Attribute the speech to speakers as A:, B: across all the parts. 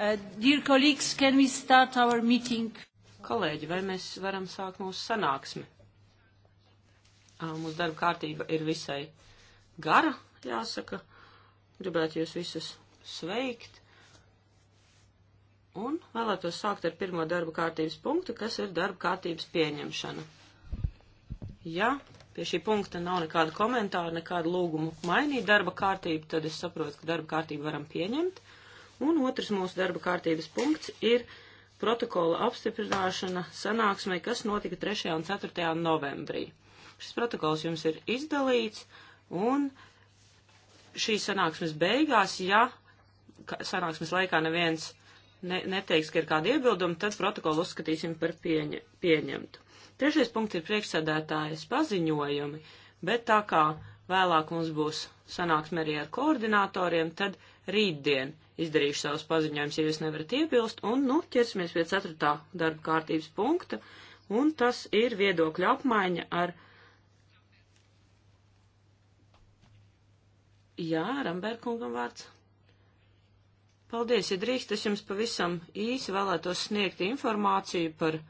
A: Uh, dear colleagues, can we start our meeting? Kolēģi, vai mēs varam sākt mūsu sanāksmi? Uh, mūsu darba kārtība ir visai gara, jāsaka. Gribētu jūs visus sveikt. Un vēlētos sākt ar pirmo darba kārtības punktu, kas ir darba kārtības pieņemšana. Ja pie šī punkta nav nekāda komentāra, nekāda lūguma mainīt darba kārtību, tad es saprotu, ka darba kārtību varam pieņemt. Uh, Un otrs mūsu darba kārtības punkts ir protokola apstiprināšana sanāksmē, kas notika 3. un 4. novembrī. Šis protokols jums ir izdalīts, un šīs sanāksmes beigās, ja sanāksmes laikā neviens ne, neteiks, ka ir kāda iebilduma, tad protokolu uzskatīsim par pieņa, pieņemtu. Trešais punkts ir priekšsēdētājas paziņojumi, bet tā kā vēlāk mums būs sanāksme arī ar koordinatoriem, tad rītdien izdarījuši savus paziņojumus, ja jūs nevarat iebilst, un, nu, ķersimies pie ceturtā darba kārtības punkta, un tas ir viedokļa apmaiņa ar. Jā, Ramberkungam vārds. Paldies, ja drīkst, es jums pavisam īsi vēlētos sniegt informāciju par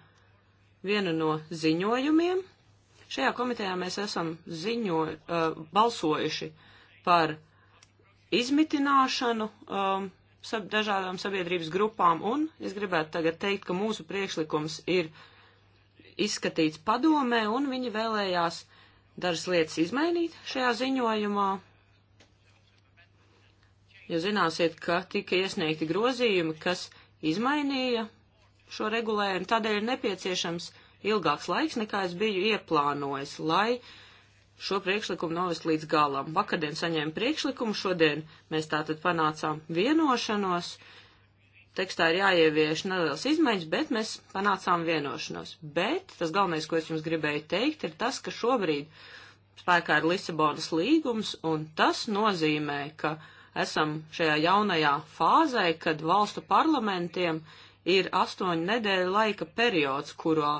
A: vienu no ziņojumiem. Šajā komitejā mēs esam ziņo, uh, balsojuši par izmitināšanu um, sab dažādām sabiedrības grupām, un es gribētu tagad teikt, ka mūsu priekšlikums ir izskatīts padomē, un viņi vēlējās dažas lietas izmainīt šajā ziņojumā. Jo zināsiet, ka tika iesniegti grozījumi, kas izmainīja šo regulējumu, tādēļ ir nepieciešams ilgāks laiks, nekā es biju ieplānojis, lai uh, šo priekšlikumu novest līdz galam. Vakardien saņēmu priekšlikumu, šodien mēs tātad panācām vienošanos. Tekstā ir jāievieš nelielas izmaiņas, bet mēs panācām vienošanos. Bet tas galvenais, ko es jums gribēju teikt, ir tas, ka šobrīd spēkā ir Lisabonas līgums, un tas nozīmē, ka esam šajā jaunajā fāzē, kad valstu parlamentiem ir astoņu nedēļu laika periods, kurā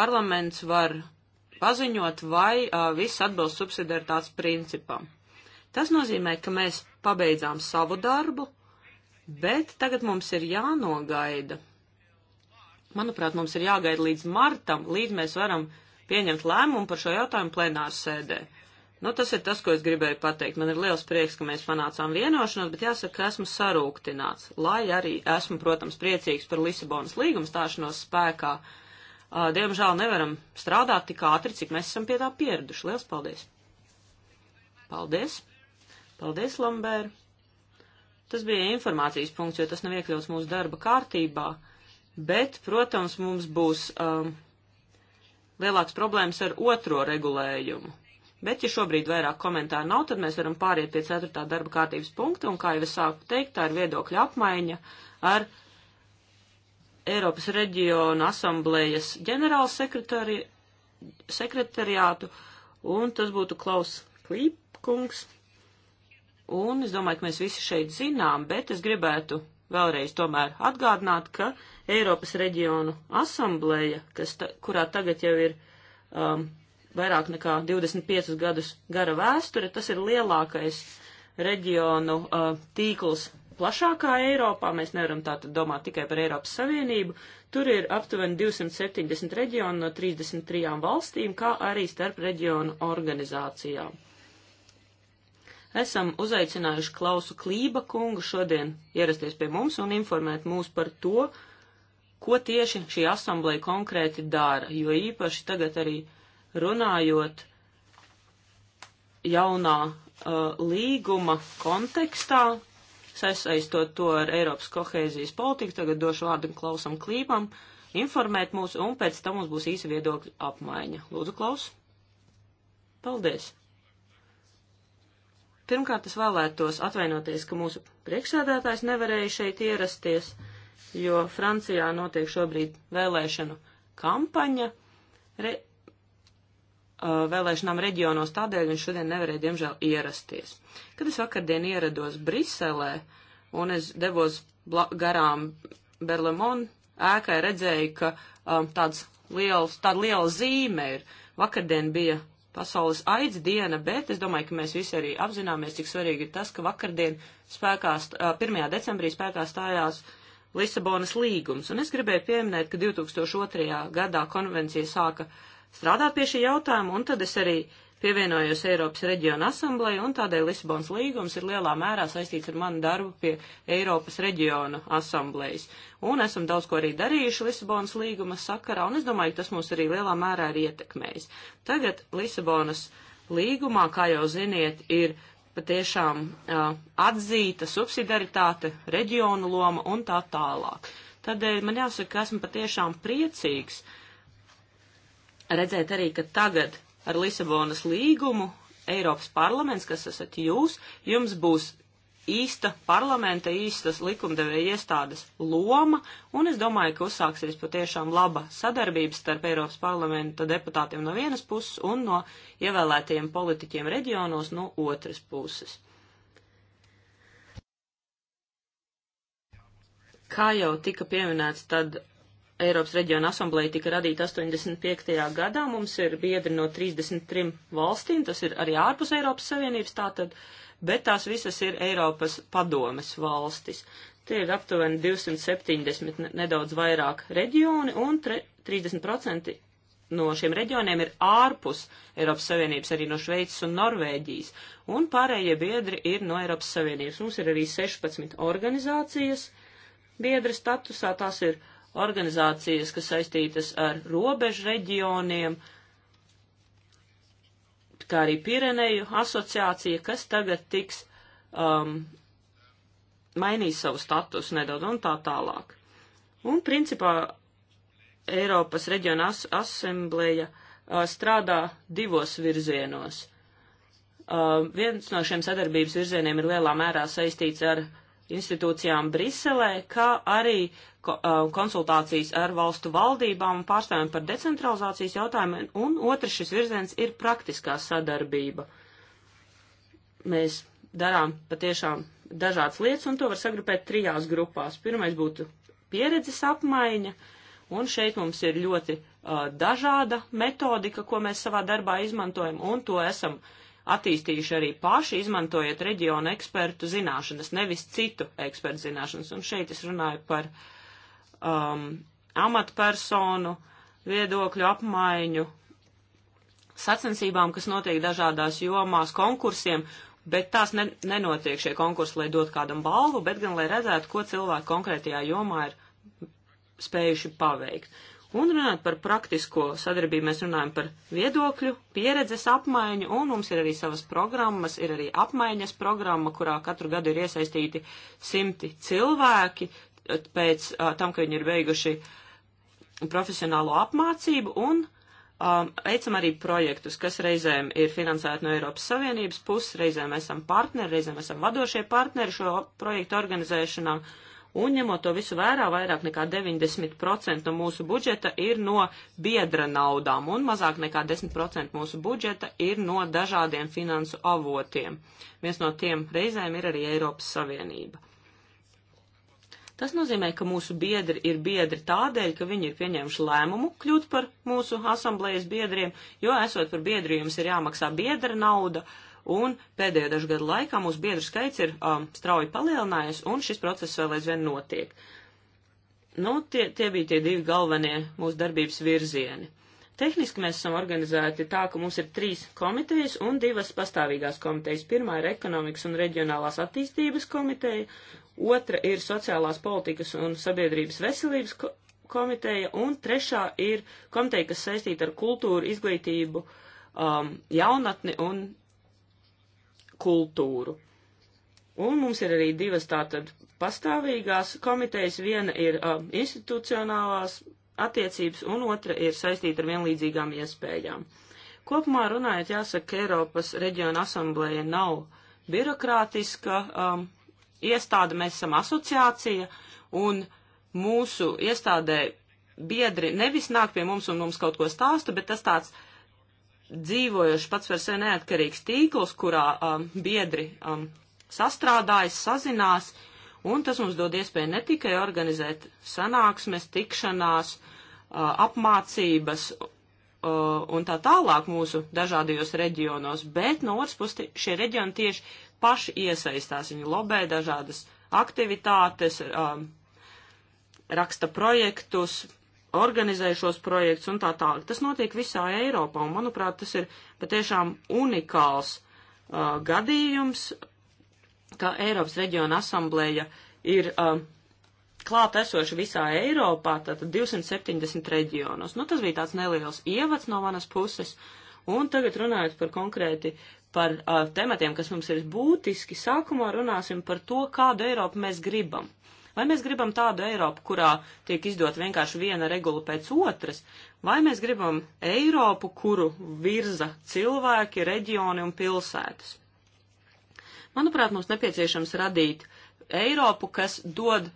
A: parlaments var paziņot, vai uh, viss atbilst subsidiaritātes principam. Tas nozīmē, ka mēs pabeidzām savu darbu, bet tagad mums ir jānogaida. Manuprāt, mums ir jāgaida līdz martam, līdz mēs varam pieņemt lēmumu par šo jautājumu plenāru sēdē. Nu, tas ir tas, ko es gribēju pateikt. Man ir liels prieks, ka mēs panācām vienošanos, bet jāsaka, ka esmu sarūktināts, lai arī esmu, protams, priecīgs par Lisabonas līgumu stāšanos spēkā. Uh, diemžēl nevaram strādāt tik ātri, cik mēs esam pie tā pieraduši. Lielas paldies! Paldies! Paldies, Lambēr! Tas bija informācijas punkts, jo tas nav iekļauts mūsu darba kārtībā, bet, protams, mums būs um, lielāks problēmas ar otro regulējumu. Bet, ja šobrīd vairāk komentāru nav, tad mēs varam pāriet pie ceturtā darba kārtības punkta, un, kā jau es sāku teikt, tā ir viedokļa apmaiņa ar Eiropas reģiona asamblējas ģenerāla sekretari, sekretariātu, un tas būtu Klaus Klīpkungs. Un es domāju, ka mēs visi šeit zinām, bet es gribētu vēlreiz tomēr atgādināt, ka Eiropas reģionu asamblēja, kas ta, kurā tagad jau ir um, vairāk nekā 25 gadus gara vēsture, tas ir lielākais reģionu uh, tīkls plašākā Eiropā, mēs nevaram tātad domāt tikai par Eiropas Savienību, tur ir aptuveni 270 reģionu no 33 valstīm, kā arī starp reģionu organizācijām. Esam uzaicinājuši Klausu Klība kungu šodien ierasties pie mums un informēt mūs par to, ko tieši šī asambleja konkrēti dara, jo īpaši tagad arī runājot jaunā uh, līguma kontekstā, sasaistot to ar Eiropas kohēzijas politiku. Tagad došu vārdu Klausam Klīpam informēt mūs, un pēc tam mums būs īsa viedokļa apmaiņa. Lūdzu, Klaus! Paldies! Pirmkārt, es vēlētos atvainoties, ka mūsu priekšsēdētājs nevarēja šeit ierasties, jo Francijā notiek šobrīd vēlēšanu kampaņa. Re Uh, vēlēšanām reģionos, tādēļ viņš šodien nevarēja, diemžēl, ierasties. Kad es vakardien ierados Briselē un es devos garām Berlemon ēkai, redzēju, ka um, tāds liels, tāda liela zīme ir. Vakardien bija pasaules aids diena, bet es domāju, ka mēs visi arī apzināmies, cik svarīgi ir tas, ka vakardien spēkā, uh, 1. decembrī spēkā stājās Lisabonas līgums. Un es gribēju pieminēt, ka 2002. gadā konvencija sāka uh, strādāt pie šī jautājuma, un tad es arī pievienojos Eiropas reģiona asamblēju, un tādēļ Lisabons līgums ir lielā mērā saistīts ar manu darbu pie Eiropas reģiona asamblējas. Un esam daudz ko arī darījuši Lisabons līguma sakarā, un es domāju, ka tas mūs arī lielā mērā ir ietekmējis. Tagad Lisabonas līgumā, kā jau ziniet, ir patiešām uh, atzīta subsidaritāte, reģionu loma un tā tālāk. Tādēļ man jāsaka, ka esmu patiešām priecīgs, uh, redzēt arī, ka tagad ar Lisabonas līgumu Eiropas parlaments, kas esat jūs, jums būs īsta parlamenta, īstas likumdevēja iestādes loma, un es domāju, ka uzsāksies patiešām laba sadarbības starp Eiropas parlamenta deputātiem no vienas puses un no ievēlētajiem politiķiem reģionos no otras puses. Kā jau tika pieminēts, tad Eiropas reģiona asamblēja tika radīta 85. gadā. Mums ir biedri no 33 valstīm, tas ir arī ārpus Eiropas Savienības tātad, bet tās visas ir Eiropas padomes valstis. Tie ir aptuveni 270, nedaudz vairāk reģioni, un tre, 30% no šiem reģioniem ir ārpus Eiropas Savienības, arī no Šveices un Norvēģijas, un pārējie biedri ir no Eiropas Savienības. Mums ir arī 16 organizācijas biedra statusā, tās ir organizācijas, kas saistītas ar robežu reģioniem, kā arī Pireneju asociācija, kas tagad tiks um, mainīs savu statusu nedaudz un tā tālāk. Un principā Eiropas reģiona as asembleja uh, strādā divos virzienos. Uh, viens no šiem sadarbības virzieniem ir lielā mērā saistīts ar institūcijām Briselē, kā arī konsultācijas ar valstu valdībām un pārstāvjiem par decentralizācijas jautājumiem, un otrs šis virziens ir praktiskā sadarbība. Mēs darām patiešām dažādas lietas, un to var sagrupēt trijās grupās. Pirmais būtu pieredzes apmaiņa, un šeit mums ir ļoti uh, dažāda metodika, ko mēs savā darbā izmantojam, un to esam attīstījuši arī paši, izmantojot reģionu ekspertu zināšanas, nevis citu ekspertu zināšanas, un šeit es runāju par uh, um, amatpersonu viedokļu apmaiņu sacensībām, kas notiek dažādās jomās, konkursiem, bet tās ne, nenotiek šie konkursi, lai dotu kādam balvu, bet gan lai redzētu, ko cilvēki konkrētajā jomā ir spējuši paveikt. Un runāt par praktisko sadarbību, mēs runājam par viedokļu, pieredzes apmaiņu, un mums ir arī savas programmas, ir arī apmaiņas programma, kurā katru gadu ir iesaistīti simti cilvēki, pēc a, tam, ka viņi ir beiguši profesionālo apmācību un Um, veicam arī projektus, kas reizēm ir finansēti no Eiropas Savienības puses, reizēm esam partneri, reizēm esam vadošie partneri šo projektu organizēšanā. Un ņemot to visu vērā, vairāk nekā 90% no mūsu budžeta ir no biedra naudām, un mazāk nekā 10% mūsu budžeta ir no dažādiem finansu avotiem. Viens no tiem reizēm ir arī Eiropas Savienība. Tas nozīmē, ka mūsu biedri ir biedri tādēļ, ka viņi ir pieņēmuši lēmumu kļūt par mūsu asamblējas biedriem, jo esot par biedru jums ir jāmaksā biedra nauda, un pēdējo dažu gadu laikā mūsu biedru skaits ir um, strauji palielinājies, un šis process vēl aizvien notiek. Nu, tie, tie bija tie divi galvenie mūsu darbības virzieni. Tehniski mēs esam organizēti tā, ka mums ir trīs komitejas un divas pastāvīgās komitejas. Pirmā ir ekonomikas un reģionālās attīstības komiteja, otra ir sociālās politikas un sabiedrības veselības ko komiteja, un trešā ir komiteja, kas saistīta ar kultūru, izglītību, um, jaunatni un kultūru. Un mums ir arī divas tātad pastāvīgās komitejas, viena ir um, institucionālās attiecības, un otra ir saistīta ar vienlīdzīgām iespējām. Kopumā runājot, jāsaka, ka Eiropas reģiona asambleja nav birokrātiska um, iestāde, mēs esam asociācija, un mūsu iestādē biedri nevis nāk pie mums un mums kaut ko stāsta, bet tas tāds dzīvojošs pats par sevi neatkarīgs tīkls, kurā um, biedri um, sastrādājas, sazinās, un tas mums dod iespēju ne tikai organizēt sanāksmes, tikšanās, uh, apmācības uh, un tā tālāk mūsu dažādajos reģionos, bet no otras puses šie reģioni tieši paši iesaistās, viņi lobē dažādas aktivitātes, um, raksta projektus, organizē šos projektus un tā tālāk. Tas notiek visā Eiropā, un manuprāt, tas ir patiešām unikāls uh, gadījums, ka Eiropas reģiona asamblēja ir uh, klāt esoša visā Eiropā, tātad 270 reģionos. Nu, tas bija tāds neliels ievads no manas puses. Un tagad runājot par konkrēti par uh, tematiem, kas mums ir būtiski, sākumā runāsim par to, kādu Eiropu mēs gribam. Vai mēs gribam tādu Eiropu, kurā tiek izdot vienkārši viena regula pēc otras, vai mēs gribam Eiropu, kuru virza cilvēki, reģioni un pilsētas? Manuprāt, mums nepieciešams radīt Eiropu, kas dod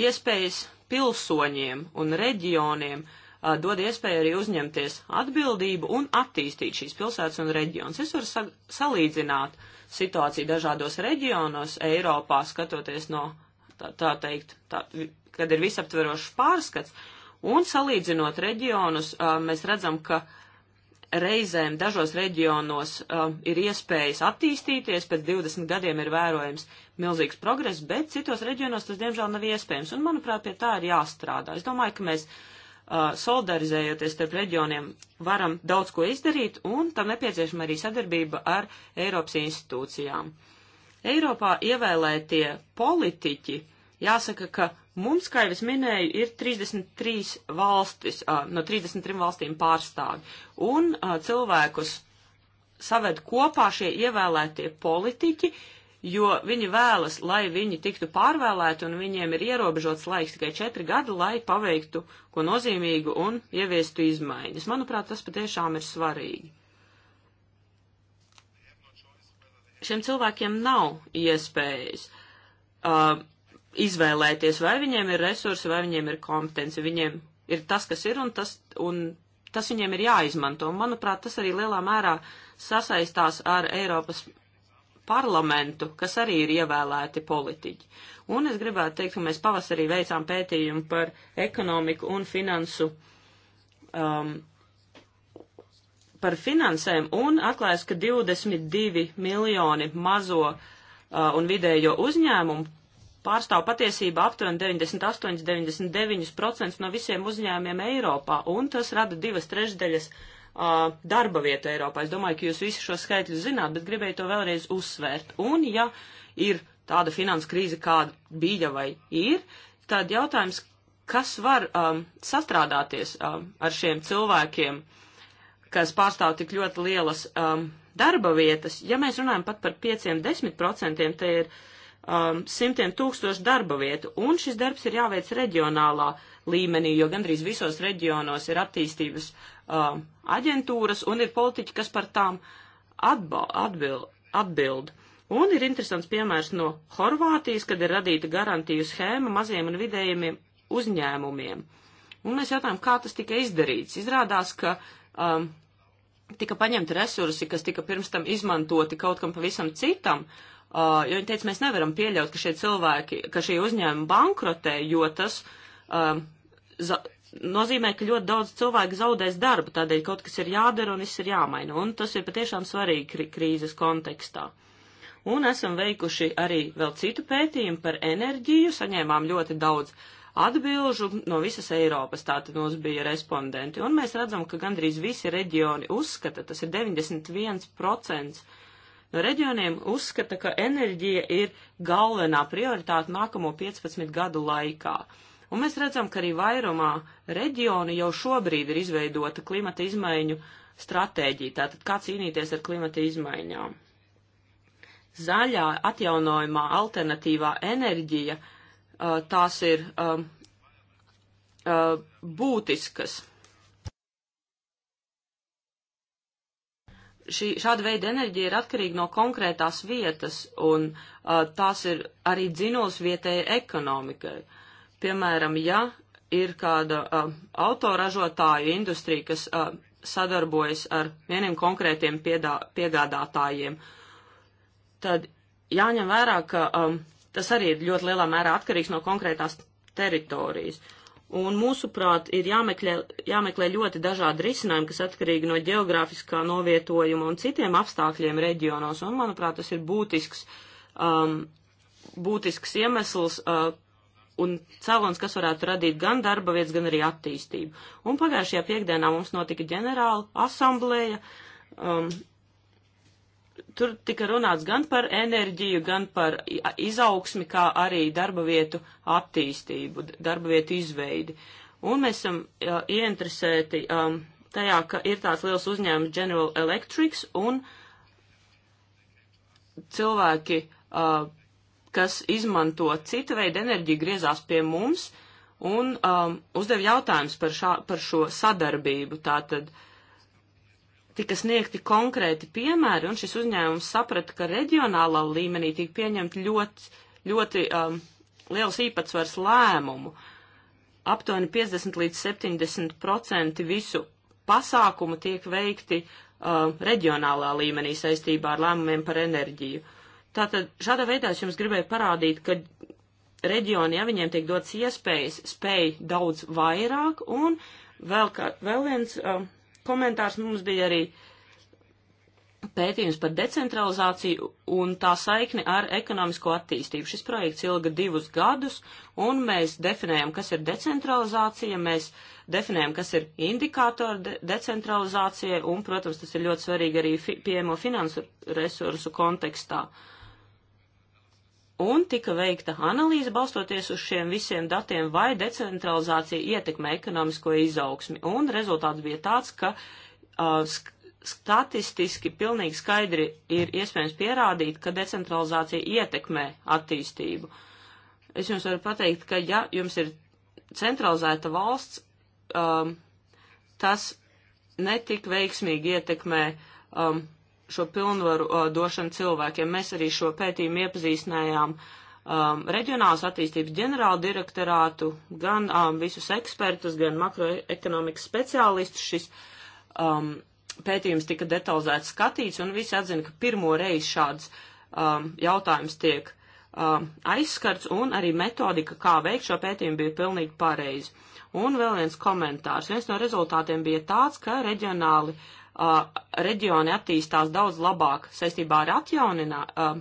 A: iespējas pilsoņiem un reģioniem uh, uh, dod iespēju arī uzņemties atbildību un attīstīt šīs pilsētas un reģionus. Es varu sa salīdzināt situāciju dažādos reģionos Eiropā, skatoties no, tā, tā teikt, tā, kad ir visaptverošs pārskats, un salīdzinot reģionus, uh, mēs redzam, ka reizēm dažos reģionos uh, ir iespējas attīstīties, pēc 20 gadiem ir vērojams milzīgs progress, bet citos reģionos tas diemžēl nav iespējams, un manuprāt, pie tā ir jāstrādā. Es domāju, ka mēs uh, Uh, solidarizējoties starp reģioniem, varam daudz ko izdarīt, un tam nepieciešama arī sadarbība ar Eiropas institūcijām. Eiropā ievēlētie politiķi, jāsaka, ka mums, kā jau es minēju, ir 33 valstis, uh, no 33 valstīm pārstāvi, un uh, cilvēkus saved kopā šie ievēlētie politiķi, jo viņi vēlas, lai viņi tiktu pārvēlēti, un viņiem ir ierobežots laiks tikai četri gadi, lai paveiktu ko nozīmīgu un ieviestu izmaiņas. Manuprāt, tas patiešām ir svarīgi. Šiem cilvēkiem nav iespējas uh, izvēlēties, vai viņiem ir resursi, vai viņiem ir kompetence. Viņiem ir tas, kas ir, un tas, un tas viņiem ir jāizmanto. Un, manuprāt, tas arī lielā mērā sasaistās ar Eiropas parlamentu, kas arī ir ievēlēti politiķi. Un es gribētu teikt, ka mēs pavasarī veicām pētījumu par ekonomiku un finansu, um, par finansēm un atklājās, ka 22 miljoni mazo uh, un vidējo uzņēmumu pārstāv patiesībā aptuveni 98-99% no visiem uzņēmumiem Eiropā, un tas rada divas trešdaļas uh, darba vietu Eiropā. Es domāju, ka jūs visi šo skaitļu zināt, bet gribēju to vēlreiz uzsvērt. Un ja ir tāda finanses krīze, kāda bija vai ir, tad jautājums, kas var um, sastrādāties um, ar šiem cilvēkiem, kas pārstāv tik ļoti lielas um, darba vietas, ja mēs runājam pat par 5-10%, te ir um, simtiem tūkstošu darba vietu, un šis darbs ir jāveic reģionālā uh, līmenī, jo gandrīz visos reģionos ir attīstības uh, aģentūras un ir politiķi, kas par tām atba, atbild, atbild. Un ir interesants piemērs no Horvātijas, kad ir radīta garantiju schēma maziem un vidējiem uzņēmumiem. Un mēs jautājām, kā tas tika izdarīts. Izrādās, ka um, tika paņemti resursi, kas tika pirms tam izmantoti kaut kam pavisam citam, uh, jo viņi teica, mēs nevaram pieļaut, ka šie cilvēki, ka šie uzņēmumi bankrotē, jo tas uh, um, nozīmē, ka ļoti daudz cilvēku zaudēs darbu, tādēļ kaut kas ir jādara un viss ir jāmaina. Un tas ir patiešām svarīgi krī krīzes kontekstā. Un esam veikuši arī vēl citu pētījumu par enerģiju, saņēmām ļoti daudz atbilžu no visas Eiropas, tātad mums bija respondenti. Un mēs redzam, ka gandrīz visi reģioni uzskata, tas ir 91% no reģioniem uzskata, ka enerģija ir galvenā prioritāte nākamo 15 gadu laikā. Uh, Un mēs redzam, ka arī vairumā reģioni jau šobrīd ir izveidota klimata izmaiņu stratēģija, tātad kā cīnīties ar klimata izmaiņām. Zaļā atjaunojumā alternatīvā enerģija, tās ir um, būtiskas. Šī, šāda veida enerģija ir atkarīga no konkrētās vietas, un uh, tās ir arī dzinos vietējai ekonomikai. Uh, Piemēram, ja ir kāda uh, autoražotāju industrija, kas uh, sadarbojas ar vieniem konkrētiem piedā, piegādātājiem, tad jāņem vērā, ka um, tas arī ir ļoti lielā mērā atkarīgs no konkrētās teritorijas. Un mūsuprāt, ir jāmeklē, jāmeklē ļoti dažādi risinājumi, kas atkarīgi no geogrāfiskā novietojuma un citiem apstākļiem reģionos. Un, manuprāt, tas ir būtisks, um, būtisks iemesls, uh, un cēlons, kas varētu radīt gan darba vietas, gan arī attīstību. Un pagājušajā piekdienā mums notika ģenerāla asamblēja. Um, tur tika runāts gan par enerģiju, gan par izaugsmi, kā arī darba vietu attīstību, darba vietu izveidi. Un mēs esam uh, ieinteresēti um, tajā, ka ir tāds liels uzņēmums General Electrics un cilvēki uh, kas izmanto cita veida enerģiju, griezās pie mums un um, uzdev jautājumus par, šā, par šo sadarbību. Tātad tika sniegti konkrēti piemēri, un šis uzņēmums saprata, ka reģionālā līmenī tika pieņemt ļoti, ļoti um, liels īpatsvars lēmumu. Aptuveni 50 līdz 70 procenti visu pasākumu tiek veikti uh, reģionālā līmenī saistībā ar lēmumiem par enerģiju. Uh, Tātad šādā veidā es jums gribēju parādīt, ka reģioni, ja viņiem tiek dots iespējas, spēj daudz vairāk, un vēl, kā, vēl viens um, komentārs mums bija arī pētījums par decentralizāciju un tā saikni ar ekonomisko attīstību. Šis projekts ilga divus gadus, un mēs definējam, kas ir decentralizācija, mēs definējam, kas ir indikātori de decentralizācijai, un, protams, tas ir ļoti svarīgi arī fi pieejamo finansu resursu kontekstā. Uh, un tika veikta analīze balstoties uz šiem visiem datiem, vai decentralizācija ietekmē ekonomisko izaugsmi, un rezultāts bija tāds, ka uh, statistiski pilnīgi skaidri ir iespējams pierādīt, ka decentralizācija ietekmē attīstību. Es jums varu pateikt, ka ja jums ir centralizēta valsts, um, tas netik veiksmīgi ietekmē um, šo pilnvaru uh, došanu cilvēkiem. Mēs arī šo pētījumu iepazīstinājām um, reģionālas attīstības ģenerāla direktorātu, gan um, visus ekspertus, gan makroekonomikas speciālistus. Šis um, pētījums tika detalizēti skatīts, un visi atzina, ka pirmo reizi šāds um, jautājums tiek um, aizskarts, un arī metodika, kā veikt šo pētījumu, bija pilnīgi pareizi. Un vēl viens komentārs. Viens no rezultātiem bija tāds, ka reģionāli uh, uh, reģioni attīstās daudz labāk saistībā ar atjauninā, uh,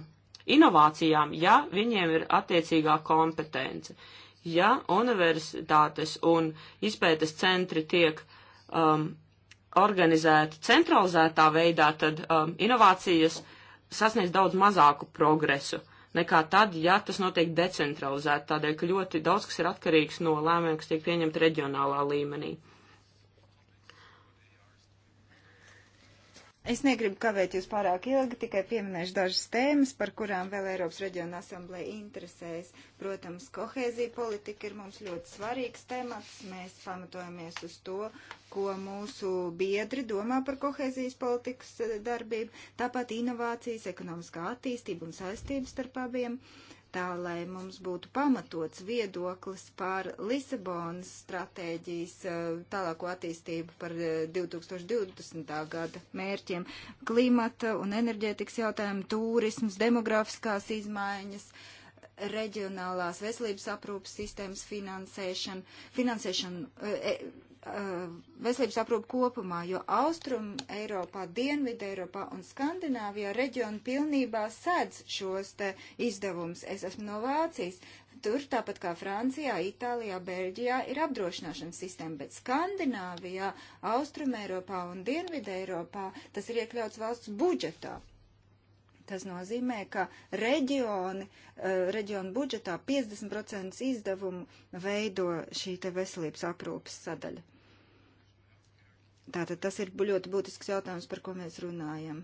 A: inovācijām, ja viņiem ir attiecīgā kompetence. Ja universitātes un izpētes centri tiek um, organizēti centralizētā veidā, tad um, inovācijas sasniedz daudz mazāku progresu nekā tad, ja tas notiek decentralizēti, tādēļ, ka ļoti daudz kas ir atkarīgs no lēmumiem, kas tiek pieņemti reģionālā līmenī. Uh,
B: Es negribu kavēt jūs pārāk ilgi, tikai pieminēšu dažas tēmas, par kurām vēl Eiropas reģiona asamblēja interesēs. Protams, kohēzija politika ir mums ļoti svarīgs temats. Mēs pamatojamies uz to, ko mūsu biedri domā par kohēzijas politikas darbību. Tāpat inovācijas, ekonomiskā attīstība un saistības starp abiem. Uh, tā lai mums būtu pamatots viedoklis par Lisabonas stratēģijas eh, tālāko attīstību par 2020. Eh, gada mērķiem - klimata un enerģētikas jautājumu, turisms, demografiskās izmaiņas reģionālās veselības aprūpas sistēmas finansēšana, finansēšana eh, Uh, veselības aprūpu kopumā, jo Austrum Eiropā, Dienvidu Eiropā un Skandināvijā reģioni pilnībā sēdz šos te izdevumus. Es esmu no Vācijas. Tur tāpat kā Francijā, Itālijā, Beļģijā ir apdrošināšanas sistēma, bet Skandināvijā, Austrum Eiropā un Dienvidu Eiropā tas ir iekļauts valsts budžetā. Tas nozīmē, ka reģioni, eh, reģionu budžetā 50% izdevumu veido šī te veselības aprūpas sadaļa. Tātad tas ir ļoti būtisks jautājums, par ko mēs runājam.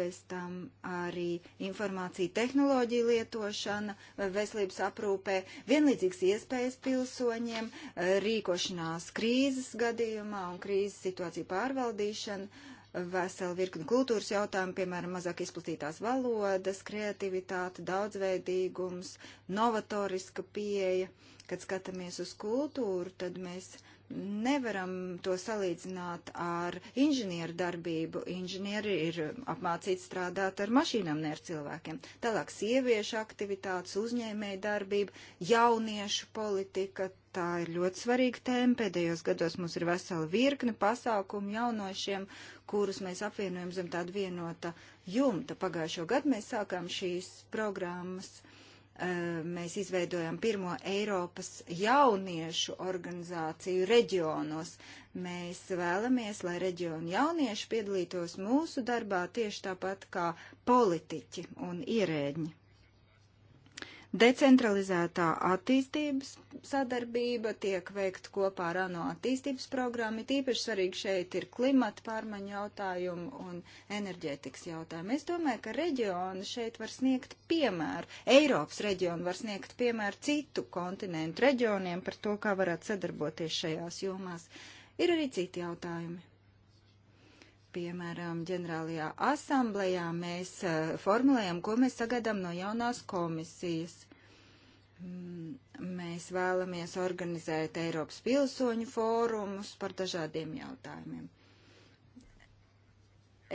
B: Bez tam arī informācija tehnoloģija lietošana eh, veselības aprūpē, vienlīdzīgas iespējas pilsoņiem, eh, rīkošanās krīzes gadījumā un krīzes situāciju pārvaldīšana veselu virkni kultūras jautājumu, piemēram, mazāk izplatītās valodas, kreativitāte, daudzveidīgums, novatoriska pieeja. Kad skatāmies uz kultūru, tad mēs nevaram to salīdzināt ar inženieru darbību. Inženieri ir apmācīti strādāt ar mašīnām, ne ar cilvēkiem. Tālāk sieviešu aktivitātes, uzņēmēja darbība, jauniešu politika. Tā ir ļoti svarīga tēma. Pēdējos gados mums ir vesela virkne pasākumu jaunošiem, kurus mēs apvienojam zem tāda vienota jumta. Pagājušo gadu mēs sākām šīs programmas Eh, mēs izveidojam pirmo Eiropas jauniešu organizāciju reģionos. Mēs vēlamies, lai reģionu jaunieši piedalītos mūsu darbā tieši tāpat kā politiķi un ierēģi. Decentralizētā attīstības sadarbība tiek veikta kopā ar ANO attīstības programmu. Tīpaši svarīgi šeit ir klimata pārmaiņu jautājumu un enerģētikas jautājumu. Es domāju, ka reģioni šeit var sniegt piemēru. Eiropas reģioni var sniegt piemēru citu kontinentu reģioniem par to, kā varētu sadarboties šajās jomās. Ir arī citi jautājumi Piemēram, ģenerālajā asamblējā mēs eh, formulējam, ko mēs sagaidām no jaunās komisijas. Mm, mēs vēlamies organizēt Eiropas pilsoņu fórumus par dažādiem jautājumiem.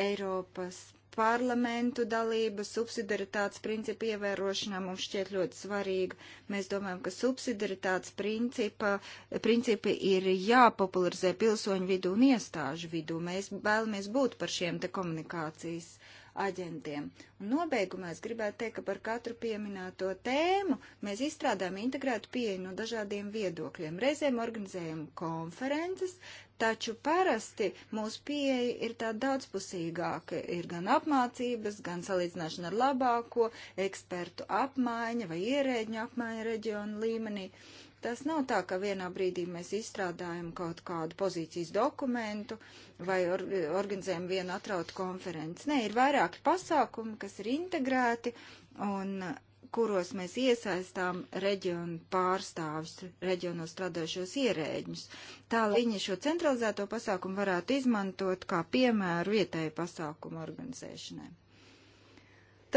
B: Eiropas parlamentu dalība subsidaritātes principu ievērošanā mums šķiet ļoti svarīga. Mēs domājam, ka subsidaritātes principa, principi ir jāpopularizē pilsoņu vidū un iestāžu vidū. Mēs vēlamies būt par šiem te komunikācijas aģentiem. Un nobeigumā es gribētu teikt, ka par katru pieminēto tēmu mēs izstrādājam integrētu pieeju no dažādiem viedokļiem. Reizēm organizējam konferences, Taču parasti mūsu pieeja ir tā daudzpusīgāka. Ir gan apmācības, gan salīdzināšana ar labāko, ekspertu apmaiņa vai ierēģņu apmaiņa reģionu līmenī. Tas nav tā, ka vienā brīdī mēs izstrādājam kaut kādu pozīcijas dokumentu vai or organizējam vienu atrautu konferenci. Nē, ir vairāki pasākumi, kas ir integrēti un kuros mēs iesaistām reģionu pārstāvjus, reģionos strādājušos ierēģņus, tā lai viņi šo centralizēto pasākumu varētu izmantot kā piemēru vietēju pasākumu organizēšanai.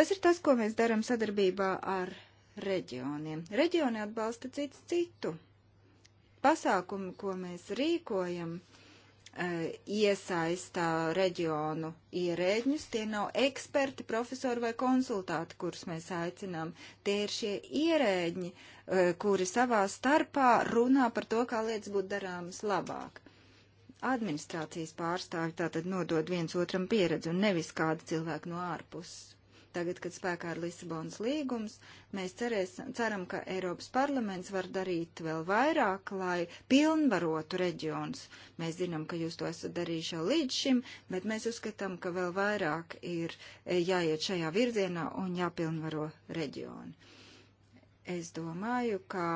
B: Tas ir tas, ko mēs darām sadarbībā ar reģioniem. Reģioni atbalsta cits citu. Pasākumi, ko mēs rīkojam, e, iesaistā reģionu ierēģņus. Tie nav eksperti, profesori vai konsultāti, kurus mēs aicinām. Tie ir šie ierēģņi, e, kuri savā starpā runā par to, kā lietas būtu darāmas labāk. Administrācijas pārstāvi tātad nodod viens otram pieredzi un nevis kādu cilvēku no ārpuses. Tagad, kad spēkā ir Lisabonas līgums, mēs cerēs, ceram, ka Eiropas parlaments var darīt vēl vairāk, lai pilnvarotu reģionus. Mēs zinām, ka jūs to esat darījuši jau līdz šim, bet mēs uzskatām, ka vēl vairāk ir e, jāiet šajā virzienā un jāpilnvaro reģioni. Es domāju, ka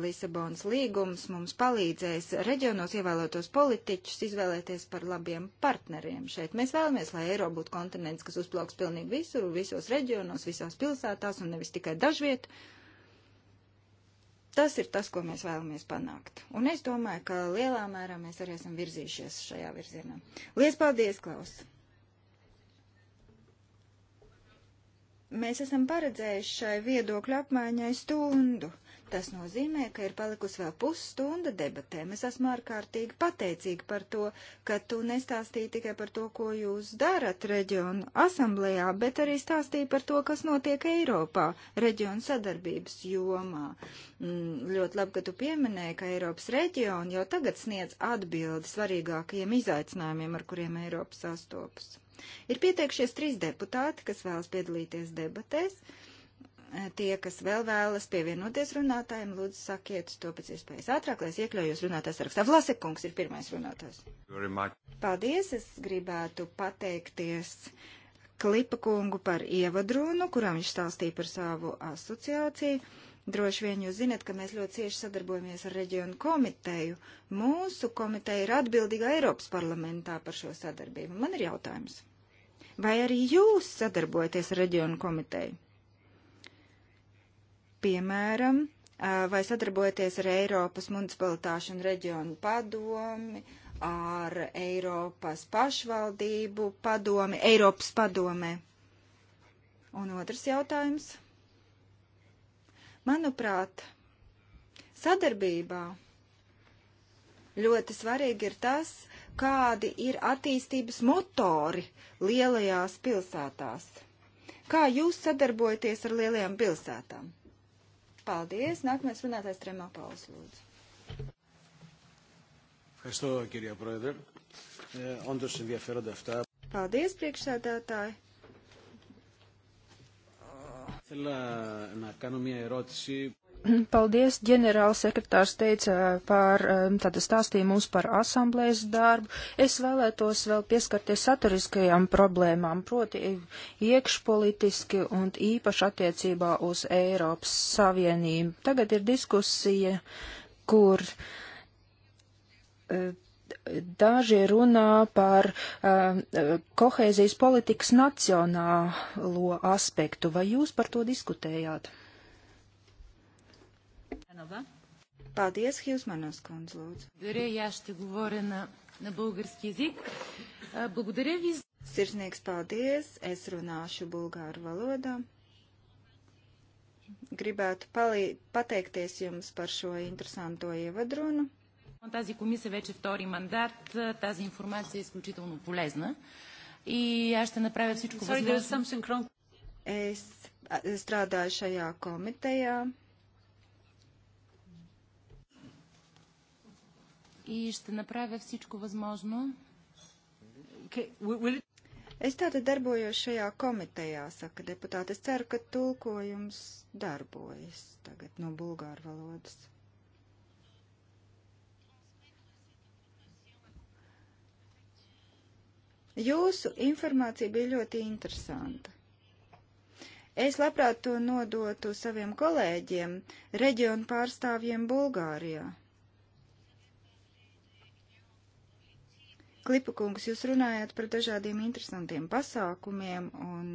B: Lisabonas līgums mums palīdzēs reģionos ievēlotos politiķus izvēlēties par labiem partneriem šeit. Mēs vēlamies, lai Eiropa būtu kontinents, kas uzplauks pilnīgi visur, visos reģionos, visās pilsētās un nevis tikai dažviet. Tas ir tas, ko mēs vēlamies panākt. Un es domāju, ka lielā mērā mēs arī esam virzījušies šajā virzienā. Lies paldies, Klaus! Mēs esam paredzējuši šai viedokļu apmaiņai stundu. Tas nozīmē, ka ir palikusi vēl pusstunda debatēm. Es esmu ārkārtīgi pateicīga par to, ka tu nestāstīji tikai par to, ko jūs darat reģionu asamblējā, bet arī stāstīji par to, kas notiek Eiropā reģionu sadarbības jomā. Mm, ļoti labi, ka tu pieminēji, ka Eiropas reģioni jau tagad sniedz atbildi svarīgākajiem izaicinājumiem, ar kuriem Eiropa sastopas. Ir pieteikšies trīs deputāti, kas vēlas piedalīties debatēs. Tie, kas vēl vēlas pievienoties runātājiem, lūdzu sakiet to pēc iespējas ātrāk, lai es iekļaujos runātājs sarakstā. Vlasekungs ir pirmais runātājs. Paldies, es gribētu pateikties Klipa kungu par ievadrunu, kurām viņš stāstīja par savu asociāciju. Droši vien jūs zinat, ka mēs ļoti cieši sadarbojamies ar reģionu komiteju. Mūsu komiteja ir atbildīga Eiropas parlamentā par šo sadarbību. Man ir jautājums. Vai arī jūs sadarbojaties ar reģionu komiteju? Piemēram, vai sadarbojaties ar Eiropas municipalitāšu un reģionu padomi, ar Eiropas pašvaldību padomi, Eiropas padomē. Un otrs jautājums. Manuprāt, sadarbībā ļoti svarīgi ir tas, kādi ir attīstības motori lielajās pilsētās. Kā jūs sadarbojaties ar lielajām pilsētām? Paldies. Nākamais runātājs Tremopauls, lūdzu.
C: Ευχαριστώ, κυρία Πρόεδρε. Ε, όντως ενδιαφέρονται αυτά.
B: Paldies, priekšsēdētāji. Θέλω να κάνω μια ερώτηση.
C: Paldies, ģenerālsekretārs teica eh, par, eh, tātad stāstīja mums par asamblējas darbu. Es vēlētos vēl pieskarties saturiskajām problēmām, proti iekšpolitiski un īpaši attiecībā uz Eiropas Savienību. Tagad ir diskusija, kur eh, daži runā par kohēzijas politikas nacionālo aspektu. Vai jūs par to diskutējāt? Paldies, Hilsmanas kundze, lūdzu.
B: Darīja, es te govoru na, na bulgarski jezik. Благодаря ви. Sirsnīgs paldies, es runāšu bulgāru valodā. Gribētu palī, pateikties jums par šo interesanto ievadrunu.
A: Тази комисия вече втори мандат. Тази информация е изключително полезна. И аз ще направя всичко възможно.
B: Es strādāju šajā komitejā. и ще
C: направя всичко възможно.
B: Es tātad darbojos šajā komitejā, saka deputāte. Es ceru, ka tulkojums darbojas tagad no bulgāru valodas. Jūsu informācija bija ļoti interesanta. Es labprāt to nodotu saviem kolēģiem, reģionu pārstāvjiem Bulgārijā. Klipa kungs, jūs runājāt par dažādiem interesantiem pasākumiem un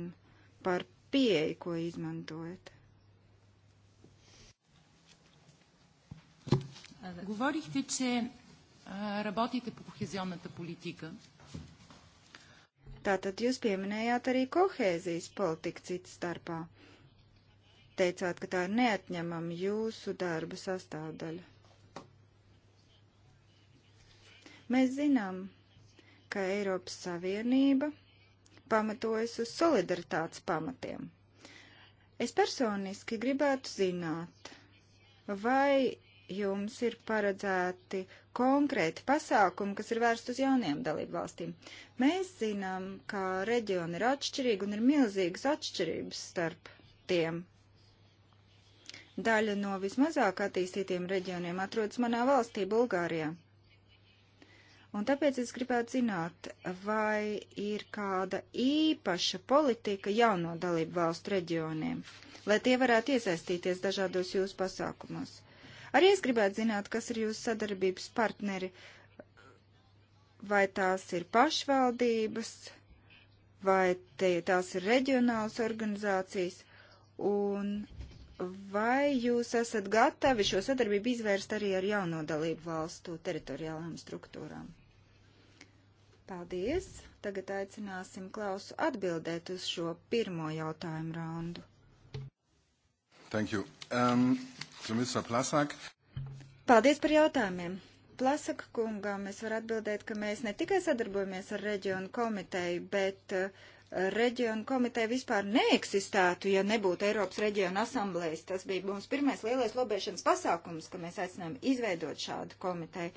B: par pieeju, ko izmantojat.
A: Говорихте, че работите по кохезионната политика.
B: Tātad jūs pieminējāt arī kohēzijas politiku citas starpā. Teicāt, ka tā ir neatņemama jūsu darba sastāvdaļa. Mēs zinām, ka Eiropas Savienība pamatojas uz solidaritātes pamatiem. Es personiski gribētu zināt, vai jums ir paredzēti konkrēti pasākumi, kas ir vērsti uz jaunajām dalību valstīm. Mēs zinām, ka reģioni ir atšķirīgi un ir milzīgas atšķirības starp tiem. Daļa no vismazāk attīstītiem reģioniem atrodas manā valstī, Bulgārijā. Un tāpēc es gribētu zināt, vai ir kāda īpaša politika jauno dalību valstu reģioniem, lai tie varētu iesaistīties dažādos jūsu pasākumos. Arī es gribētu zināt, kas ir jūsu sadarbības partneri, vai tās ir pašvaldības, vai te, tās ir reģionālas organizācijas, un Vai jūs esat gatavi šo sadarbību izvērst arī ar jauno dalību valstu teritoriālām struktūrām? Paldies! Tagad aicināsim Klausu atbildēt uz šo pirmo jautājumu raundu.
A: Thank you. Um,
C: so Mr. Plasak.
B: Paldies par jautājumiem. Plasaka kungam es varu atbildēt, ka mēs ne tikai sadarbojamies ar reģionu komiteju, bet uh, reģionu komiteja vispār neeksistētu, ja nebūtu Eiropas reģionu asamblējas. Tas bija mums pirmais lielais lobēšanas pasākums, ka mēs aicinām izveidot šādu komiteju.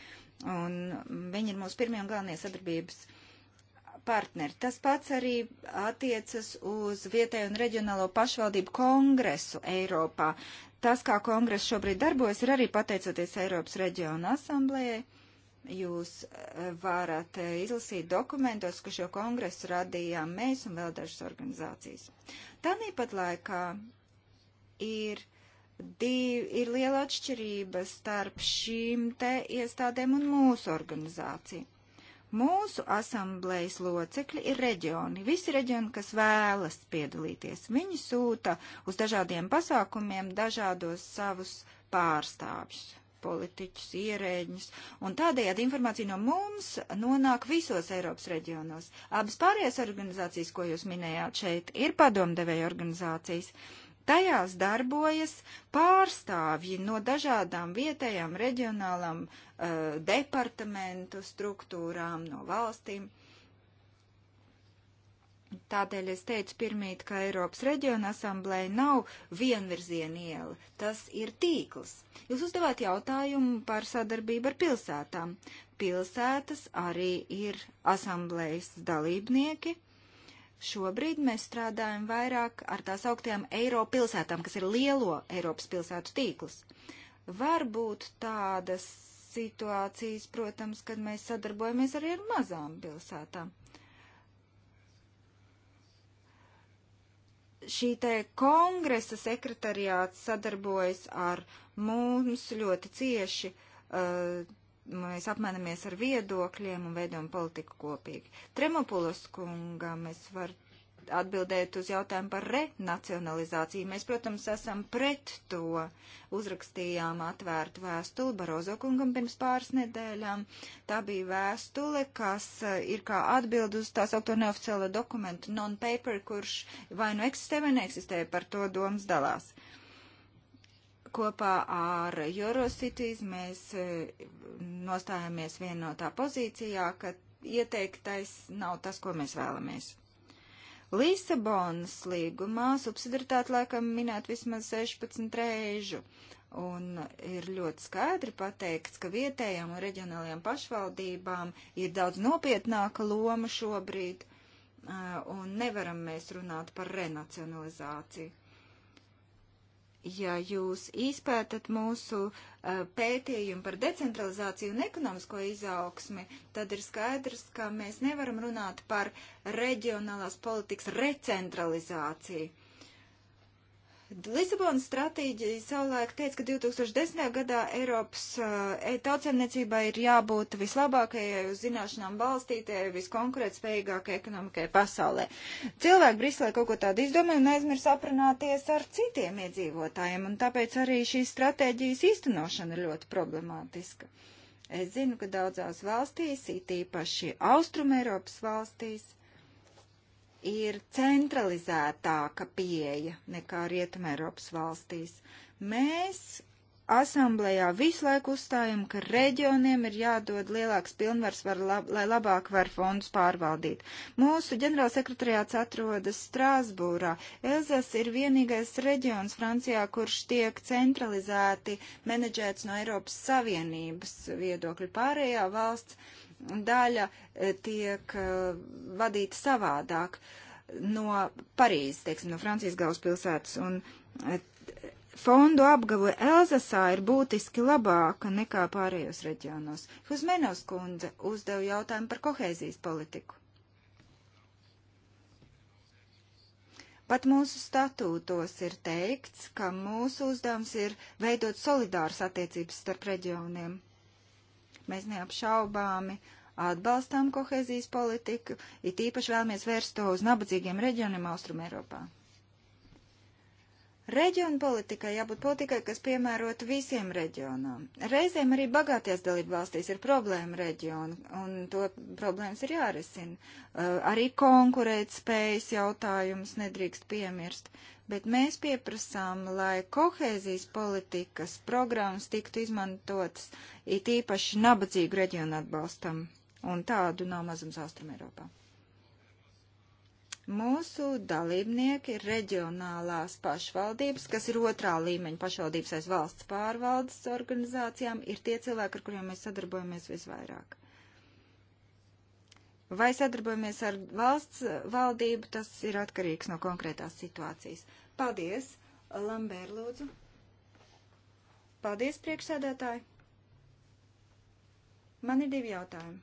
B: Un viņi ir mūsu pirmie un galvenie sadarbības partneri. Tas pats arī attiecas uz vietēju un reģionālo pašvaldību kongresu Eiropā. Tas, kā kongress šobrīd darbojas, ir arī pateicoties Eiropas reģionu asamblējai Jūs e, varat e, izlasīt dokumentos, ka šo kongresu radījām mēs un vēl dažas organizācijas. Tāpat laikā ir, div, ir liela atšķirība starp šīm te iestādēm un mūsu organizāciju. Mūsu asamblējas locekļi ir reģioni, visi reģioni, kas vēlas piedalīties. Viņi sūta uz dažādiem pasākumiem dažādos savus pārstāvjus politiķus, ierēģņus, un tādējādi informācija no mums nonāk visos Eiropas reģionos. Abas pārējās organizācijas, ko jūs minējāt šeit, ir padomdevēja organizācijas. Tajās darbojas pārstāvji no dažādām vietējām, reģionālām uh, departamentu struktūrām, no valstīm. Uh, Tādēļ es teicu pirmīt, ka Eiropas reģiona asamblēja nav vienvirziena iela, tas ir tīkls. Jūs uzdevāt jautājumu par sadarbību ar pilsētām. Pilsētas arī ir asamblējas dalībnieki. Šobrīd mēs strādājam vairāk ar tās augtajām Eiro pilsētām, kas ir lielo Eiropas pilsētu tīklus. Varbūt tādas situācijas, protams, kad mēs sadarbojamies arī ar mazām pilsētām. šī te kongresa sekretariāts sadarbojas ar mums ļoti cieši. Uh, mēs apmainamies ar viedokļiem un veidojam politiku kopīgi. Tremopulos kungam es varu atbildēt uz jautājumu par renacionalizāciju. Mēs, protams, esam pret to. Uzrakstījām atvērtu vēstuli Barozo kungam pirms pāris nedēļām. Tā bija vēstule, kas eh, ir kā atbild uz tā saukto neoficiālo dokumentu non-paper, kurš vai nu eksistē vai neeksistē, par to domas dalās kopā ar Eurocities mēs eh, nostājāmies vienotā pozīcijā, ka ieteiktais nav tas, ko mēs vēlamies. Lisabonas līgumā subsidaritāte laikam minēt vismaz 16 reižu. Un ir ļoti skaidri pateikts, ka vietējām un reģionālajām pašvaldībām ir daudz nopietnāka loma šobrīd, un nevaram mēs runāt par renacionalizāciju ja jūs izpētat mūsu uh, pētījumu par decentralizāciju un ekonomisko izaugsmi, tad ir skaidrs, ka mēs nevaram runāt par reģionālās politikas recentralizāciju. Lisabonas stratēģija savulaik teica, ka 2010. gadā Eiropas e, eh, tautsēmniecībai ir jābūt vislabākajai uz zināšanām balstītajai, viskonkurētspējīgākajai ekonomikai pasaulē. Cilvēki Briselē kaut ko tādu izdomāja un aizmirst aprunāties ar citiem iedzīvotājiem, un tāpēc arī šīs stratēģijas īstenošana ir ļoti problemātiska. Es zinu, ka daudzās valstīs, it īpaši Austrum Eiropas valstīs, ir centralizētāka pieeja nekā Rietumē Eiropas valstīs. Mēs asamblējā visu laiku uzstājam, ka reģioniem ir jādod lielāks pilnvars, var, lab, lai labāk var fondus pārvaldīt. Mūsu ģenerālsekretariāts atrodas Strāsbūrā. Elzas ir vienīgais reģions Francijā, kurš tiek centralizēti menedžēts no Eiropas Savienības viedokļa pārējā valsts daļa eh, tiek eh, vadīta savādāk no Parīzes, teiksim, no Francijas galvaspilsētas. Un eh, fondu apgabala Elzasā ir būtiski labāka nekā pārējos reģionos. Huzmenovs kundze uzdeva jautājumu par kohēzijas politiku. Pat mūsu statūtos ir teikts, ka mūsu uzdevums ir veidot solidāras attiecības starp reģioniem. Mēs neapšaubāmi atbalstām kohēzijas politiku, it īpaši vēlamies vērst to uz nabadzīgiem reģioniem Austrum Eiropā. Reģionu politikai jābūt politikai, kas piemērot visiem reģionām. Reizēm arī bagāties dalību valstīs ir problēma reģionu, un to problēmas ir jārisina. Uh, arī konkurēt spējas jautājums nedrīkst piemirst bet mēs pieprasām, lai kohēzijas politikas programmas tiktu izmantotas it īpaši nabadzīgu reģionu atbalstam, un tādu nav mazums Austrum Eiropā. Mūsu dalībnieki ir reģionālās pašvaldības, kas ir otrā līmeņa pašvaldības aiz valsts pārvaldes organizācijām, ir tie cilvēki, ar kuriem mēs sadarbojamies visvairāk. Vai sadarbojamies ar valsts valdību, tas ir atkarīgs no konkrētās situācijas. Paldies, Lambēr, lūdzu. Paldies, priekšsēdētāji. Man ir divi jautājumi.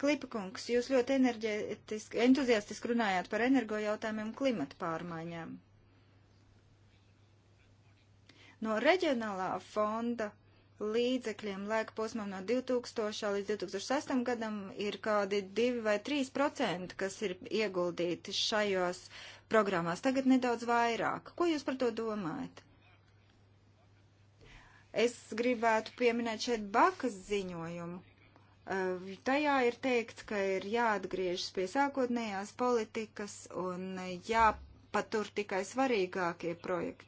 B: Klipakungs, jūs ļoti enerģētiski, entuziastiski runājāt par energo jautājumiem klimata pārmaiņām. No reģionālā fonda līdzekļiem laika posmam no 2000 līdz 2006 gadam ir kādi 2 vai 3 procenti, kas ir ieguldīti šajos programmās. Tagad nedaudz vairāk. Ko jūs par to domājat? Es gribētu pieminēt šeit Bakas ziņojumu. Ehm, tajā ir teikts, ka ir jāatgriežas pie sākotnējās politikas un jāpatur tikai svarīgākie projekti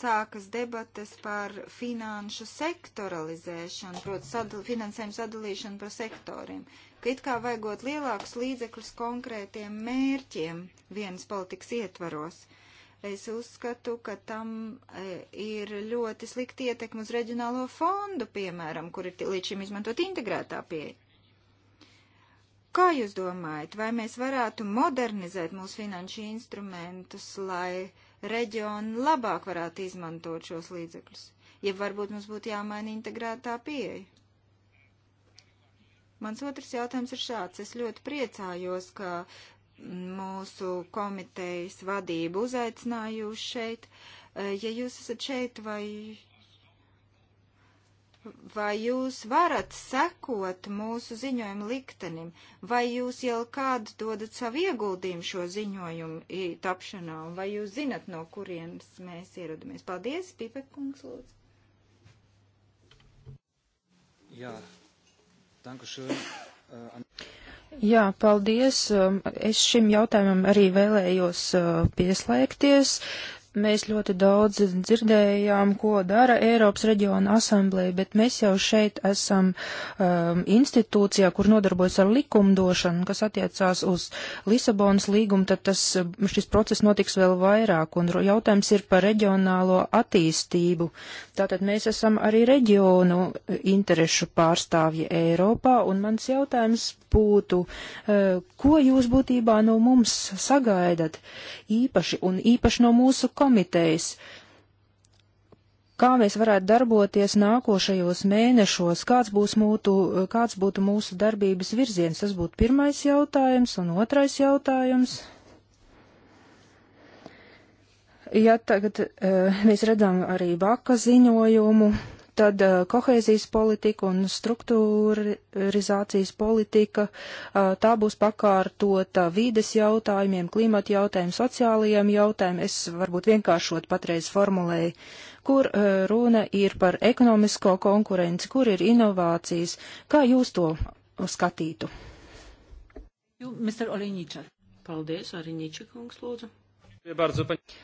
B: sākas debates par finanšu sektoralizēšanu, proti sadal, finansējumu sadalīšanu pa sektoriem, ka it kā vajagot lielākus līdzekļus konkrētiem mērķiem vienas politikas ietvaros. Es uzskatu, ka tam e, ir ļoti slikti ietekmi uz reģionālo fondu, piemēram, kur ir līdz šim izmantot integrētā pieeja. Kā jūs domājat, vai mēs varētu modernizēt mūsu finanšu instrumentus, lai reģioni labāk varētu izmantot šos līdzekļus? Ja varbūt mums būtu jāmaina integrētā pieeja. Mans otrs jautājums ir šāds. Es ļoti priecājos, ka mūsu komitejas vadību uzaicinājuši šeit. Eh, ja jūs esat šeit, vai, vai jūs varat sekot mūsu ziņojumu liktenim, vai jūs jau kādu dodat savu ieguldījumu šo ziņojumu tapšanā, un vai jūs zinat, no kurienes mēs ierodamies? Paldies, Pipekungs, lūdzu. Jā, dankušu. Uh, eh, an...
C: Jā, paldies. Um, es šim jautājumam arī vēlējos uh, pieslēgties. Mēs ļoti daudz dzirdējām, ko dara Eiropas reģiona asamblēja, bet mēs jau šeit esam um, institūcijā, kur nodarbojas ar likumdošanu, kas attiecās uz Lisabonas līgumu, tad tas, um, šis process notiks vēl vairāk, un jautājums ir par reģionālo attīstību. Tātad mēs esam arī reģionu uh, interešu pārstāvji Eiropā, un mans jautājums būtu, uh, ko jūs būtībā no mums sagaidat īpaši, un īpaši no mūsu komisijas? komitejas, kā mēs varētu darboties nākošajos mēnešos, kāds, būs mūtu, kāds būtu mūsu darbības virziens. Tas būtu pirmais jautājums un otrais jautājums. Ja tagad eh, mēs redzam arī Baka ziņojumu, tad eh, kohēzijas politika un struktūrizācijas politika, eh, tā būs pakārtota vīdes jautājumiem, klimata jautājumiem, sociālajiem jautājumiem, es varbūt vienkāršot patreiz formulēju, kur eh, runa ir par ekonomisko konkurenci, kur ir inovācijas, kā jūs to skatītu?
A: Jū, Mr. Oliniča. Paldies, Oliniča kungs, lūdzu. Paldies,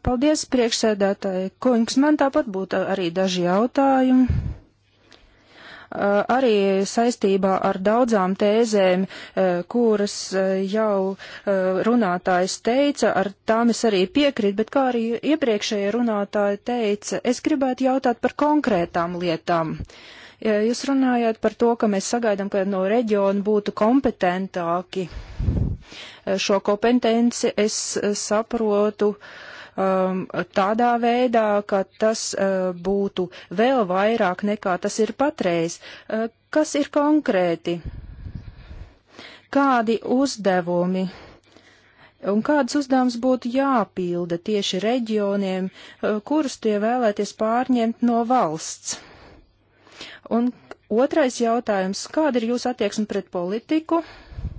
C: Paldies, priekšsēdētāji. Kungs, man tāpat būtu arī daži jautājumi. Arī saistībā ar daudzām tēzēm, kuras jau runātājs teica, ar tām es arī piekrītu, bet kā arī iepriekšējie runātāji teica, es gribētu jautāt par konkrētām lietām. Jūs runājāt par to, ka mēs sagaidām, ka no reģiona būtu kompetentāki. Šo kompetenci es saprotu uh, um, tādā veidā, ka tas uh, būtu vēl vairāk nekā tas ir patreiz. Uh, kas ir konkrēti? Kādi uzdevumi? Un kādas uzdevums būtu jāpilda tieši reģioniem, uh, kurus tie vēlēties pārņemt no valsts? Un otrais jautājums - kāda ir jūsu attieksme pret politiku? Uh,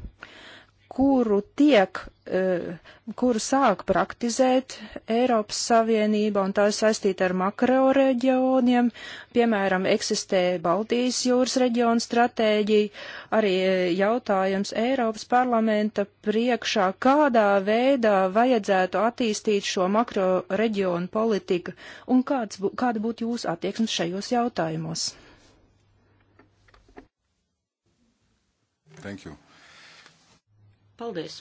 C: kuru tiek, eh, kuru sāk praktizēt Eiropas Savienība, un tā ir saistīta ar makroreģioniem, piemēram, eksistē Baltijas jūras reģiona stratēģija, arī eh, jautājums Eiropas parlamenta priekšā, kādā veidā vajadzētu attīstīt šo makroreģionu politiku, un kāds, kāda būtu jūsu attieksme šajos jautājumos?
A: Thank you. Paldies!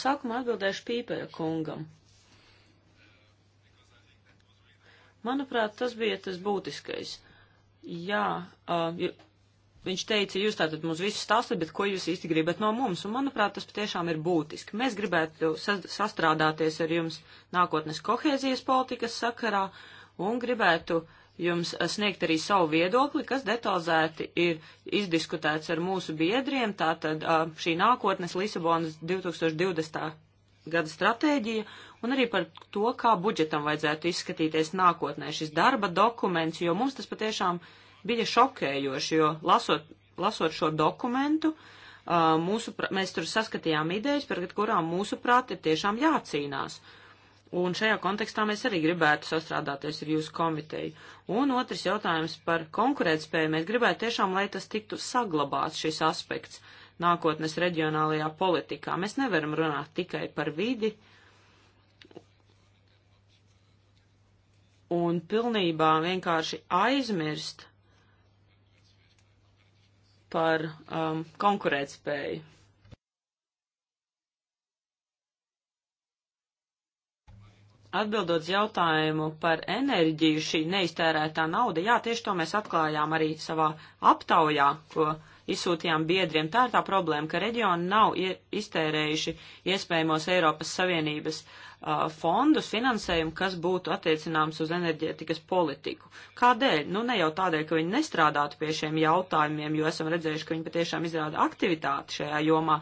A: Sākumā atbildēšu Pīpera kungam. Manuprāt, tas bija tas būtiskais. Jā, viņš teica, jūs tātad mums visu stāstat, bet ko jūs īsti gribat no mums? Un, manuprāt, tas patiešām ir būtiski. Mēs gribētu sastrādāties ar jums nākotnes kohēzijas politikas sakarā un gribētu uh, jums sniegt arī savu viedokli, kas detalizēti ir izdiskutēts ar mūsu biedriem. Tātad šī nākotnes Lisabonas 2020. gada stratēģija un arī par to, kā budžetam vajadzētu izskatīties nākotnē šis darba dokuments, jo mums tas patiešām bija šokējoši, jo lasot, lasot šo dokumentu, mūsu, mēs tur saskatījām idejas, par kurām mūsu prāti ir tiešām jācīnās. Uh, Un šajā kontekstā mēs arī gribētu sastrādāties ar jūsu komiteju. Un otrs jautājums par konkurētspēju. Mēs gribētu tiešām, lai tas tiktu saglabāts šis aspekts nākotnes reģionālajā politikā. Mēs nevaram runāt tikai par vidi. Un pilnībā vienkārši aizmirst par um, konkurētspēju. Atbildot jautājumu par enerģiju, šī neiztērētā nauda, jā, tieši to mēs atklājām arī savā aptaujā, ko izsūtījām biedriem. Tā ir tā problēma, ka reģioni nav iztērējuši iespējamos Eiropas Savienības uh, fondus finansējumu, kas būtu attiecināms uz enerģētikas politiku. Kādēļ? Nu, ne jau tādēļ, ka viņi nestrādātu pie šiem jautājumiem, jo esam redzējuši, ka viņi patiešām izrāda aktivitāti šajā jomā,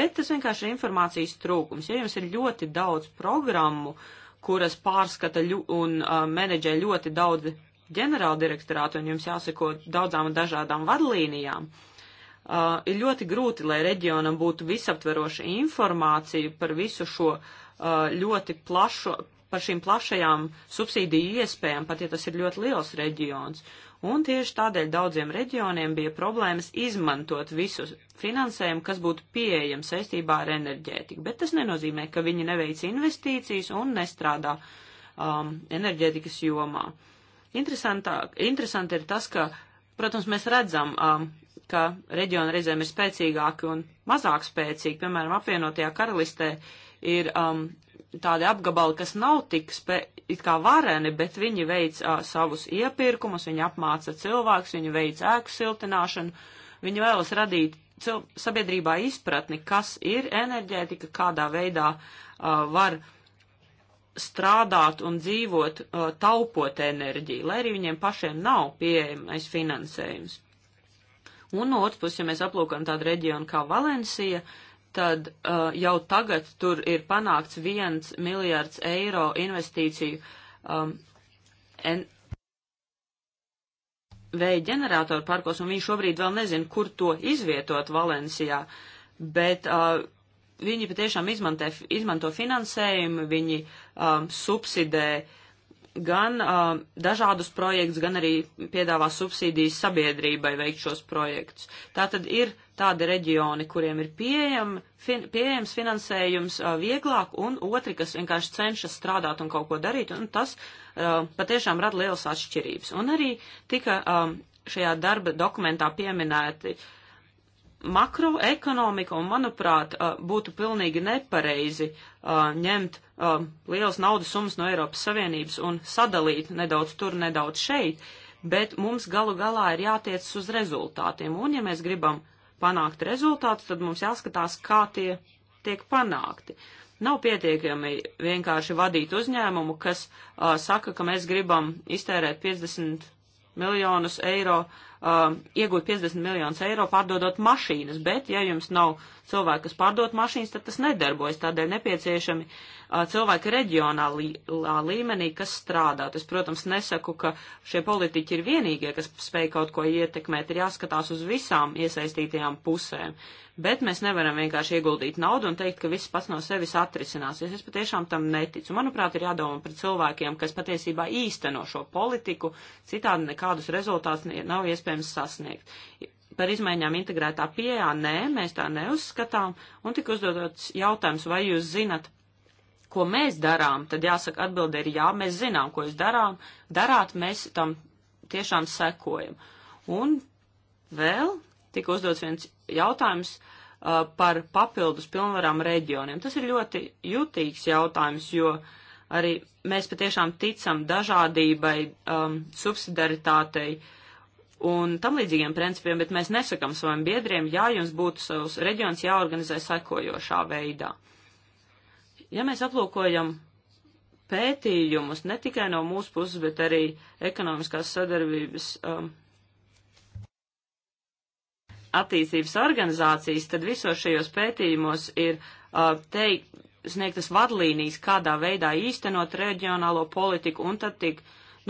A: bet tas vienkārši ir informācijas trūkums. Ja jums ir ļoti daudz programmu, uh, kuras pārskata ļu, un uh, menedžē ļoti daudz ģenerāldirektorātu, un jums jāsako daudzām dažādām vadlīnijām. Uh, ir ļoti grūti, lai reģionam būtu visaptveroša informācija par visu šo uh, ļoti plašo, par šīm plašajām subsīdiju iespējām, pat ja tas ir ļoti liels reģions un tieši tādēļ daudziem reģioniem bija problēmas izmantot visu finansējumu, kas būtu pieejams saistībā ar enerģētiku. Bet tas nenozīmē, ka viņi neveic investīcijas un nestrādā um, enerģētikas jomā. Interesanti ir tas, ka, protams, mēs redzam, um, ka reģiona reizēm ir spēcīgāki un mazāk spēcīgi. Piemēram, apvienotajā karalistē ir um, tādi apgabali, kas nav tik spē, it kā vareni, bet viņi veic uh, savus iepirkumus, viņi apmāca cilvēkus, viņi veic ēku siltināšanu, viņi vēlas radīt cil, sabiedrībā izpratni, kas ir enerģētika, kādā veidā uh, var strādāt un dzīvot, uh, taupot enerģiju, lai arī viņiem pašiem nav pieejamais finansējums. Un no otras puses, ja mēs aplūkam tādu reģionu kā Valencija, uh, tad uh, jau tagad tur ir panākts viens miljards eiro investīciju um, en vēja ģeneratoru parkos, un viņi šobrīd vēl nezina, kur to izvietot Valencijā, bet uh, viņi patiešām izmantē, izmanto finansējumu, viņi um, subsidē uh, gan uh, dažādus projektus, gan arī piedāvā subsīdijas sabiedrībai veikt šos projektus. Tātad ir tādi reģioni, kuriem ir pieejam, fin, pieejams finansējums uh, vieglāk, un otri, kas vienkārši cenšas strādāt un kaut ko darīt, un tas uh, patiešām rada lielas atšķirības. Un arī tika um, šajā darba dokumentā pieminēti uh, makroekonomika, un manuprāt, būtu pilnīgi nepareizi ņemt lielas naudas summas no Eiropas Savienības un sadalīt nedaudz tur, nedaudz šeit, bet mums galu galā ir jātiec uz rezultātiem, un ja mēs gribam panākt rezultātus, tad mums jāskatās, kā tie tiek panākti. Nav pietiekami vienkārši vadīt uzņēmumu, kas uh, saka, ka mēs gribam iztērēt 50 miljonus eiro, um, iegūt 50 miljonus eiro pārdodot mašīnas, bet ja jums nav cilvēki, kas pārdod mašīnas, tad tas nedarbojas, tādēļ nepieciešami cilvēki reģionālā līmenī, kas strādā. Es, protams, nesaku, ka šie politiķi ir vienīgie, kas spēj kaut ko ietekmēt, ir jāskatās uz visām iesaistītajām pusēm. Bet mēs nevaram vienkārši ieguldīt naudu un teikt, ka viss pats no sevis atrisināsies. Es patiešām tam neticu. Manuprāt, ir jādomā par cilvēkiem, kas patiesībā īsteno šo politiku, citādi nekādus rezultātus nav iespējams sasniegt par izmaiņām integrētā pieejā, nē, mēs tā neuzskatām, un tik uzdodots jautājums, vai jūs zinat ko mēs darām, tad jāsaka atbilde ir jā, mēs zinām, ko jūs darām, darāt, mēs tam tiešām sekojam. Un vēl tika uzdots viens jautājums uh, par papildus pilnvarām reģioniem. Tas ir ļoti jutīgs jautājums, jo arī mēs patiešām ticam dažādībai, um, subsidaritātei un tam līdzīgiem principiem, bet mēs nesakam saviem biedriem, jā, jums būtu savs reģions jāorganizē sekojošā veidā. Ja mēs aplūkojam pētījumus ne tikai no mūsu puses, bet arī ekonomiskās sadarbības um, attīstības organizācijas, tad visos šajos pētījumos ir uh, teikt, sniegtas vadlīnijas, kādā veidā īstenot reģionālo politiku, un tad tiek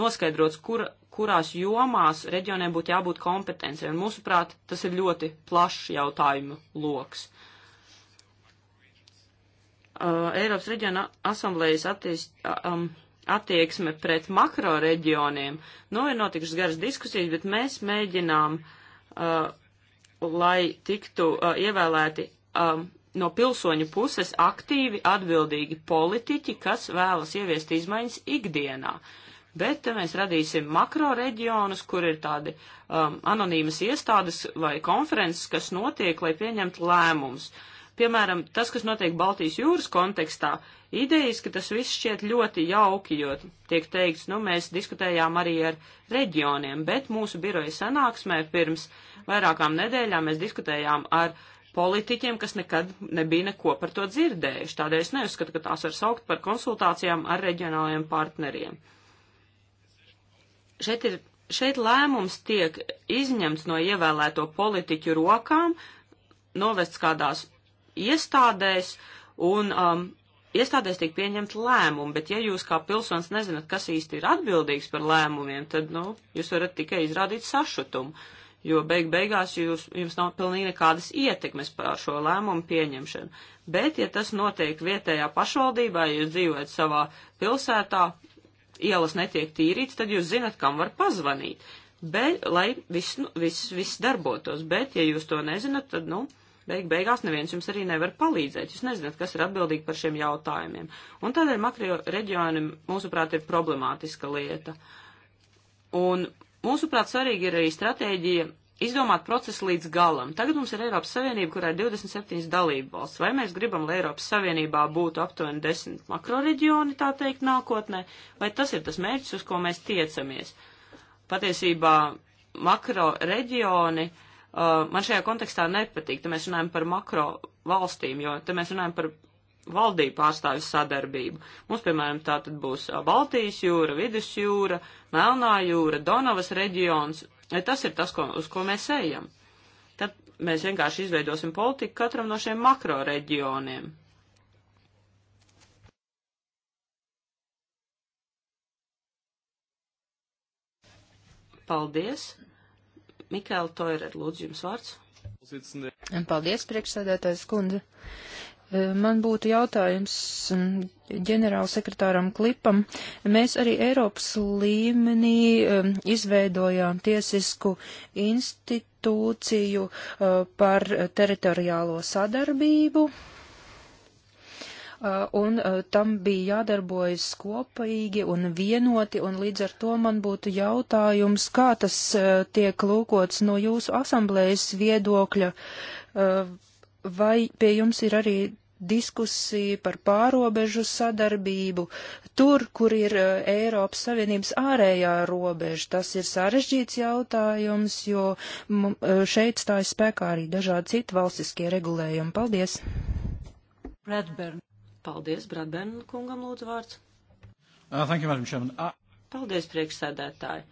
A: noskaidrots, kur, kurās jomās reģioniem būtu jābūt kompetencijai. Un mūsuprāt, tas ir ļoti plašs jautājumu loks uh, Eiropas reģiona asamblējas attīst, um, attieksme pret makro reģioniem. Nu, ir notikušas garas diskusijas, bet mēs mēģinām, uh, lai tiktu uh, ievēlēti um, no pilsoņu puses aktīvi atbildīgi politiķi, kas vēlas ieviest izmaiņas ikdienā. Bet uh, mēs radīsim makro reģionus, kur ir tādi um, anonīmas iestādes vai konferences, kas notiek, lai pieņemtu lēmumus. Uh, Piemēram, tas, kas notiek Baltijas jūras kontekstā, idejas, ka tas viss šķiet ļoti jauki, jo tiek teikts, nu, mēs diskutējām arī ar reģioniem, bet mūsu biroja sanāksmē pirms vairākām nedēļām mēs diskutējām ar politiķiem, kas nekad nebija neko par to dzirdējuši. Tādēļ es neuzskatu, ka tās var saukt par konsultācijām ar reģionāliem partneriem. Šeit ir šeit lēmums tiek izņemts no ievēlēto politiķu rokām, novests kādās iestādēs un um, iestādēs tiek pieņemt lēmumi, bet ja jūs kā pilsonis nezināt, kas īsti ir atbildīgs par lēmumiem, tad, nu, jūs varat tikai izrādīt sašutumu, jo beig beigās jūs, jums nav pilnīgi nekādas ietekmes par šo lēmumu pieņemšanu. Bet, ja tas notiek vietējā pašvaldībā, ja jūs dzīvojat savā pilsētā, ielas netiek tīrītas, tad jūs zinat, kam var pazvanīt, bet, lai viss, nu, viss, viss darbotos, bet, ja jūs to nezinat, tad, nu, beig beigās neviens jums arī nevar palīdzēt. Jūs nezināt, kas ir atbildīgi par šiem jautājumiem. Un tādēļ makro reģioni, mūsuprāt, ir problemātiska lieta. Un mūsuprāt, svarīgi ir arī stratēģija izdomāt procesu līdz galam. Tagad mums ir Eiropas Savienība, kurā ir 27 dalību valsts. Vai mēs gribam, lai Eiropas Savienībā būtu aptuveni 10 makroreģioni, tā teikt, nākotnē, vai tas ir tas mērķis, uz ko mēs tiecamies? Patiesībā makroreģioni uh, Uh, man šajā kontekstā nepatīk, te mēs runājam par makro valstīm, jo te mēs runājam par valdību pārstāvju sadarbību. Mums, piemēram, tā tad būs uh, Baltijas jūra, Vidusjūra, Melnā jūra, Donavas reģions. E, tas ir tas, ko, uz ko mēs ejam. Tad mēs vienkārši izveidosim politiku katram no šiem makro reģioniem. Paldies! Mikēla Toirer, lūdzu jums vārds.
C: Paldies, priekšsēdētājs kundze. E, man būtu jautājums ģenerālsekretāram Klipam. Mēs arī Eiropas līmenī e, izveidojām tiesisku institūciju e, par teritoriālo sadarbību Eh, un eh, tam bija jādarbojas kopīgi un vienoti, un līdz ar to man būtu jautājums, kā tas eh, tiek lūkots no jūsu asamblējas viedokļa, vai pie jums ir arī diskusija par pārobežu sadarbību, tur, kur ir Eiropas Savienības ārējā robeža. Tas ir sarežģīts jautājums, jo šeit stājas spēkā arī dažādi citi valstiskie regulējumi. Paldies!
A: Bradburn. Paldies, Bradbērn kungam lūdzu vārds.
C: Uh, thank you, Madam Chairman.
A: Uh... Paldies, priekšsēdētāji.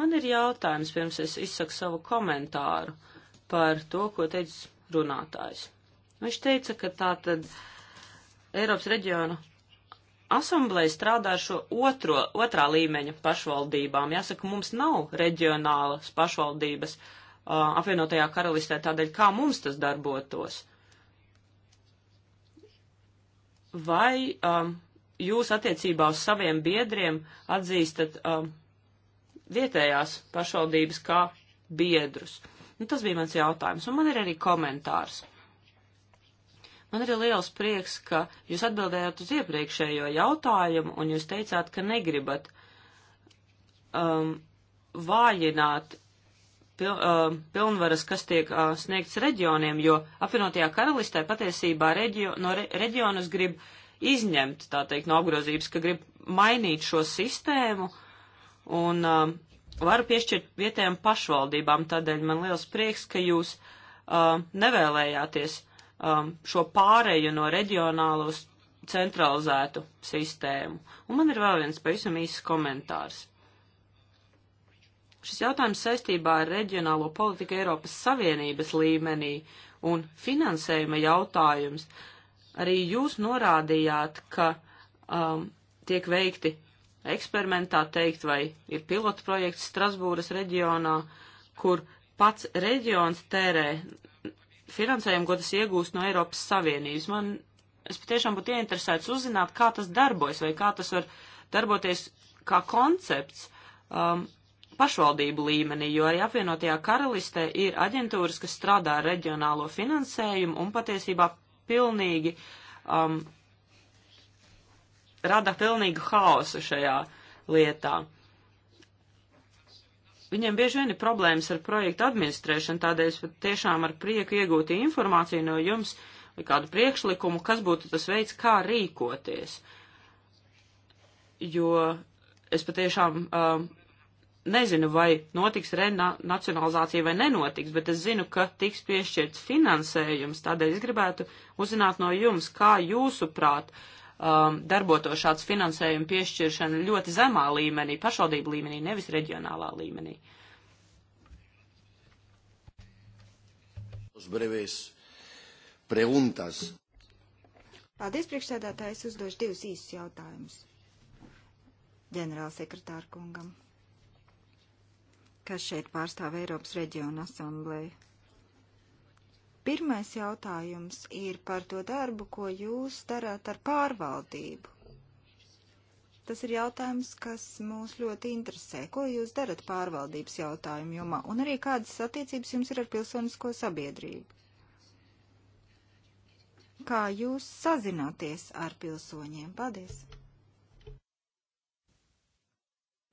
A: Man ir jautājums, pirms es izsaku savu komentāru par to, ko teica runātājs. Viņš teica, ka tā tad Eiropas reģionu asamblēja strādā ar šo otro, otrā līmeņa pašvaldībām. Jāsaka, mums nav reģionālas pašvaldības uh, apvienotajā karalistē, tādēļ kā mums tas darbotos. Uh, vai um, jūs attiecībā uz saviem biedriem atzīstat um, vietējās pašvaldības kā biedrus? Nu, tas bija mans jautājums, un man ir arī komentārs. Man ir liels prieks, ka jūs atbildējāt uz iepriekšējo jautājumu, un jūs teicāt, ka negribat um, vājināt pil, uh, pilnvaras, kas tiek uh, sniegts reģioniem, jo apvienotajā karalistē patiesībā reģio, no re, reģionus grib izņemt, tā teikt, no apgrozības, ka grib mainīt šo sistēmu un uh, varu piešķirt vietējām pašvaldībām. Tādēļ man liels prieks, ka jūs uh, nevēlējāties um, šo pāreju no reģionāla uz centralizētu sistēmu. Un man ir vēl viens pavisam īsts komentārs. Šis jautājums saistībā ar reģionālo politiku Eiropas Savienības līmenī un finansējuma jautājums. Arī jūs norādījāt, ka um, tiek veikti eksperimentā teikt, vai ir pilota projekts Strasbūras reģionā, kur pats reģions tērē finansējumu, ko tas iegūst no Eiropas Savienības. Man es patiešām būtu ieinteresēts uzzināt, kā tas darbojas vai kā tas var darboties kā koncepts. Um, pašvaldību līmenī, jo arī apvienotajā karalistē ir aģentūras, kas strādā ar reģionālo finansējumu un patiesībā pilnīgi um, rada pilnīgu haosu šajā lietā. Viņiem bieži vien ir problēmas ar projektu administrēšanu, tādēļ es tiešām ar prieku iegūtu informāciju no jums vai kādu priekšlikumu, kas būtu tas veids, kā rīkoties. Jo es patiešām um, nezinu, vai notiks renacionalizācija vai nenotiks, bet es zinu, ka tiks piešķirts finansējums, tādēļ es gribētu uzzināt no jums, kā jūsuprāt um, darboto šāds finansējuma piešķiršana ļoti zemā līmenī, pašvaldību līmenī, nevis reģionālā līmenī. Paldies,
B: priekšsēdētājs, uzdošu divus īsus jautājumus ģenerālsekretāra kungam kas šeit pārstāv Eiropas reģionu asamblēju. Pirmais jautājums ir par to darbu, ko jūs darāt ar pārvaldību. Tas ir jautājums, kas mūs ļoti interesē. Ko jūs darat pārvaldības jautājumu jomā, un arī kādas attiecības jums ir ar pilsonisko sabiedrību? Kā jūs sazināties ar pilsoņiem? Paldies!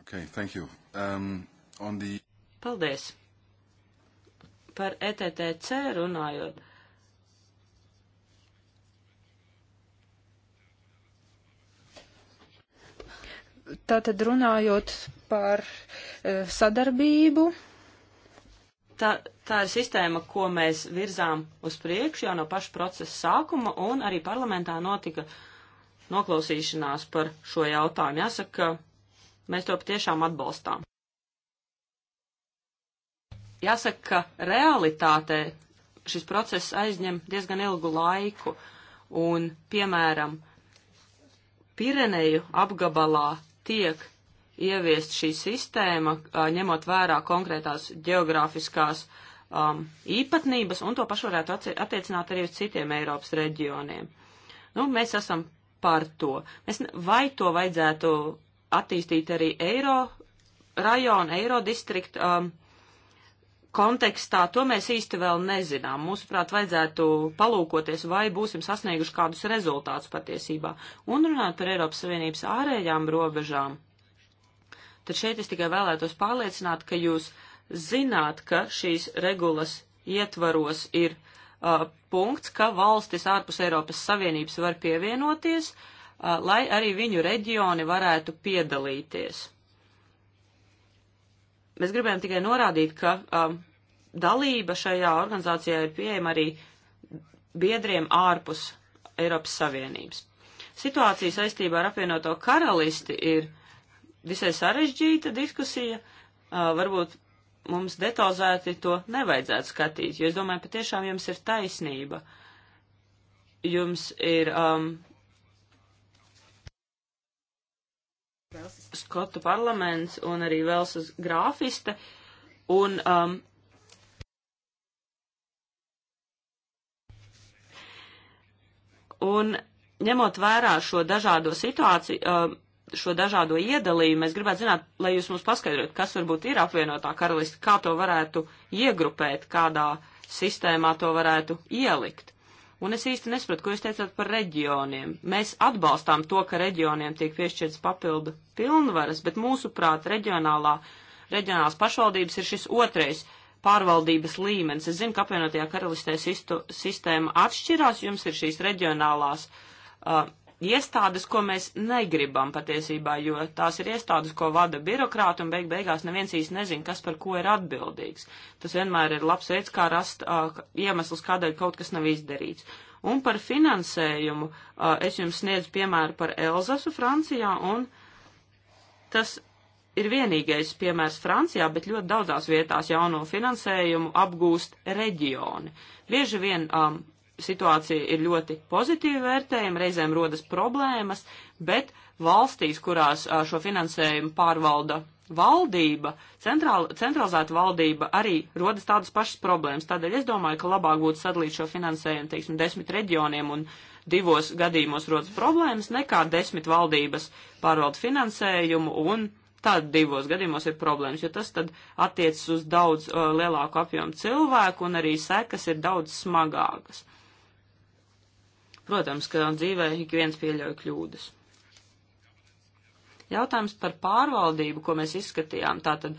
A: Okay, thank you. Um, The... Paldies! Par ETTC runājot.
C: Tātad runājot par uh, sadarbību.
A: Tā, tā ir sistēma, ko mēs virzām uz priekšu jau no paša procesa sākuma, un arī parlamentā notika noklausīšanās par šo jautājumu. Jāsaka, ka mēs to patiešām atbalstām. Jāsaka, ka realitātē šis process aizņem diezgan ilgu laiku, un, piemēram, Pireneju apgabalā tiek ieviest šī sistēma, ņemot vērā konkrētās geogrāfiskās um, īpatnības, un to pašu varētu attiecināt arī uz citiem Eiropas reģioniem. Nu, mēs esam par to. Mēs, ne, vai to vajadzētu attīstīt arī eiro rajonu, eiro distriktu um, kontekstā to mēs īsti vēl nezinām. Mūsuprāt, vajadzētu palūkoties, vai būsim sasnieguši kādus rezultātus patiesībā. Un runāt par Eiropas Savienības ārējām robežām, tad šeit es tikai vēlētos pārliecināt, ka jūs zināt, ka šīs regulas ietvaros ir uh, punkts, ka valstis ārpus Eiropas Savienības var pievienoties, uh, lai arī viņu reģioni varētu piedalīties. Mēs gribējām tikai norādīt, ka um, dalība šajā organizācijā ir pieejama arī biedriem ārpus Eiropas Savienības. Situācija saistībā ar apvienoto karalisti ir visai sarežģīta diskusija, uh, varbūt mums detalizēti to nevajadzētu skatīt, jo es domāju, patiešām jums ir taisnība. Jums ir um, Skotu parlaments un arī Velsas grāfiste. Un, um, un ņemot vērā šo dažādo situāciju, um, šo dažādo iedalījumu, es gribētu zināt, lai jūs mums paskaidrot, kas varbūt ir apvienotā karaliste, kā to varētu iegrupēt, kādā sistēmā to varētu ielikt. Un es īsti nesaprotu, ko jūs teicāt par reģioniem. Mēs atbalstām to, ka reģioniem tiek piešķirts papildu pilnvaras, bet mūsuprāt reģionālā, reģionālās pašvaldības ir šis otrais pārvaldības līmenis. Es zinu, ka apvienotajā karalistē sistu, sistēma atšķirās, jums ir šīs reģionālās uh, iestādes, ko mēs negribam patiesībā, jo tās ir iestādes, ko vada birokrāti un beig beigās neviens īsti nezin, kas par ko ir atbildīgs. Tas vienmēr ir labs veids, kā rast uh, iemesls, kādēļ kaut kas nav izdarīts. Un par finansējumu uh, es jums sniedzu piemēru par Elzasu Francijā, un tas ir vienīgais piemērs Francijā, bet ļoti daudzās vietās jauno finansējumu apgūst reģioni. Bieži vien um, situācija ir ļoti pozitīvi vērtējama, reizēm rodas problēmas, bet valstīs, kurās šo finansējumu pārvalda valdība, centrāl, centralizēta valdība arī rodas tādas pašas problēmas. Tādēļ es domāju, ka labāk būtu sadalīt šo finansējumu, teiksim, desmit reģioniem un divos gadījumos rodas problēmas, nekā desmit valdības pārvalda finansējumu un tad divos gadījumos ir problēmas, jo tas tad attiecas uz daudz uh, lielāku apjomu cilvēku un arī sekas ir daudz smagākas. Protams, ka dzīvē ik viens pieļauj kļūdas. Jautājums par pārvaldību, ko mēs izskatījām. Tātad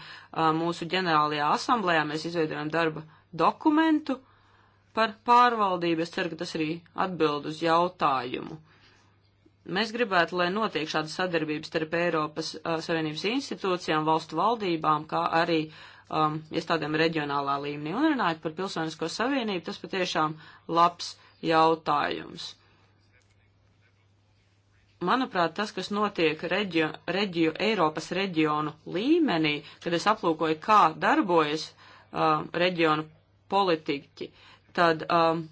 A: mūsu ģenerālajā asamblējā mēs izveidojam darba dokumentu par pārvaldību. Es ceru, ka tas arī atbild uz jautājumu. Mēs gribētu, lai notiek šāda sadarbība starp Eiropas uh, Savienības institūcijām, valstu valdībām, kā arī um, iestādēm reģionālā līmenī. Un runājot par pilsonisko savienību, tas patiešām labs jautājums. Manuprāt, tas, kas notiek reģio, reģio, Eiropas reģionu līmenī, kad es aplūkoju, kā darbojas uh, reģionu politiķi, tad um,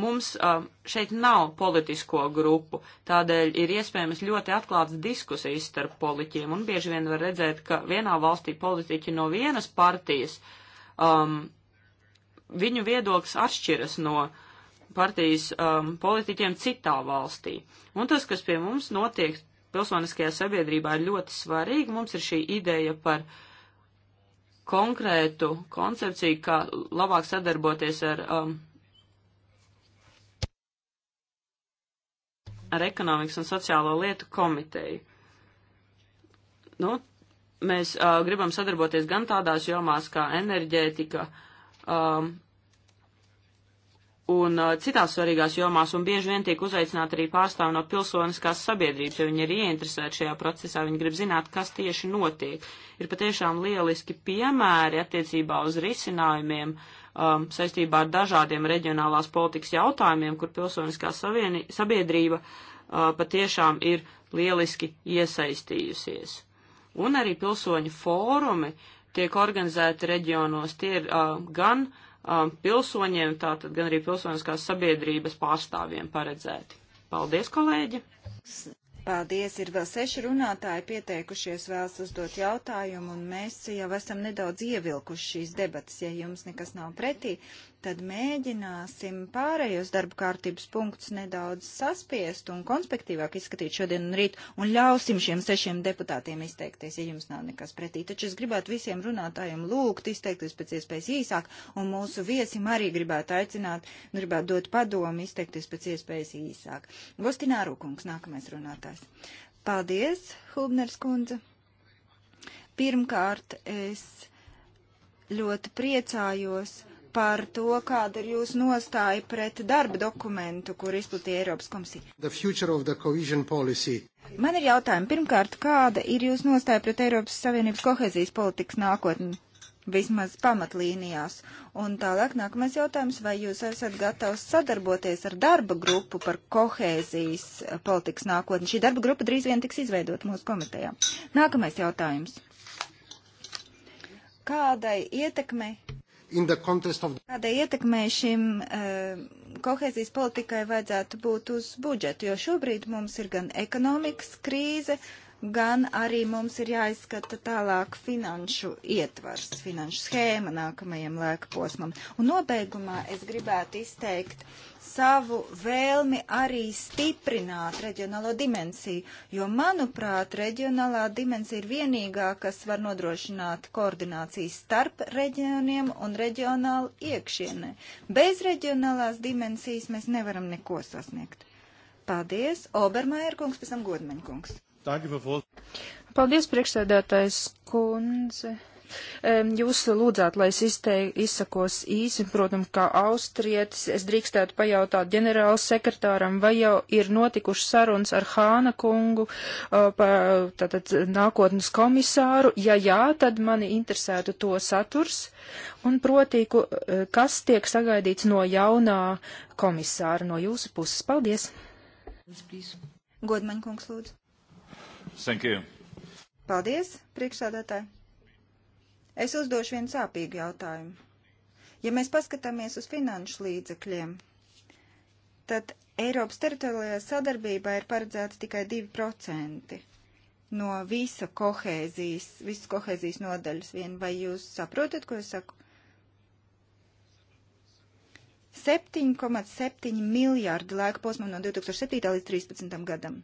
A: mums um, šeit nav politisko grupu, tādēļ ir iespējams ļoti atklāts diskusijas starp politiķiem, un bieži vien var redzēt, ka vienā valstī politiķi no vienas partijas, um, viņu viedoklis atšķiras no partijas um, politiķiem citā valstī. Un tas, kas pie mums notiek pilsoniskajā sabiedrībā, ir ļoti svarīgi. Mums ir šī ideja par konkrētu koncepciju, kā labāk sadarboties ar, um, ar ekonomikas un sociālo lietu komiteju. Nu, mēs uh, gribam sadarboties gan tādās jomās kā enerģētika, um, un uh, citās svarīgās jomās, un bieži vien tiek uzaicināti arī pārstāvi no pilsoniskās sabiedrības, jo viņi ir ieinteresēti šajā procesā, viņi grib zināt, kas tieši notiek. Ir patiešām lieliski piemēri attiecībā uz risinājumiem um, saistībā ar dažādiem reģionālās politikas jautājumiem, kur pilsoniskā savieni, sabiedrība uh, patiešām ir lieliski iesaistījusies. Un arī pilsoņu fórumi tiek organizēti reģionos, tie ir uh, gan uh, um, pilsoņiem, tātad gan arī pilsoniskās sabiedrības pārstāvjiem paredzēti. Paldies, kolēģi!
B: Paldies, ir vēl seši runātāji pieteikušies vēlas uzdot jautājumu, un mēs jau esam nedaudz ievilkuši šīs debatas, ja jums nekas nav pretī tad mēģināsim pārējos darba kārtības punktus nedaudz saspiest un konspektīvāk izskatīt šodien un rīt, un ļausim šiem sešiem deputātiem izteikties, ja jums nav nekas pretī. Taču es gribētu visiem runātājiem lūgt izteikties pēc iespējas īsāk, un mūsu viesim arī gribētu aicināt, gribētu dot padomu izteikties pēc iespējas īsāk. Gostinā Rūkungs, nākamais runātājs. Paldies, Hubners kundze. Pirmkārt, es ļoti priecājos, par to, kāda ir jūsu nostāja pret darba dokumentu, kur izplatīja Eiropas komisija. Man ir jautājumi. Pirmkārt, kāda ir jūsu nostāja pret Eiropas Savienības kohezijas politikas nākotni? Vismaz pamatlīnijās. Un tālāk nākamais jautājums, vai jūs esat gatavs sadarboties ar darba grupu par kohēzijas eh, politikas nākotni? Šī darba grupa drīz vien tiks izveidot mūsu komitejā. Nākamais jautājums. Kādai ietekmei
C: Of...
B: Kādai ietekmei šim uh, kohēzijas politikai vajadzētu būt uz budžetu, jo šobrīd mums ir gan ekonomikas krīze, gan arī mums ir jāizskata tālāk finanšu ietvars, finanšu schēma nākamajam laika posmam. Un nobeigumā es gribētu izteikt savu vēlmi arī stiprināt reģionālo dimensiju, jo, manuprāt, reģionālā dimensija ir vienīgā, kas var nodrošināt koordināciju starp reģioniem un reģionālu iekšienē. Bez reģionālās dimensijas mēs nevaram neko sasniegt. Paldies, Obermajer kungs, pēc tam Godmeņ kungs.
C: Paldies, priekšsēdētājs kundze. Jūs lūdzāt, lai es iztei, izsakos īsi, protams, kā austrietis, es drīkstētu pajautāt ģenerāla sekretāram, vai jau ir notikušas sarunas ar Hāna kungu, tātad nākotnes komisāru. Ja jā, tad mani interesētu to saturs un proti, e, kas tiek sagaidīts no jaunā komisāra no jūsu puses. Paldies! Godmaņkungs, lūdzu. Thank you. Paldies, priekšsādātāji.
B: Es uzdošu vienu sāpīgu jautājumu. Ja mēs paskatāmies uz finanšu līdzekļiem, tad Eiropas teritorijā sadarbībā ir paredzēts tikai 2% no visa kohēzijas, visas kohēzijas nodaļas vien. Vai jūs saprotat, ko es saku? 7,7 miljārdi laika posmam no 2007. līdz 2013. gadam.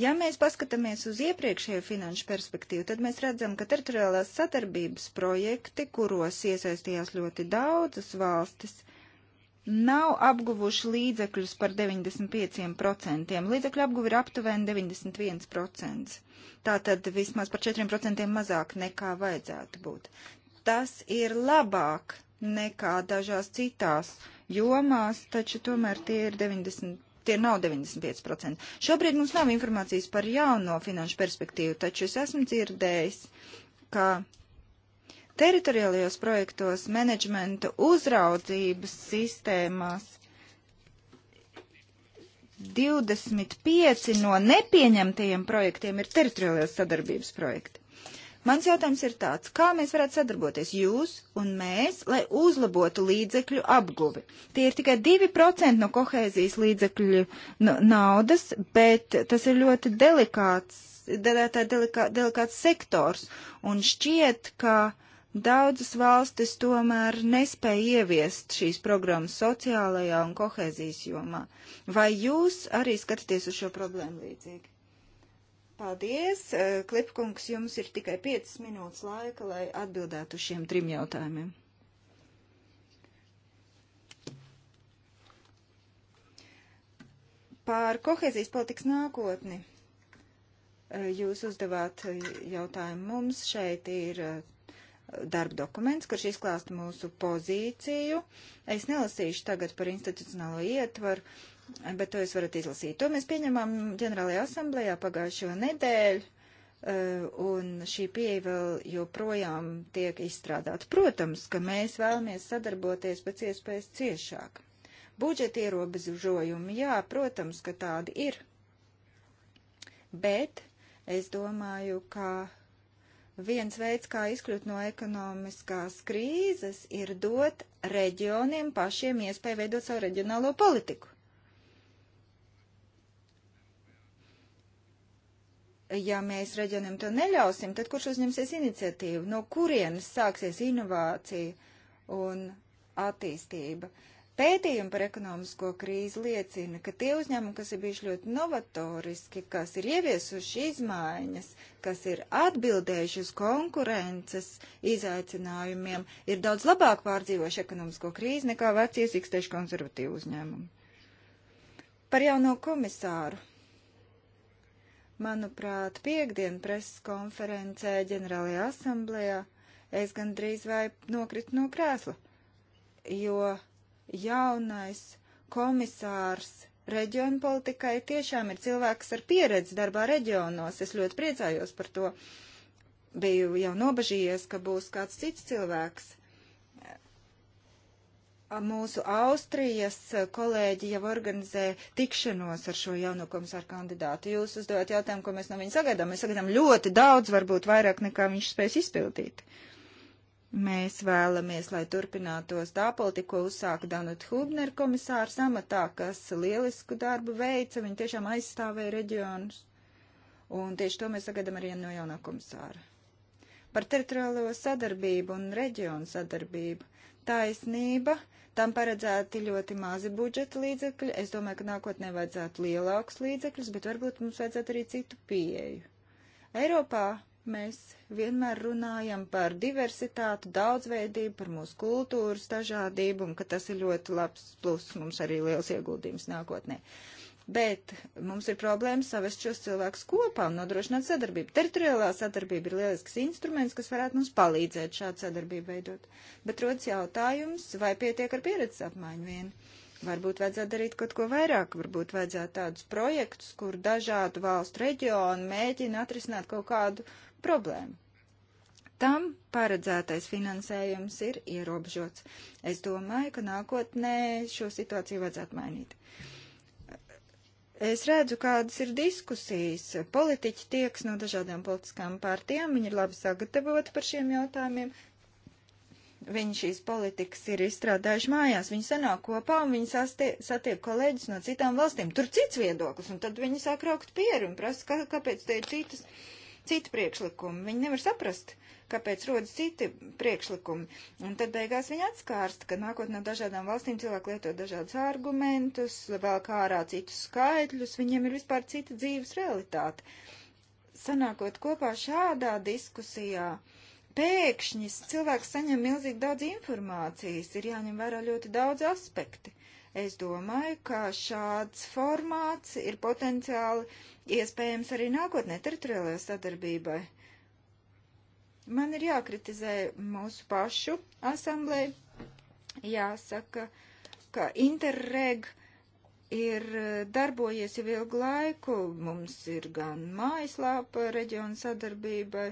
B: Ja mēs paskatāmies uz iepriekšējo finanšu perspektīvu, tad mēs redzam, ka teritoriālās sadarbības projekti, kuros iesaistījās ļoti daudzas valstis, nav apguvuši līdzekļus par 95%. Līdzekļu apguvi ir aptuveni 91%. Tātad vismaz par 4% mazāk nekā vajadzētu būt. Tas ir labāk nekā dažās citās jomās, taču tomēr tie ir 90 tie nav 95%. Šobrīd mums nav informācijas par jauno finanšu perspektīvu, taču es esmu dzirdējis, ka teritoriālajos projektos menedžmenta uzraudzības sistēmās 25 no nepieņemtajiem projektiem ir teritoriālajās sadarbības projekti. Mans jautājums ir tāds, kā mēs varētu sadarboties jūs un mēs, lai uzlabotu līdzekļu apguvi? Tie ir tikai 2% no kohēzijas līdzekļu naudas, bet tas ir ļoti delikāts, delikā, delikā, delikāts sektors un šķiet, ka daudzas valstis tomēr nespēja ieviest šīs programmas sociālajā un kohēzijas jomā. Vai jūs arī skatāties uz šo problēmu līdzīgi? Paldies! Eh, Klipkungs, jums ir tikai 5 minūtes laika, lai atbildētu šiem trim jautājumiem. Pār kohēzijas politikas nākotni eh, jūs uzdevāt eh, jautājumu mums. Šeit ir darba dokuments, kurš izklāsta mūsu pozīciju. Es nelasīšu tagad par institucionālo ietvaru bet to jūs varat izlasīt. To mēs pieņemam ģenerālajā asamblējā pagājušo nedēļu. Eh, un šī pieeja vēl joprojām tiek izstrādāta. Protams, ka mēs vēlamies sadarboties pēc iespējas ciešāk. Budžeta ierobežojumi, jā, protams, ka tādi ir. Bet es domāju, ka viens veids, kā izkļūt no ekonomiskās krīzes, ir dot reģioniem pašiem iespēju veidot savu reģionālo politiku. ja mēs reģionam to neļausim, tad kurš uzņemsies iniciatīvu? No kurienes sāksies inovācija un attīstība? Pētījumi par ekonomisko krīzi liecina, ka tie uzņēmumi, kas ir bijuši ļoti novatoriski, kas ir ieviesuši izmaiņas, kas ir atbildējuši uz konkurences izaicinājumiem, ir daudz labāk pārdzīvojuši ekonomisko krīzi nekā veci iesikstējuši konservatīvu uzņēmumu. Par jauno komisāru Manuprāt, piekdien preses konferencē ģenerālajā asamblējā es gandrīz vai nokritu no krēsla, jo jaunais komisārs reģionu politikai tiešām ir cilvēks ar pieredzi darbā reģionos. Es ļoti priecājos par to. Biju jau nobažījies, ka būs kāds cits cilvēks, mūsu Austrijas kolēģi jau organizē tikšanos ar šo jauno komisāru kandidātu. Jūs uzdevāt jautājumu, ko mēs no viņa sagaidām. Mēs sagaidām ļoti daudz, varbūt vairāk nekā viņš spēs izpildīt. Mēs vēlamies, lai turpinātos tā politika, ko uzsāka Danuta Hubner komisāra samatā, kas lielisku darbu veica, viņa tiešām aizstāvēja reģionus. Un tieši to mēs sagaidām arī no jaunā komisāra. Par teritoriālo sadarbību un reģionu sadarbību taisnība Tam paredzēti ļoti mazi budžeta līdzekļi. Es domāju, ka nākotnē vajadzētu lielākus līdzekļus, bet varbūt mums vajadzētu arī citu pieeju. Eiropā mēs vienmēr runājam par diversitāti, daudzveidību, par mūsu kultūras dažādību, un ka tas ir ļoti labs plus, mums arī liels ieguldījums nākotnē. Uh, bet mums ir problēma savest šos cilvēkus kopā un nodrošināt sadarbību. Teritoriālā sadarbība ir lielisks instruments, kas varētu mums palīdzēt šādu sadarbību veidot. Bet rodas jautājums, vai pietiek ar pieredzes apmaiņu vien. Varbūt vajadzētu darīt kaut ko vairāk, varbūt vajadzētu tādus projektus, kur dažādu valstu reģionu mēģina atrisināt kaut kādu problēmu. Tam paredzētais finansējums ir ierobežots. Es domāju, ka nākotnē šo situāciju vajadzētu mainīt. Uh, Es redzu, kādas ir diskusijas. Politiķi tieks no dažādām politiskām partijām, viņi ir labi sagatavoti par šiem jautājumiem. Viņi šīs politikas ir izstrādājuši mājās, viņi sanāk kopā un viņi sastie, satiek kolēģis no citām valstīm. Tur cits viedoklis, un tad viņi sāk raukt pieru un prasa, kā, kāpēc te ir citas. Uh, citu priekšlikumu. Viņi nevar saprast, kāpēc rodas citi priekšlikumi. Un tad beigās viņi atskārst, ka nākot no dažādām valstīm cilvēki lieto dažādus argumentus, vēl kā ārā citus skaitļus, viņiem ir vispār cita dzīves realitāte. Sanākot kopā šādā diskusijā, pēkšņi cilvēks saņem milzīgi daudz informācijas, ir jāņem vērā ļoti daudz aspekti. Es domāju, ka šāds formāts ir potenciāli iespējams arī nākotnē teritoriālajā sadarbībai. Man ir jākritizē mūsu pašu asamblē. Jāsaka, ka Interreg ir darbojies jau ilgu laiku. Mums ir gan mājaslāpa reģiona sadarbībai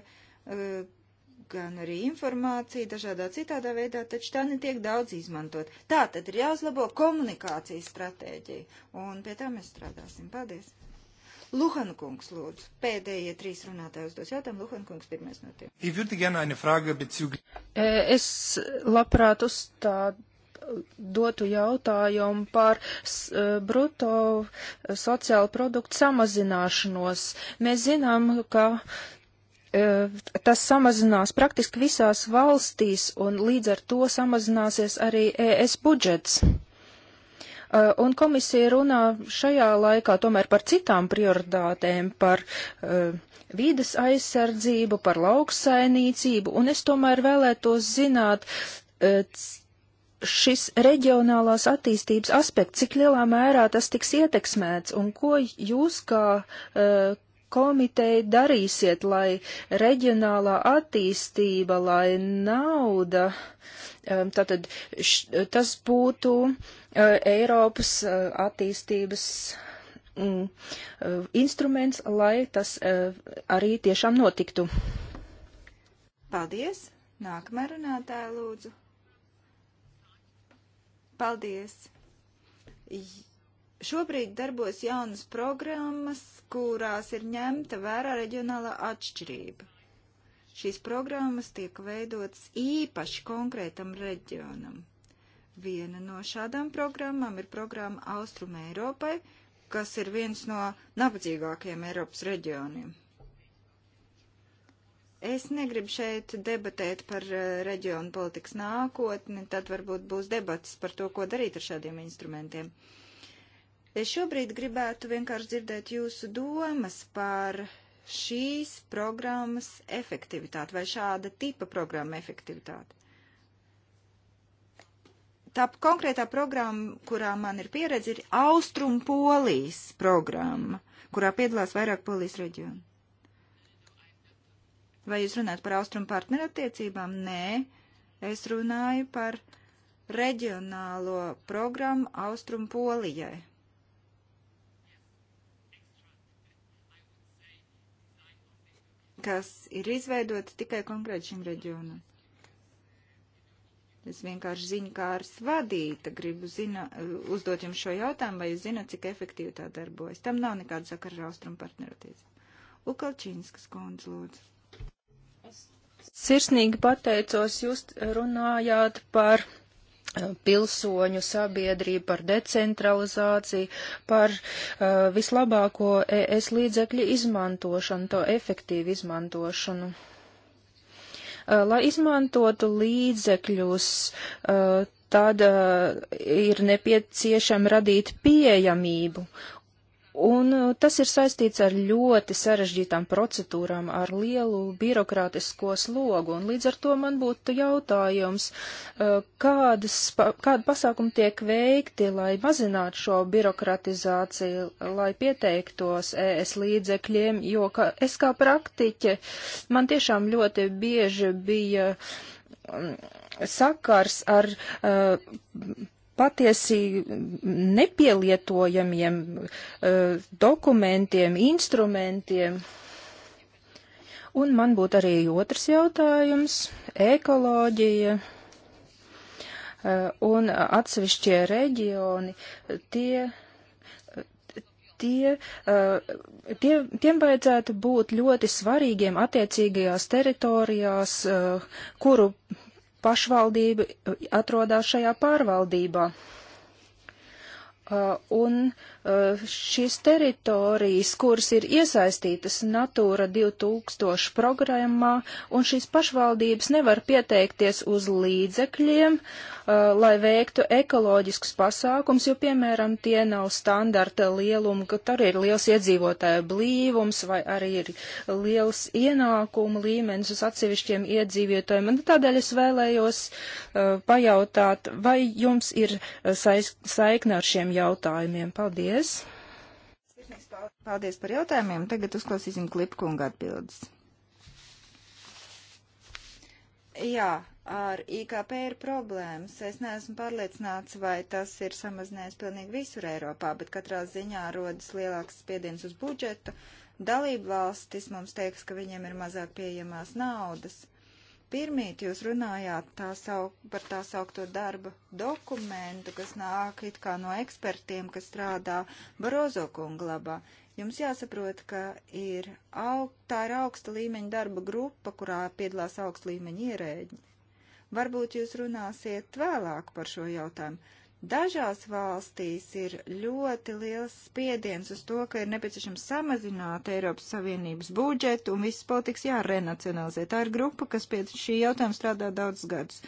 B: gan arī informācija dažādā citādā veidā, taču tā netiek daudz izmantot. Tā tad ir jāuzlabo komunikācijas stratēģija, un pie tā mēs strādāsim. Paldies! Luhan kungs, lūdzu, pēdējie trīs runātāji uzdos jautājumu. Luhan kungs, pirmais no
C: tiem. Es labprāt uzstādu dotu jautājumu par bruto sociālu produktu samazināšanos. Mēs zinām, ka E, tas samazinās praktiski visās valstīs, un līdz ar to samazināsies arī ES budžets. E, un komisija runā šajā laikā tomēr par citām prioritātēm, par e, vīdes aizsardzību, par lauksainīcību, un es tomēr vēlētos zināt, šis reģionālās attīstības aspekts, cik lielā mērā tas tiks ietekmēts un ko jūs kā uh, komiteja darīsiet, lai reģionālā attīstība, lai nauda, um, tātad š, tas būtu uh, Eiropas uh, attīstības mm, uh, instruments, lai tas arī tiešām notiktu. Paldies!
B: Nākamā runātāja lūdzu. Paldies! Šobrīd darbos jaunas programmas, kurās ir ņemta vērā reģionālā atšķirība. Šīs programmas tiek veidotas īpaši konkrētam reģionam. Viena no šādām programmām ir programma Austrum Eiropai, kas ir viens no nabadzīgākajiem Eiropas reģioniem. Es negribu šeit debatēt par eh, reģionu politikas nākotni, tad varbūt būs debatas par to, ko darīt ar šādiem instrumentiem. Uh, Es šobrīd gribētu vienkārši dzirdēt jūsu domas par šīs programmas efektivitāti vai šāda tipa programma efektivitāti. Tā konkrētā programma, kurā man ir pieredze, ir Austrum Polijas programma, kurā piedalās vairāk Polijas reģionu. Vai jūs runājat par Austrum partnerattiecībām? Nē, es runāju par reģionālo programmu Austrum Polijai. kas ir izveidota tikai konkrēti šim reģionam. Es vienkārši ziņkārs vadīta, gribu zina, uzdot jums šo jautājumu, vai jūs zināt, cik efektīvi tā darbojas. Tam nav nekāda sakara ar austrumu partneroties. Ukalčīnskas kundze, lūdzu.
C: Sirsnīgi pateicos, jūs runājāt par Eh, pilsoņu sabiedrību, par decentralizāciju, par uh, vislabāko ES līdzekļu izmantošanu, to efektīvu izmantošanu. Uh, lai izmantotu līdzekļus, uh, tad uh, ir nepieciešama radīt pieejamību, Un uh, tas ir saistīts ar ļoti sarežģītām procedūrām, ar lielu birokrātisko slogu, un līdz ar to man būtu jautājums, uh, kādas, kāda pasākuma tiek veikti, lai mazinātu šo birokratizāciju, lai pieteiktos ES līdzekļiem, jo kā, es kā praktiķe man tiešām ļoti bieži bija um, sakars ar. Uh, patiesi nepielietojamiem eh, dokumentiem, instrumentiem. Un man būtu arī otrs jautājums - ekoloģija eh, un atsevišķie reģioni, tie, tie, eh, tie, tiem vajadzētu būt ļoti svarīgiem attiecīgajās teritorijās, kuru pašvaldība eh, atrodas šajā pārvaldībā. Uh, un uh, šīs teritorijas, kuras ir iesaistītas Natūra 2000 programmā, un šīs pašvaldības nevar pieteikties uz līdzekļiem, uh, lai veiktu ekoloģiskus pasākums, jo, piemēram, tie nav standarta lieluma, ka tur ir liels iedzīvotāju blīvums vai arī ir liels ienākumu līmenis uz atsevišķiem iedzīvotājiem. Un tādēļ es vēlējos pajautāt, vai jums ir saikna ar šiem jautājumiem? jautājumiem. Paldies!
B: Paldies par jautājumiem. Tagad uzklausīsim Klipkunga atbildes. Jā, ar IKP ir problēmas. Es neesmu pārliecināts, vai tas ir samazinājies pilnīgi visur Eiropā, bet katrā ziņā rodas lielāks spiediens uz budžetu. Dalību valstis mums teiks, ka viņiem ir mazāk pieejamās naudas. Uh, Pirmīt jūs runājāt tā sauk, par tā saukto darba dokumentu, kas nāk it kā no ekspertiem, kas strādā Barozo kunga labā. Jums jāsaprot, ka ir aug, tā ir augsta līmeņa darba grupa, kurā piedalās augsta līmeņa ierēģi. Varbūt jūs runāsiet vēlāk par šo jautājumu Dažās valstīs ir ļoti liels spiediens uz to, ka ir nepieciešams samazināt Eiropas Savienības budžetu un visas politikas jārenacionalizē. Tā ir grupa, kas pie šī jautājuma strādā daudz gadus.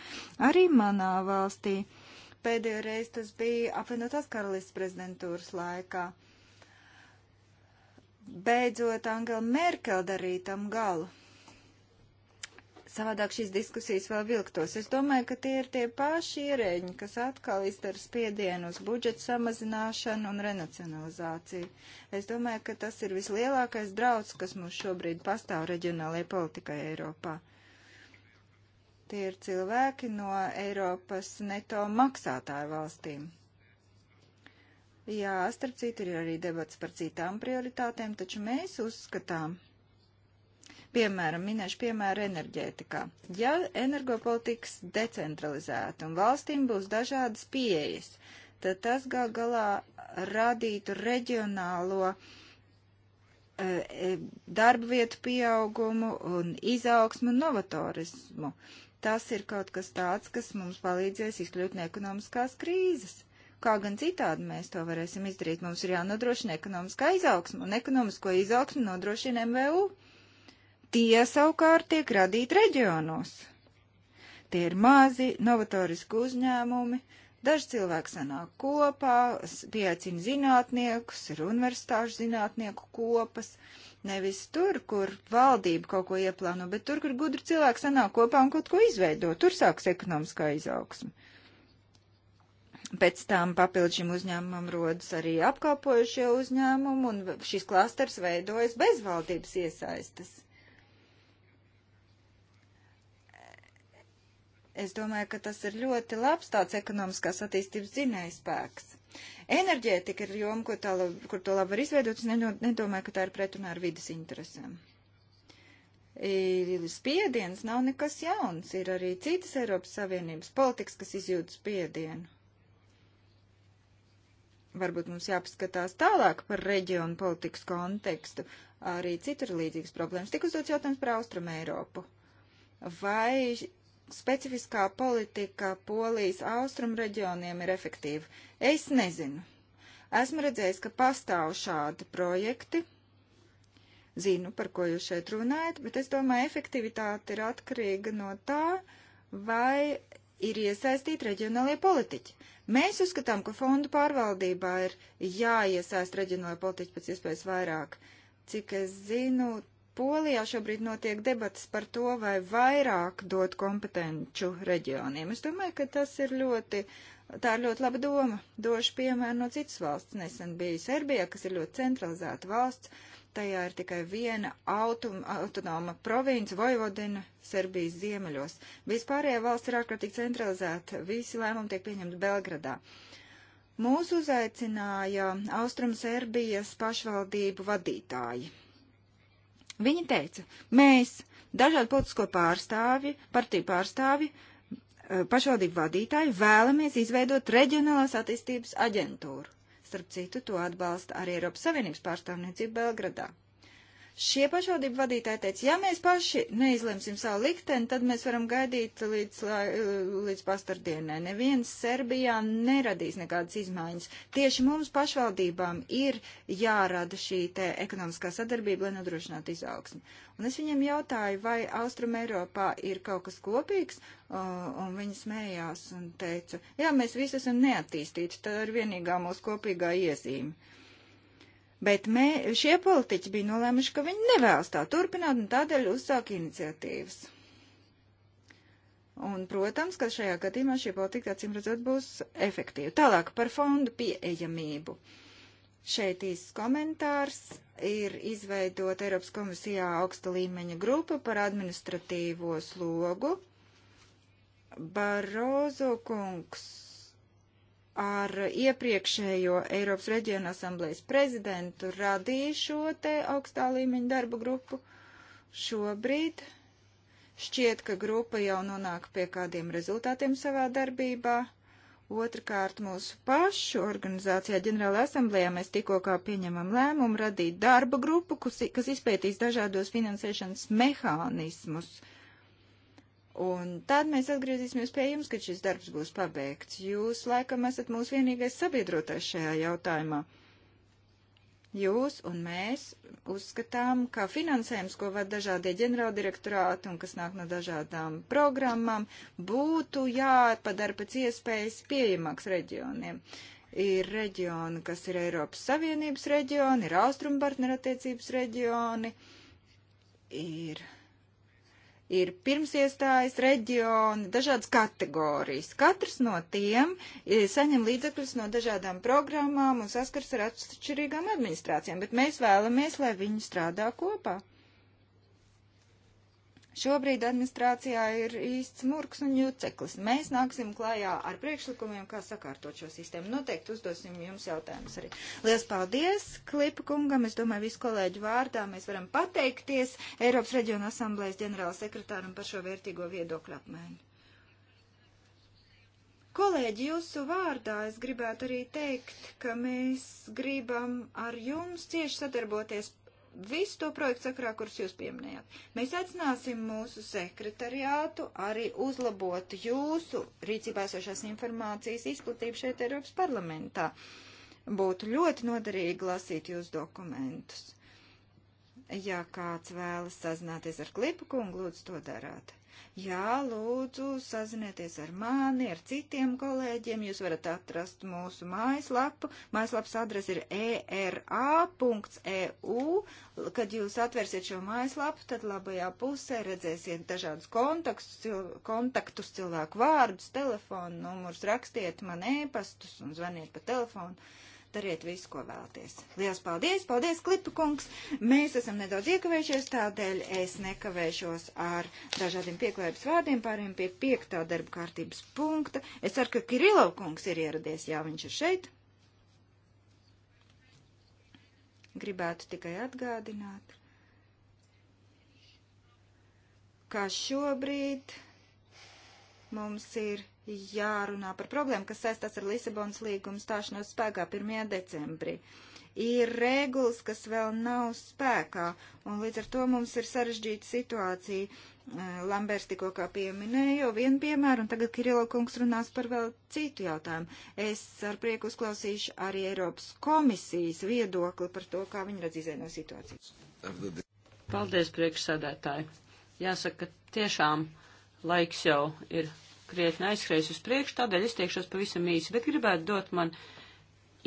B: Arī manā valstī pēdējo reizi tas bija apvienotās karalists prezidentūras laikā. Beidzot, Angela Merkel darīja tam galu. Savādāk šīs diskusijas vēl vilktos. Es domāju, ka tie ir tie paši ierēģi, kas atkal izdara spiedienu uz budžeta samazināšanu un renacionalizāciju. Es domāju, ka tas ir vislielākais drauds, kas mums šobrīd pastāv reģionālajai politikai Eiropā. Tie ir cilvēki no Eiropas neto maksātāju valstīm. Jā, starp citu ir arī debats par citām prioritātēm, taču mēs uzskatām, Piemēram, minēšu piemēru enerģētikā. Ja energopolitikas decentralizēta un valstīm būs dažādas pieejas, tad tas gal galā radītu reģionālo uh, darba vietu pieaugumu un izaugsmu un novatorismu. Tas ir kaut kas tāds, kas mums palīdzēs izkļūt no ekonomiskās krīzes. Kā gan citādi mēs to varēsim izdarīt? Mums ir jānodrošina ekonomiskā izaugsma, un ekonomisko izaugsmu nodrošina MVU. Tie savukārt tiek radīti reģionos. Tie ir mazi, novatoriski uzņēmumi, daži cilvēki sanāk kopā, pieaicina zinātniekus, ir universitāšu zinātnieku kopas, nevis tur, kur valdība kaut ko ieplāno, bet tur, kur gudri cilvēki sanāk kopā un kaut ko izveido, tur sāks ekonomiskā izaugsme pēc tam papildus šim uzņēmumam rodas arī apkalpojušie uzņēmumi, un šis klasters veidojas bez valdības iesaistas. Es domāju, ka tas ir ļoti labs tāds ekonomiskās attīstības zinājspēks. Enerģētika ir joma, kur, lab, kur to labi var izveidot. Es nedomāju, ka tā ir pretrunā ar vidas interesēm. Spiediens nav nekas jauns. Ir arī citas Eiropas Savienības politikas, kas izjūt spiedienu varbūt mums jāpaskatās tālāk par reģionu politikas kontekstu. Arī citur līdzīgas problēmas. Tik uzdots jautājums par Austrum Eiropu. Vai specifiskā politika Polijas austrumu reģioniem ir efektīva? Es nezinu. Esmu redzējis, ka pastāv šādi projekti. Zinu, par ko jūs šeit runājat, bet es domāju, efektivitāte ir atkarīga no tā, vai ir iesaistīti reģionālie politiķi. Mēs uzskatām, ka fondu pārvaldībā ir jāiesaist reģionālajie politiķi pēc iespējas vairāk. Cik es zinu, Polijā šobrīd notiek debats par to, vai vairāk dot kompetenču reģioniem. Es domāju, ka tas ir ļoti, tā ir ļoti laba doma. Došu piemēru no citas valsts. Nesen biju Serbijā, kas ir ļoti centralizēta valsts. Tajā ir tikai viena autum, autonoma province, Vojvodina, Serbijas ziemeļos. Vispārējā valsts ir ārkārtīgi centralizēta. Visi lēmumi tiek pieņemti Belgradā. Mūs uzaicināja Austrum Serbijas pašvaldību vadītāji Viņi teica, mēs, dažādi politisko pārstāvi, partiju pārstāvi, eh, pašvaldību vadītāji, vēlamies izveidot reģionālās attīstības aģentūru. Starp citu, to atbalsta arī Eiropas Savienības pārstāvniecība Belgradā. Šie pašvaldību vadītāji teica, ja mēs paši neizlemsim savu likteni, tad mēs varam gaidīt līdz, līdz pastardienai. Neviens Serbijā neradīs nekādas izmaiņas. Tieši mums pašvaldībām ir jārada šī te ekonomiskā sadarbība, lai nodrošinātu izaugsmi. Un es viņiem jautāju, vai Austrum Eiropā ir kaut kas kopīgs, un viņi smējās un teica, jā, mēs visi esam neattīstīti, tā ir vienīgā mūsu kopīgā iezīme. Bet mē, šie politiķi bija nolēmuši, ka viņi nevēlas tā turpināt un tādēļ uzsāk iniciatīvas. Un, protams, ka šajā gadījumā šī politika, acīm redzot, būs efektīva. Tālāk par fondu pieejamību. Šeit īsts komentārs ir izveidot Eiropas komisijā augsta līmeņa grupa par administratīvo slogu. Barozo kungs ar iepriekšējo Eiropas reģionu asamblejas prezidentu radīja šo te augstā līmeņa darba grupu. Šobrīd šķiet, ka grupa jau nonāk pie kādiem rezultātiem savā darbībā. Otrakārt, mūsu pašu organizācijā, ģenerāla asamblējā, mēs tikko kā pieņemam lēmumu radīt darba grupu, kas, kas izpētīs dažādos finansēšanas mehānismus uh, Un tad mēs atgriezīsimies pie jums, kad šis darbs būs pabeigts. Jūs laikam esat mūsu vienīgais sabiedrotais šajā jautājumā. Jūs un mēs uzskatām, ka finansējums, ko vada dažādie ģenerāldirektorāti un kas nāk no dažādām programmām, būtu jāpadara pēc iespējas pieejamāks reģioniem. Ir reģioni, kas ir Eiropas Savienības reģioni, ir Austrum partnerattiecības reģioni, ir ir pirmsiestājas reģioni, dažādas kategorijas. Katrs no tiem e, saņem līdzekļus no dažādām programmām un saskars ar atšķirīgām administrācijām, bet mēs vēlamies, lai viņi strādā kopā. Šobrīd administrācijā ir īsts murgs un juceklis. Mēs nāksim klājā ar priekšlikumiem, kā sakārtot šo sistēmu. Noteikti uzdosim jums jautājumus arī. Lielas paldies Klipa kungam. Es domāju, visu kolēģu vārdā mēs varam pateikties Eiropas reģiona asamblējas ģenerāla sekretāram par šo vērtīgo viedokļu apmaiņu. Kolēģi, jūsu vārdā es gribētu arī teikt, ka mēs gribam ar jums cieši sadarboties visu to projektu sakrā, kurus jūs pieminējāt. Mēs aicināsim mūsu sekretariātu arī uzlabot jūsu rīcībā esošās informācijas izplatību šeit Eiropas parlamentā. Būtu ļoti noderīgi lasīt jūsu dokumentus. Ja kāds vēlas sazināties ar Klipa kungu, lūdzu to darāt. Jā, lūdzu, sazinieties ar mani, ar citiem kolēģiem. Jūs varat atrast mūsu mājaslapu. Mājaslapas adrese ir era.eu. Kad jūs atversiet šo mājaslapu, tad labajā pusē redzēsiet dažādus kontaktus, cil kontaktus cilvēku vārdus, telefonu numurus, rakstiet man ēpastus un zvaniet pa telefonu. Dariet visu, ko vēlaties. Lielas paldies! Paldies, Klipa kungs! Mēs esam nedaudz iekavējušies, tādēļ es nekavēšos ar dažādiem pieklājības vārdiem, pāriem pie piektā darba kārtības punkta. Es ceru, ka Kirilov kungs ir ieradies, jā, viņš ir šeit. Gribētu tikai atgādināt, ka šobrīd mums ir jārunā par problēmu, kas saistās ar Lisabonas līgumu stāšanos spēkā 1. decembrī. Ir regulas, kas vēl nav spēkā, un līdz ar to mums ir sarežģīta situācija. Eh, Lambērs tikko kā pieminēja jau vienu piemēru, un tagad Kirilo kungs runās par vēl citu jautājumu. Es ar prieku uzklausīšu arī Eiropas komisijas viedokli par to, kā viņi redz izēno
A: situāciju. Paldies, priekšsēdētāji. Jāsaka, tiešām laiks jau ir krietni aizskrējis uz priekšu, tādēļ izteikšos pavisam īsi, bet gribētu dot man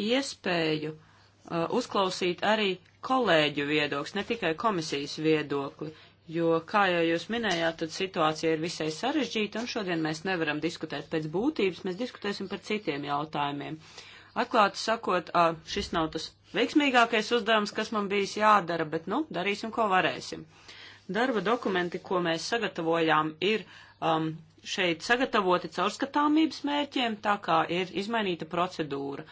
A: iespēju uh, uzklausīt arī kolēģu viedokli, ne tikai komisijas viedokli, jo, kā jau jūs minējāt, tad situācija ir visai sarežģīta, un šodien mēs nevaram diskutēt pēc būtības, mēs diskutēsim par citiem jautājumiem. Atklāti sakot, uh, šis nav tas veiksmīgākais uzdevums, kas man bijis jādara, bet, nu, darīsim, ko varēsim. Darba dokumenti, ko mēs sagatavojām, ir um, šeit sagatavoti caurskatāmības mērķiem, tā kā ir izmainīta procedūra.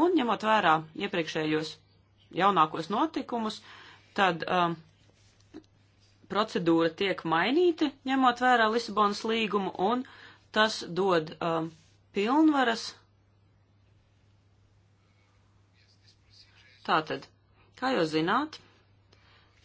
A: Un, ņemot vērā iepriekšējos jaunākos notikumus, tad um, procedūra tiek mainīta, ņemot vērā Lisabonas līgumu, un tas dod um, pilnvaras. Tātad, kā jūs zināt,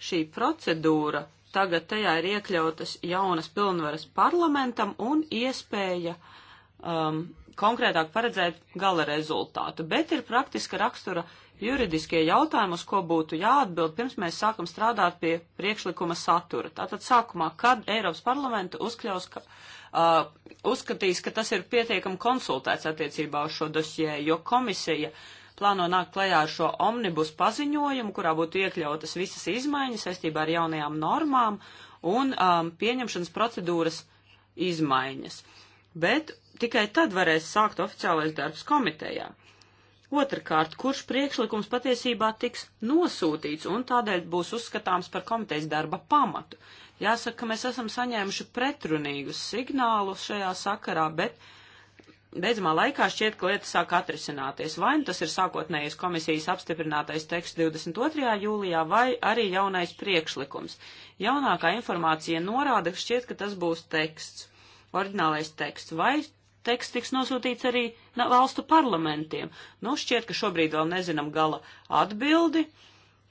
A: šī procedūra Tagad tajā ir iekļautas jaunas pilnvaras parlamentam un iespēja um, konkrētāk paredzēt gala rezultātu, bet ir praktiska rakstura juridiskie jautājumi, uz ko būtu jāatbild, pirms mēs sākam strādāt pie priekšlikuma satura. Tātad sākumā, kad Eiropas parlamenta uzkļaus, ka, uh, uzskatīs, ka tas ir pietiekami konsultēts attiecībā uz šo dosjē, jo komisija uh, plāno nākt klajā ar šo omnibus paziņojumu, kurā būtu iekļautas visas izmaiņas saistībā ar jaunajām normām un um, pieņemšanas procedūras izmaiņas. Bet tikai tad varēs sākt oficiālais darbs komitejā. Otrakārt, kurš priekšlikums patiesībā tiks nosūtīts un tādēļ būs uzskatāms par komitejas darba pamatu. Jāsaka, ka mēs esam saņēmuši pretrunīgus signālus šajā sakarā, bet beidzamā laikā šķiet, ka lietas sāk atrisināties. Vai nu tas ir sākotnējais komisijas apstiprinātais teksts 22. jūlijā, vai arī jaunais priekšlikums. Jaunākā informācija norāda, ka šķiet, ka tas būs teksts, oriģinālais teksts, vai teksts tiks nosūtīts arī valstu parlamentiem. Nu, šķiet, ka šobrīd vēl nezinām gala atbildi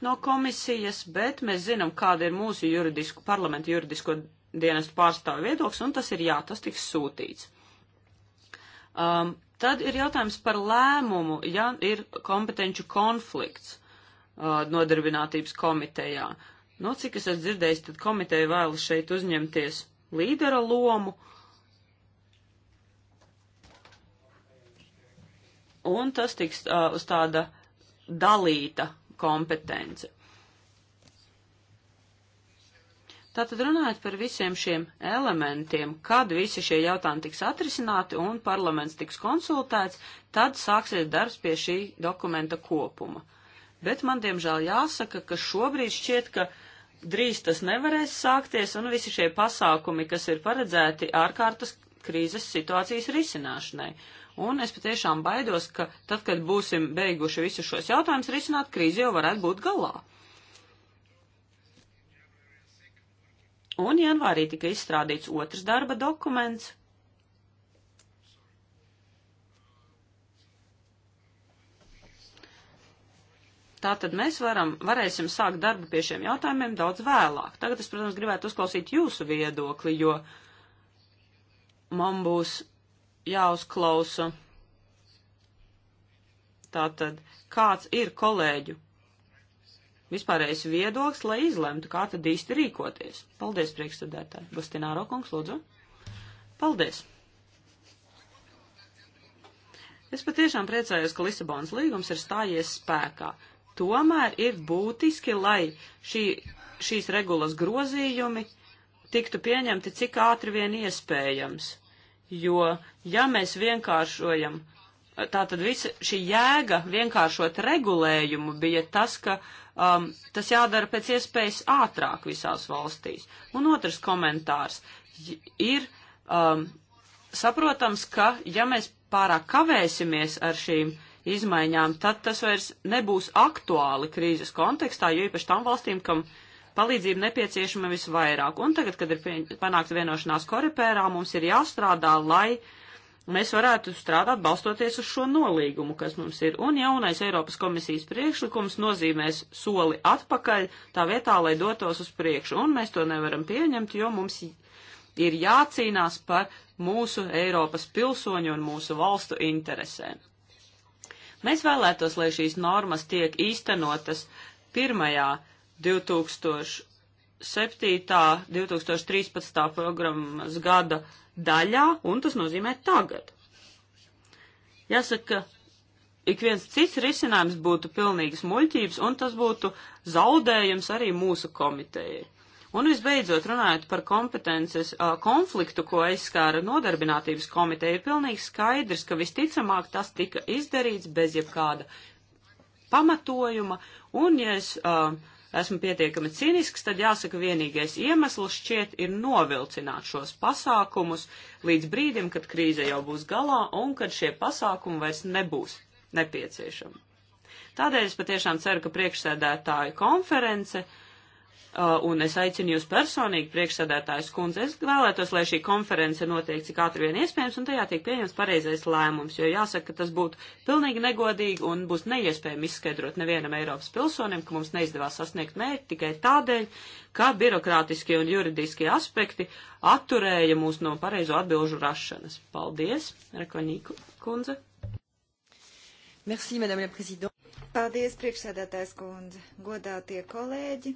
A: no komisijas, bet mēs zinām, kāda ir mūsu juridisku, parlamentu juridisko dienestu pārstāvu viedoklis, un tas ir jā, tas tiks sūtīts. Um, tad ir jautājums par lēmumu, ja ir kompetenču konflikts uh, nodarbinātības komitejā. No nu, cik es esmu dzirdējis, tad komiteja vēlas šeit uzņemties līdera lomu. Un tas tiks uh, uz tāda dalīta kompetence. Tātad runājot par visiem šiem elementiem, kad visi šie jautājumi tiks atrisināti un parlaments tiks konsultēts, tad sāksies darbs pie šī dokumenta kopuma. Bet man, diemžēl, jāsaka, ka šobrīd šķiet, ka drīz tas nevarēs sākties un visi šie pasākumi, kas ir paredzēti ārkārtas krīzes situācijas risināšanai. Un es patiešām baidos, ka tad, kad būsim beiguši visus šos jautājumus risināt, krīze jau varētu būt galā. Un janvārī tika izstrādīts otrs darba dokuments. Tātad mēs varam, varēsim sākt darbu pie šiem jautājumiem daudz vēlāk. Tagad es, protams, gribētu uzklausīt jūsu viedokli, jo man būs jāuzklausa. Tātad, kāds ir kolēģu vispārējais viedoklis, lai izlemtu, kā tad īsti rīkoties. Paldies, priekšsēdētāji. Bastināro kungs, lūdzu. Paldies! Es patiešām priecājos, ka Lisabonas līgums ir stājies spēkā. Tomēr ir būtiski, lai šī, šīs regulas grozījumi tiktu pieņemti cik ātri vien iespējams. Jo, ja mēs vienkāršojam Tātad visa šī jēga vienkāršot regulējumu bija tas, ka um, tas jādara pēc iespējas ātrāk visās valstīs. Un otrs komentārs ir um, saprotams, ka ja mēs pārāk kavēsimies ar šīm izmaiņām, tad tas vairs nebūs aktuāli krīzes kontekstā, jo īpaši tam valstīm, kam palīdzība nepieciešama visvairāk. Un tagad, kad ir panākta vienošanās korepērā, mums ir jāstrādā, lai uh, mēs varētu strādāt balstoties uz šo nolīgumu, kas mums ir. Un jaunais Eiropas komisijas priekšlikums nozīmēs soli atpakaļ tā vietā, lai dotos uz priekšu. Un mēs to nevaram pieņemt, jo mums ir jācīnās par mūsu Eiropas pilsoņu un mūsu valstu interesēm. Mēs vēlētos, lai šīs normas tiek īstenotas pirmajā 2007. 2013. programmas gada daļā, un tas nozīmē tagad. Jāsaka, ik viens cits risinājums būtu pilnīgas muļķības, un tas būtu zaudējums arī mūsu komitejai. Un visbeidzot, runājot par kompetences uh, konfliktu, ko aizskāra nodarbinātības komiteja, ir pilnīgi skaidrs, ka visticamāk tas tika izdarīts bez jebkāda pamatojuma, un ja es uh, esmu pietiekami cinisks, tad jāsaka vienīgais iemesls šķiet ir novilcināt šos pasākumus līdz brīdim, kad krīze jau būs galā un kad šie pasākumi vairs nebūs nepieciešami. Tādēļ es patiešām ceru, ka priekšsēdētāju konference uh, Uh, un es aicinu jūs personīgi, priekšsēdētājs kundze, es vēlētos, lai šī konference notiek cik ātri vien iespējams, un tajā tiek pieņems pareizais lēmums, jo jāsaka, ka tas būtu pilnīgi negodīgi un būs neiespējami izskaidrot nevienam Eiropas pilsonim, ka mums neizdevās sasniegt mērķi tikai tādēļ, ka birokrātiskie un juridiskie aspekti atturēja mūs no pareizo atbilžu rašanas. Paldies, Rekoņīku kundze.
B: Merci, madame la présidente. Paldies, priekšsēdētājs kundze, godātie kolēģi.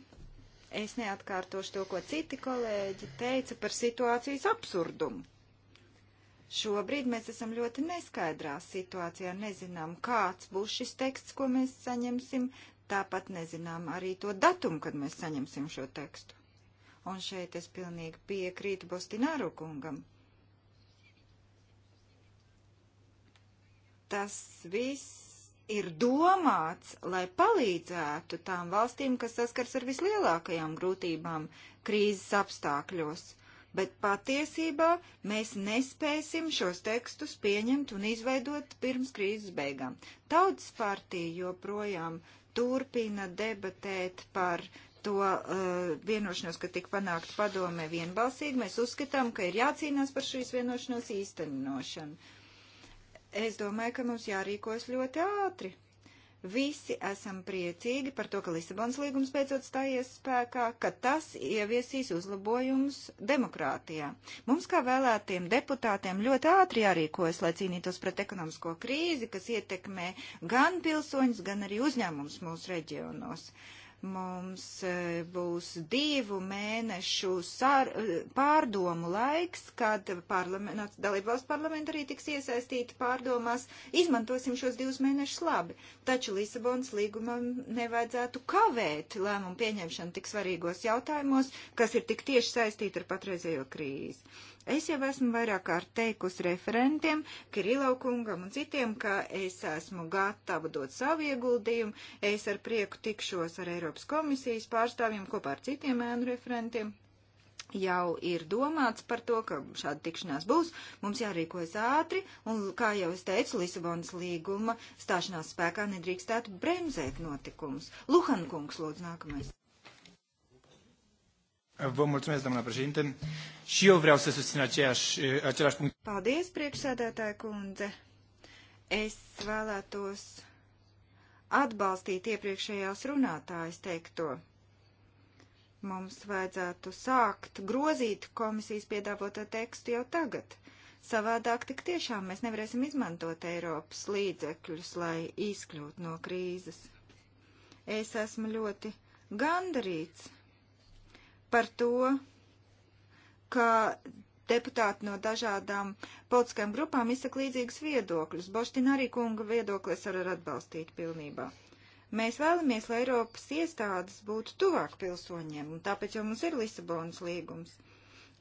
B: Es neatkārtošu to, ko citi kolēģi teica par situācijas absurdumu. Šobrīd mēs esam ļoti neskaidrā situācijā, nezinām, kāds būs šis teksts, ko mēs saņemsim, tāpat nezinām arī to datumu, kad mēs saņemsim šo tekstu. Un šeit es pilnīgi piekrītu Bostināru kungam. Tas viss ir domāts, lai palīdzētu tām valstīm, kas saskars ar vislielākajām grūtībām krīzes apstākļos. Bet patiesībā mēs nespēsim šos tekstus pieņemt un izveidot pirms krīzes beigām. Tautas partija joprojām turpina debatēt par to uh, vienošanos, ka tika panākt padomē vienbalsīgi. Mēs uzskatām, ka ir jācīnās par šīs vienošanos īstenošanu. Uh, Es domāju, ka mums jārīkojas ļoti ātri. Visi esam priecīgi par to, ka Lisabonas līgums beidzot stājies spēkā, ka tas ieviesīs uzlabojumus demokrātijā. Mums, kā vēlētiem deputātiem, ļoti ātri jārīkojas, lai cīnītos pret ekonomisko krīzi, kas ietekmē gan pilsoņus, gan arī uzņēmums mūsu reģionos. Uh, Mums e, būs divu mēnešu sar, e, pārdomu laiks, kad parlament, dalībvalsts parlamenta arī tiks iesaistīti pārdomās. Izmantosim šos divus mēnešus labi. Taču Lisabonas līgumam nevajadzētu kavēt lēmumu pieņemšanu tik svarīgos jautājumos, kas ir tik tieši saistīti ar patreizējo krīzi. Es jau esmu vairāk kārt teikusi referentiem, Kirilau kungam un citiem, ka es esmu gatava dot savu ieguldījumu, es ar prieku tikšos ar Eiropas komisijas pārstāvjiem kopā ar citiem ēnu referentiem. Jau ir domāts par to, ka šāda tikšanās būs, mums jārīkojas ātri, un, kā jau es teicu, Lisabonas līguma stāšanās spēkā nedrīkstētu bremzēt notikumus. Luhankungs, lūdzu, nākamais.
C: Vă mulțumesc, doamna președinte. Și eu vreau să susțin aceeași, același punct.
B: Paldies, priekšsēdētāja kundze. Es vēlētos atbalstīt iepriekšējās runātājas teikto. Mums vajadzētu sākt grozīt komisijas piedāvoto tekstu jau tagad. Savādāk tik tiešām mēs nevarēsim izmantot Eiropas līdzekļus, lai izkļūtu no krīzes. Es esmu ļoti gandarīts par to, ka deputāti no dažādām politiskajām grupām izsaka līdzīgus viedokļus. Boština arī kunga viedoklis var atbalstīt pilnībā. Mēs vēlamies, lai Eiropas iestādes būtu tuvāk pilsoņiem, un tāpēc jau mums ir Lisabonas līgums.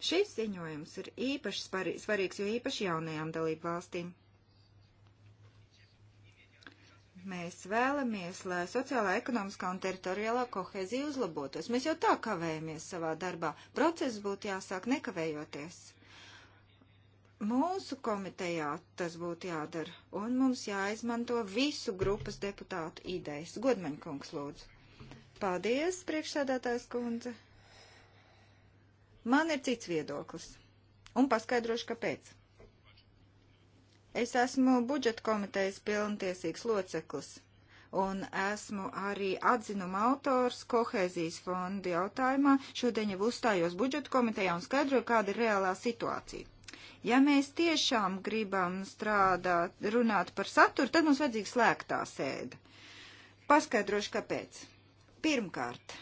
B: Šis ziņojums ir īpaši svarīgs, jo īpaši jaunajām dalību valstīm. Mēs vēlamies, lai sociālā, ekonomiskā un teritoriālā kohēzija uzlabotos. Mēs jau tā kavējamies savā darbā. Process būtu jāsāk nekavējoties. Mūsu komitejā tas būtu jādara, un mums jāizmanto visu grupas deputātu idejas. Godmaņkungs, lūdzu. Paldies, priekšsēdētājs kundze. Man ir cits viedoklis, un paskaidrošu, kāpēc. Es esmu budžeta komitejas pilntiesīgs loceklis un esmu arī atzinuma autors kohēzijas fonda jautājumā. Šodien jau uzstājos budžeta komitejā un skaidroju, kāda ir reālā situācija. Ja mēs tiešām gribam strādāt, runāt par saturu, tad mums vajadzīga slēgtā sēde. Paskaidrošu, kāpēc. Pirmkārt,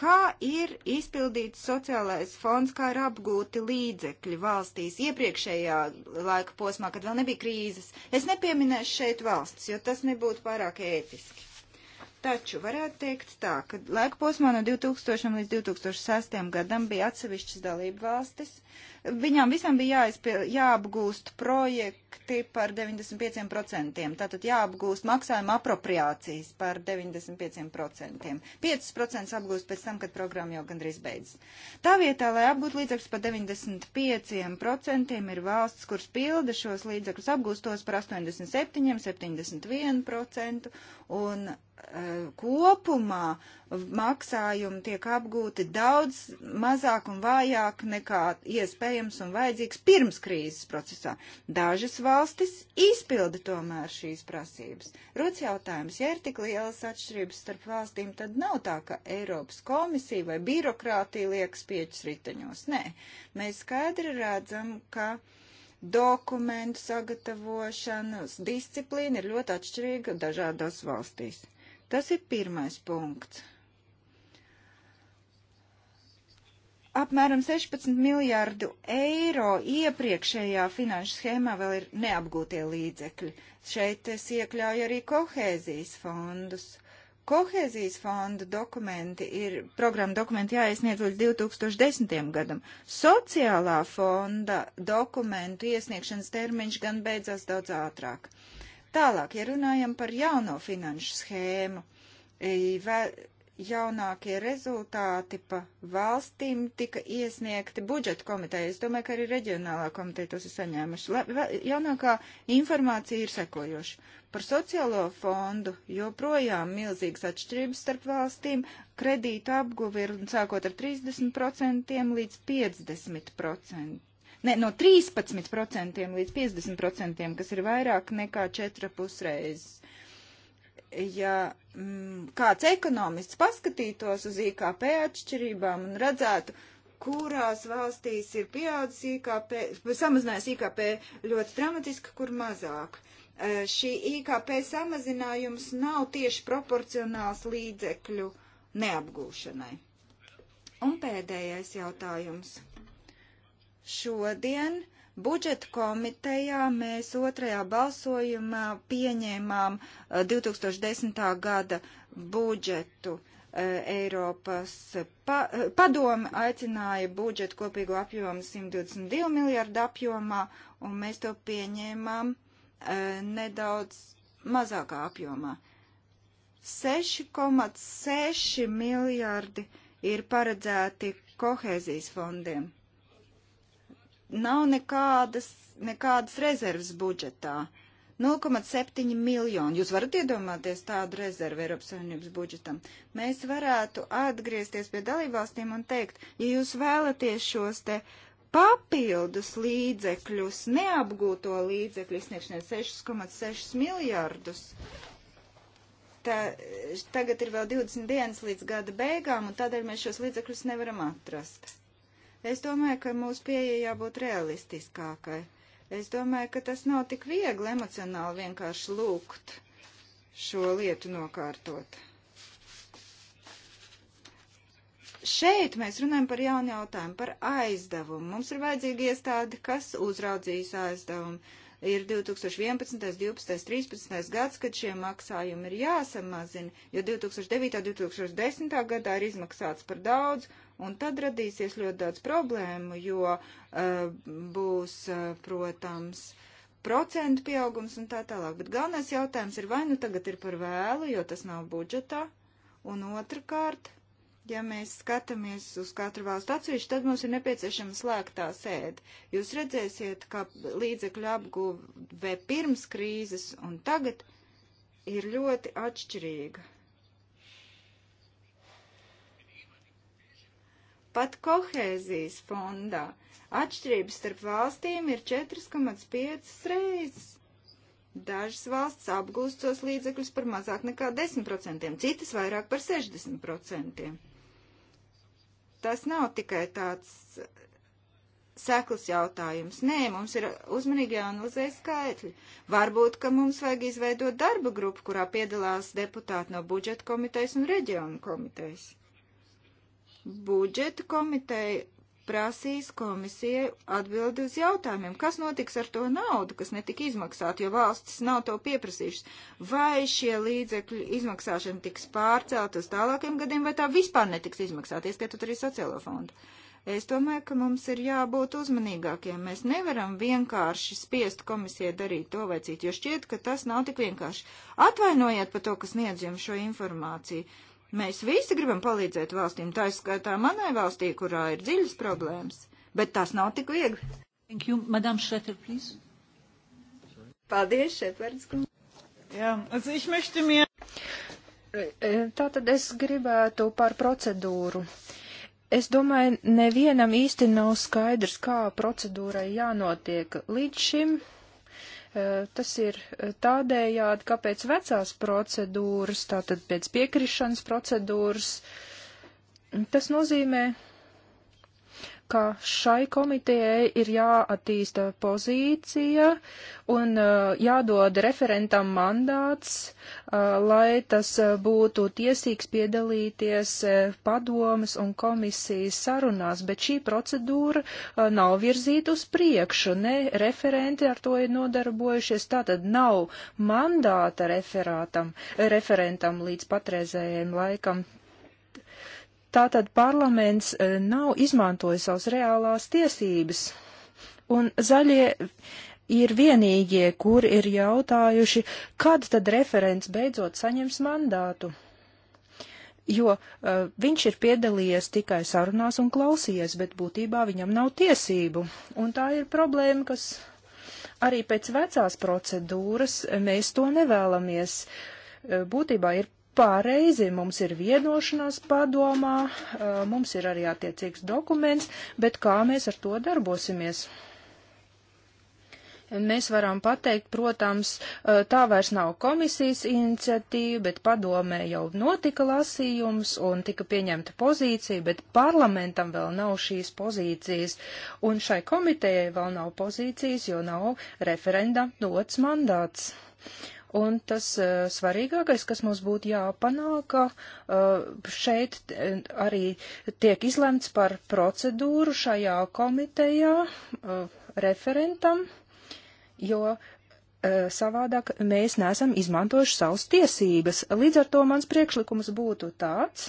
B: kā ir izpildīts sociālais fonds, kā ir apgūti līdzekļi valstīs iepriekšējā laika posmā, kad vēl nebija krīzes. Es nepieminēšu šeit valsts, jo tas nebūtu pārāk ētiski. Taču varētu teikt tā, ka laika posmā no 2000 līdz 2006 gadam bija atsevišķas dalību valstis, uh, Viņām visam bija jāizpil, jāapgūst projekti par 95%, tātad jāapgūst maksājuma apropriācijas par 95%. 5% apgūst pēc tam, kad programma jau gandrīz beidzas. Tā vietā, lai apgūtu līdzekļus par 95%, ir valsts, kuras pilda šos līdzekļus apgūstos par 87, 71% un e, kopumā maksājumi tiek apgūti daudz mazāk un vājāk nekā iespējams un vajadzīgs pirms krīzes procesā. Dažas valstis izpilda tomēr šīs prasības. Rots jautājums, ja ir tik lielas atšķirības starp valstīm, tad nav tā, ka Eiropas komisija vai birokrātija liekas pieķis riteņos. Nē, mēs skaidri redzam, ka dokumentu sagatavošanas disciplīna ir ļoti atšķirīga dažādās valstīs. Tas ir pirmais punkts. apmēram 16 miljārdu eiro iepriekšējā finanšu schēmā vēl ir neapgūtie līdzekļi. Šeit es iekļauju arī kohēzijas fondus. Kohēzijas fonda dokumenti ir, programma dokumenti jāiesniedz līdz 2010. gadam. Sociālā fonda dokumentu iesniegšanas termiņš gan beidzās daudz ātrāk. Tālāk, ja runājam par jauno finanšu schēmu, jaunākie rezultāti pa valstīm tika iesniegti budžeta komiteja. Es domāju, ka arī reģionālā komiteja tos ir saņēmuši. La, jaunākā informācija ir sekojoša. Par sociālo fondu joprojām milzīgas atšķirības starp valstīm. Kredītu apguvi ir sākot ar 30% līdz 50%. Ne, no 13% līdz 50%, kas ir vairāk nekā 4,5 reizes ja mm, kāds ekonomists paskatītos uz IKP atšķirībām un redzētu, kurās valstīs ir pieaudzis IKP, samazinājis IKP ļoti dramatiski, kur mazāk. Šī IKP samazinājums nav tieši proporcionāls līdzekļu neapgūšanai. Un pēdējais jautājums. Šodien uh, Budžeta komitejā mēs otrajā balsojumā pieņēmām 2010. Eh, gada budžetu. Eh, Eiropas pa, eh, padome aicināja budžetu kopīgo apjomu 122 miljārdu apjomā, un mēs to pieņēmām nedaudz mazākā apjomā. 6,6 miljārdi ir paredzēti kohēzijas fondiem nav nekādas, nekādas rezerves budžetā. 0,7 miljonu. Jūs varat iedomāties tādu rezervu Eiropas Savienības budžetam. Mēs varētu atgriezties pie dalībvalstīm un teikt, ja jūs vēlaties šos te papildus līdzekļus, neapgūto līdzekļu sniegšanai 6,6 miljārdus, tā, tagad ir vēl 20 dienas līdz gada beigām, un tādēļ mēs šos līdzekļus nevaram atrast. Es domāju, ka mūsu pieeja jābūt realistiskākai. Es domāju, ka tas nav tik viegli emocionāli vienkārši lūgt šo lietu nokārtot. Šeit mēs runājam par jaunu jautājumu, par aizdevumu. Mums ir vajadzīga iestāde, kas uzraudzīs aizdevumu. Ir 2011, 12, 13 gads, kad šie maksājumi ir jāsamazina, jo 2009, 2010 gadā ir izmaksāts par daudz, Un tad radīsies ļoti daudz problēmu, jo uh, būs, uh, protams, procentu pieaugums un tā tālāk. Bet galvenais jautājums ir, vai nu tagad ir par vēlu, jo tas nav budžetā, un otrkārt, ja mēs skatāmies uz katru valstu atsevišķi, tad mums ir nepieciešama slēgtā sēde. Jūs redzēsiet, ka līdzekļu apguve pirms krīzes un tagad ir ļoti atšķirīga. Tāpat kohēzijas fondā atšķirības starp valstīm ir 4,5 reizes. Dažas valsts apgūst tos līdzekļus par mazāk nekā 10%, citas vairāk par 60%. Tas nav tikai tāds sekls jautājums. Nē, mums ir uzmanīgi jāanalizē skaitļi. Varbūt, ka mums vajag izveidot darba grupu, kurā piedalās deputāti no budžeta komitejas un reģionu komitejas. Budžeta komiteja prasīs komisijai atbildi uz jautājumiem, kas notiks ar to naudu, kas netika izmaksāta, jo valstis nav to pieprasījušas. Vai šie līdzekļi izmaksāšana tiks pārcelt uz tālākiem gadiem, vai tā vispār netiks izmaksāta, ieskaitot arī sociālo fondu. Es domāju, ka mums ir jābūt uzmanīgākiem. Mēs nevaram vienkārši spiest komisijai darīt to vai citu, jo šķiet, ka tas nav tik vienkārši. Atvainojiet par to, kas sniedz jums šo informāciju. Mēs visi gribam palīdzēt valstīm, tā izskaitā manai valstī, kurā ir dziļas problēmas, bet tas nav tik viegli. Thank you, Madam
C: Schretter, please. Sorry. Paldies, Šetvards. Jā, es möchte mir. E, e, tātad es gribētu par procedūru. Es domāju, nevienam īsti nav skaidrs, kā procedūrai jānotiek līdz šim. Eh, tas ir eh, tādējādi, kāpēc vecās procedūras, tātad pēc piekrišanas procedūras, tas nozīmē, ka šai komitejai ir jāattīsta pozīcija un uh, jādod referentam mandāts, uh, lai tas uh, būtu tiesīgs piedalīties padomas un komisijas sarunās, bet šī procedūra nav virzīta uz priekšu, ne referenti ar to ir nodarbojušies, tātad nav mandāta referātam, referentam līdz patreizējiem laikam. Tātad parlaments eh, nav izmantojis savas reālās tiesības, un zaļie ir vienīgie, kur ir jautājuši, kad tad referents beidzot saņems mandātu. Jo uh, viņš ir piedalījies tikai sarunās un klausījies, bet būtībā viņam nav tiesību. Un tā ir problēma, kas arī pēc vecās procedūras eh, mēs to nevēlamies. Uh, būtībā ir pareizi, mums ir vienošanās padomā, mums ir arī attiecīgs dokuments, bet kā mēs ar to darbosimies? Mēs varam pateikt, protams, tā vairs nav komisijas iniciatīva, bet padomē jau notika lasījums un tika pieņemta pozīcija, bet parlamentam vēl nav šīs pozīcijas, un šai komitejai vēl nav pozīcijas, jo nav referenda dots mandāts. Un tas uh, svarīgākais, kas mums būtu jāpanāk, ka uh, šeit eh, arī tiek izlemts par procedūru šajā komitejā uh, referentam, jo savādāk mēs nesam izmantojuši savas tiesības. Līdz ar to mans priekšlikums būtu tāds,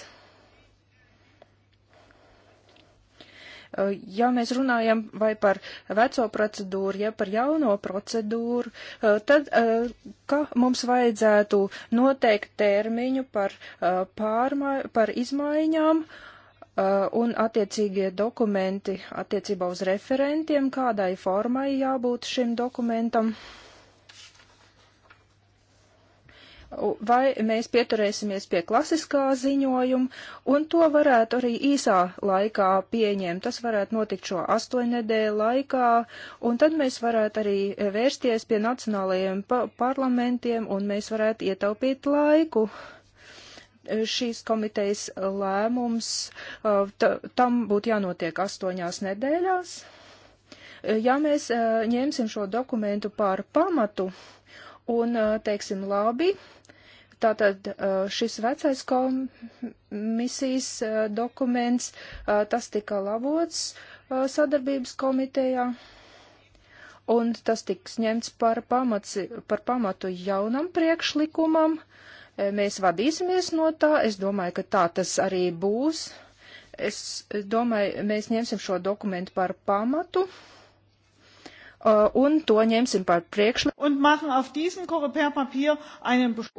C: Eh, ja mēs runājam vai par veco procedūru, ja par jauno procedūru, eh, tad eh, ka mums vajadzētu noteikt termiņu par, pārmai, par izmaiņām un attiecīgie dokumenti attiecībā uz referentiem, kādai formai jābūt šim dokumentam. Uh, vai mēs pieturēsimies pie klasiskā ziņojuma un to varētu arī īsā laikā pieņemt. Tas varētu notikt šo astoņnedēļu laikā un tad mēs varētu arī vērsties pie nacionālajiem pa parlamentiem un mēs varētu ietaupīt laiku šīs komitejas lēmums, uh, tam būtu jānotiek astoņās nedēļās. Ja mēs uh, ņemsim šo dokumentu par pamatu un uh, teiksim labi, Tātad šis vecais komisijas dokuments, tas tika labots sadarbības komitejā, un tas tiks ņemts par, pamats, par pamatu jaunam priekšlikumam. Mēs vadīsimies no tā, es domāju, ka tā tas arī būs. Es domāju, mēs ņemsim šo dokumentu par pamatu. Uh, Uh, un to ņemsim par priekšlikumu.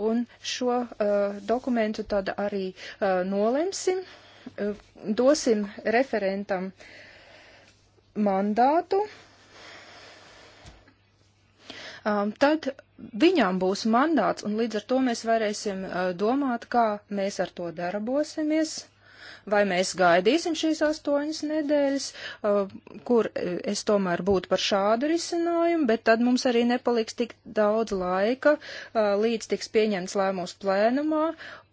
C: Un šo uh, dokumentu tad arī uh, nolemsim, uh, dosim referentam mandātu. Um, tad viņām būs mandāts, un līdz ar to mēs varēsim uh, domāt, kā mēs ar to darbosimies vai mēs gaidīsim šīs astoņas nedēļas, uh, kur uh, es tomēr būtu par šādu risinājumu, bet tad mums arī nepaliks tik daudz laika, uh, līdz tiks pieņemts lēmums plēnumā,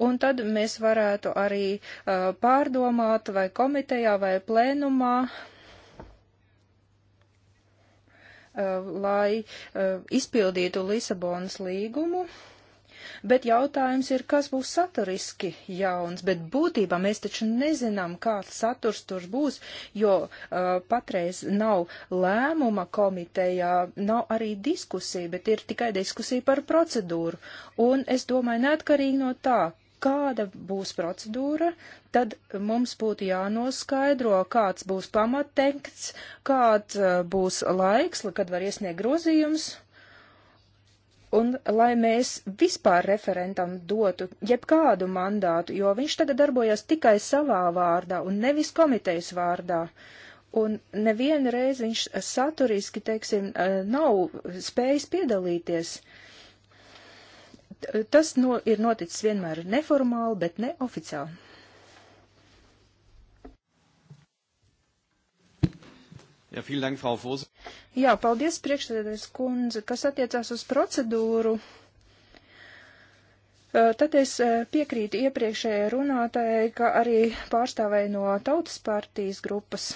C: un tad mēs varētu arī pārdomāt vai komitejā vai plēnumā lai izpildītu Lisabonas līgumu bet jautājums ir, kas būs saturiski jauns, bet būtībā mēs taču nezinām, kāds saturs tur būs, jo uh, patreiz nav lēmuma komitejā, nav arī diskusija, bet ir tikai diskusija par procedūru. Un es domāju, neatkarīgi no tā, kāda būs procedūra, tad mums būtu jānoskaidro, kāds būs pamatteksts, kāds būs laiks, kad var iesniegt grozījums un lai mēs vispār referentam dotu jebkādu mandātu, jo viņš tagad darbojas tikai savā vārdā un nevis komitejas vārdā. Un nevienu reizi viņš saturiski, teiksim, eh, nav spējis piedalīties. Tas no, ir noticis vienmēr neformāli, bet neoficiāli.
B: Ja, dank, Frau Fos.
C: Jā, paldies priekšsēdētājs kundze, kas attiecās uz procedūru. Tad es piekrītu iepriekšējai runātājai, ka arī pārstāvēja no tautas partijas grupas.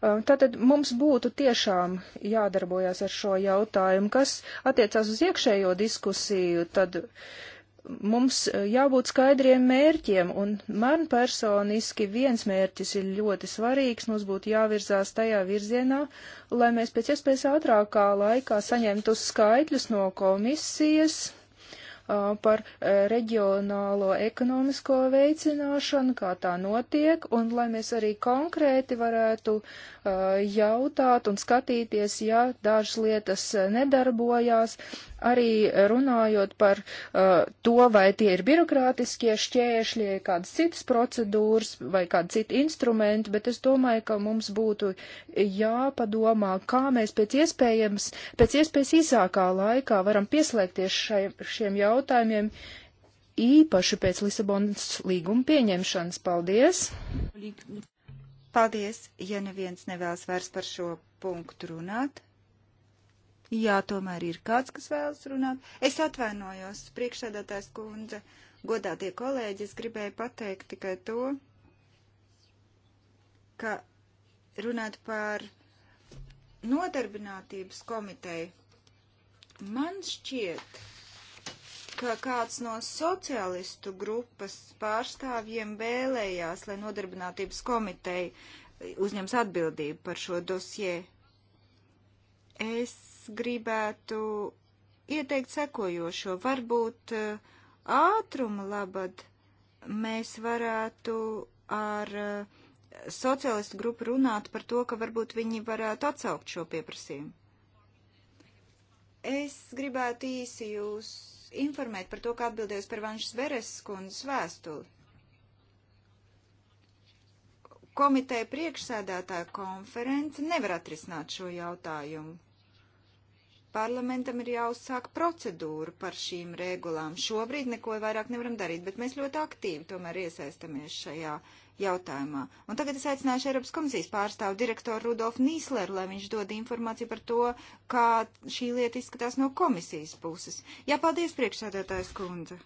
C: Tātad mums būtu tiešām jādarbojas ar šo jautājumu, kas attiecās uz iekšējo diskusiju, tad uh, mums e, jābūt skaidriem mērķiem, un man personiski viens mērķis ir ļoti svarīgs, mums būtu jāvirzās tajā virzienā, lai mēs pēc iespējas ātrākā laikā saņemtu skaitļus no komisijas uh, par e, reģionālo ekonomisko veicināšanu, kā tā notiek, un lai mēs arī konkrēti varētu uh, Eh, jautāt un skatīties, ja dažas lietas nedarbojās, arī runājot par uh, to, vai tie ir birokrātiskie šķēršļi, kādas citas procedūras vai kādi citi instrumenti, bet es domāju, ka mums būtu jāpadomā, kā mēs pēc iespējams, pēc iespējas īsākā laikā varam pieslēgties šai, šiem jautājumiem, īpaši pēc Lisabonas līguma pieņemšanas. Paldies!
B: Paldies, ja neviens nevēlas vairs par šo punktu runāt. Jā, tomēr ir kāds, kas vēlas runāt. Es atvainojos, priekšsēdētājs kundze, godātie kolēģi, es gribēju pateikt tikai to, ka runāt par nodarbinātības komiteju. Man šķiet, ka kāds no sociālistu grupas pārstāvjiem vēlējās, lai nodarbinātības komiteja uzņems atbildību par šo dosie. Es gribētu ieteikt sekojošo. Varbūt eh, ātruma labad mēs varētu ar eh, sociālistu grupu runāt par to, ka varbūt viņi varētu atsaukt šo pieprasījumu. Es gribētu īsi jūs informēt par to, kā atbildēs par Vanšas Bereses kundzes vēstuli. Komiteja priekšsēdētāja konference nevar atrisināt šo jautājumu. Parlamentam ir jāuzsāk procedūra par šīm regulām. Šobrīd neko vairāk nevaram darīt, bet mēs ļoti aktīvi tomēr iesaistamies šajā jautājumā. Un tagad es aicināšu Eiropas komisijas pārstāvu direktoru Rudolfu Nīsleru, lai viņš dod informāciju par to, kā šī lieta izskatās no komisijas puses. Jā, paldies priekšsēdētājs kundze.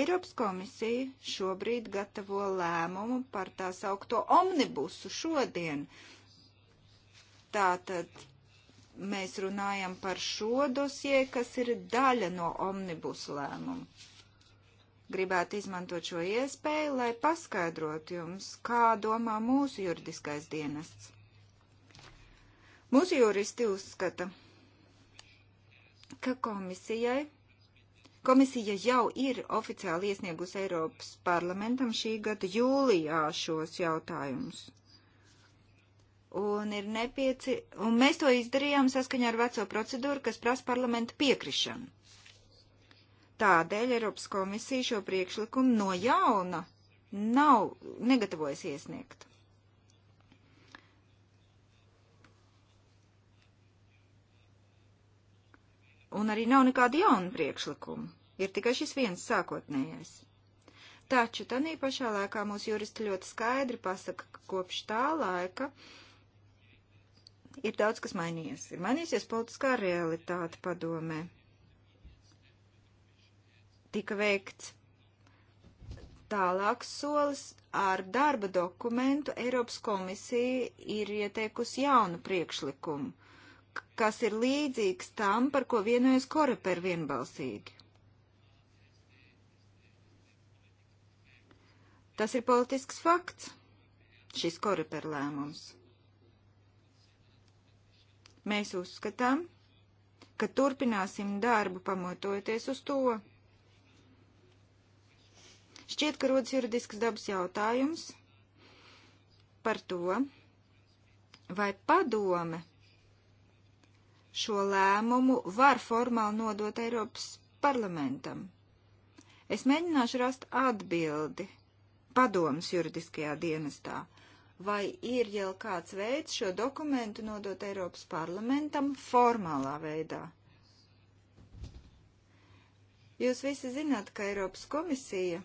B: Eiropas komisija šobrīd gatavo lēmumu par tā saukto omnibusu šodien. Tātad mēs runājam par šo dosie, kas ir daļa no omnibus lēmuma. Gribētu izmantot šo iespēju, lai paskaidrotu jums, kā domā mūsu juridiskais dienests. Mūsu juristi uzskata, ka komisijai Komisija jau ir oficiāli iesniegusi Eiropas parlamentam šī gada jūlijā šos jautājumus. Un, nepieci... un mēs to izdarījām saskaņā ar veco procedūru, kas prasa parlamenta piekrišanu. Tādēļ Eiropas komisija šo priekšlikumu no jauna nav negatavojas iesniegt. Un arī nav nekāda jauna priekšlikuma. Ir tikai šis viens sākotnējais. Taču tanī pašā laikā mūsu juristi ļoti skaidri pasaka, ka kopš tā laika uh, ir daudz kas mainījies. Ir mainījusies politiskā realitāte padomē. Tika veikts tālāks solis ar darba dokumentu Eiropas komisija ir ieteikusi jaunu priekšlikumu, kas ir līdzīgs tam, par ko vienojas Koreper vienbalsīgi. Tas ir politisks fakts, šis Koreper lēmums. Mēs uzskatām, ka turpināsim darbu pamatojoties uz to. Šķiet, ka rodas juridisks dabas jautājums par to, vai padome šo lēmumu var formāli nodot Eiropas parlamentam. Es mēģināšu rast atbildi padomas juridiskajā dienestā vai ir jau kāds veids šo dokumentu nodot Eiropas parlamentam formālā veidā. Jūs visi zināt, ka Eiropas komisija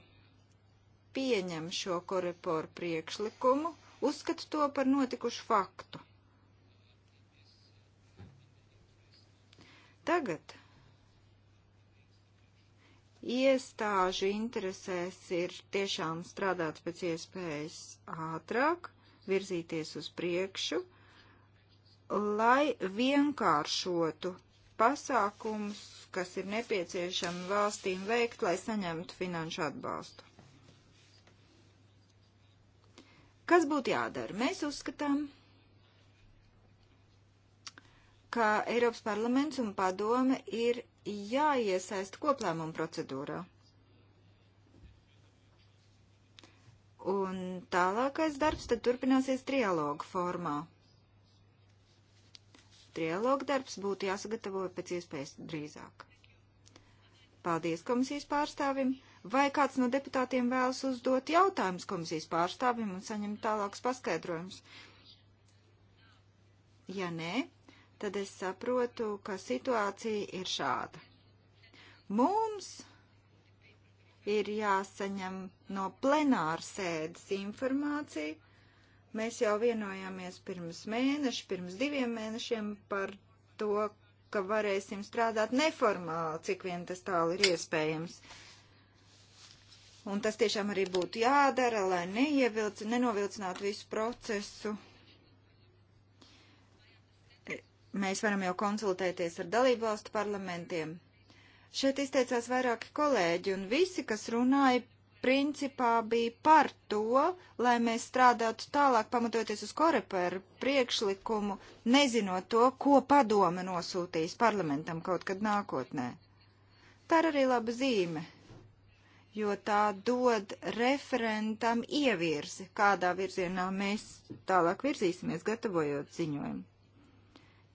B: pieņem šo koreporu priekšlikumu, uzskata to par notikušu faktu. Tagad iestāžu interesēs ir tiešām strādāt pēc iespējas ātrāk virzīties uz priekšu, lai vienkāršotu pasākumus, kas ir nepieciešami valstīm veikt, lai saņemtu finanšu atbalstu. Kas būtu jādara? Mēs uzskatām, ka Eiropas parlaments un padome ir jāiesaista koplēmuma procedūrā. Un tālākais darbs tad turpināsies trialogu formā. Trialogu darbs būtu jāsagatavo pēc iespējas drīzāk. Paldies komisijas pārstāvim. Vai kāds no deputātiem vēlas uzdot jautājumus komisijas pārstāvim un saņemt tālākus paskaidrojumus? Ja nē, tad es saprotu, ka situācija ir šāda. Mums ir jāsaņem no plenāra sēdes informācija. Mēs jau vienojāmies pirms mēneša, pirms diviem mēnešiem par to, ka varēsim strādāt neformāli, cik vien tas tālu ir iespējams. Un tas tiešām arī būtu jādara, lai neievilci, nenovilcinātu visu procesu mēs varam jau konsultēties ar dalībvalstu parlamentiem. Šeit izteicās vairāki kolēģi, un visi, kas runāja, principā bija par to, lai mēs strādātu tālāk, pamatoties uz koreperu priekšlikumu, nezinot to, ko padome nosūtīs parlamentam kaut kad nākotnē. Tā ir arī laba zīme, jo tā dod referentam ievirzi, kādā virzienā mēs tālāk virzīsimies, gatavojot ziņojumu.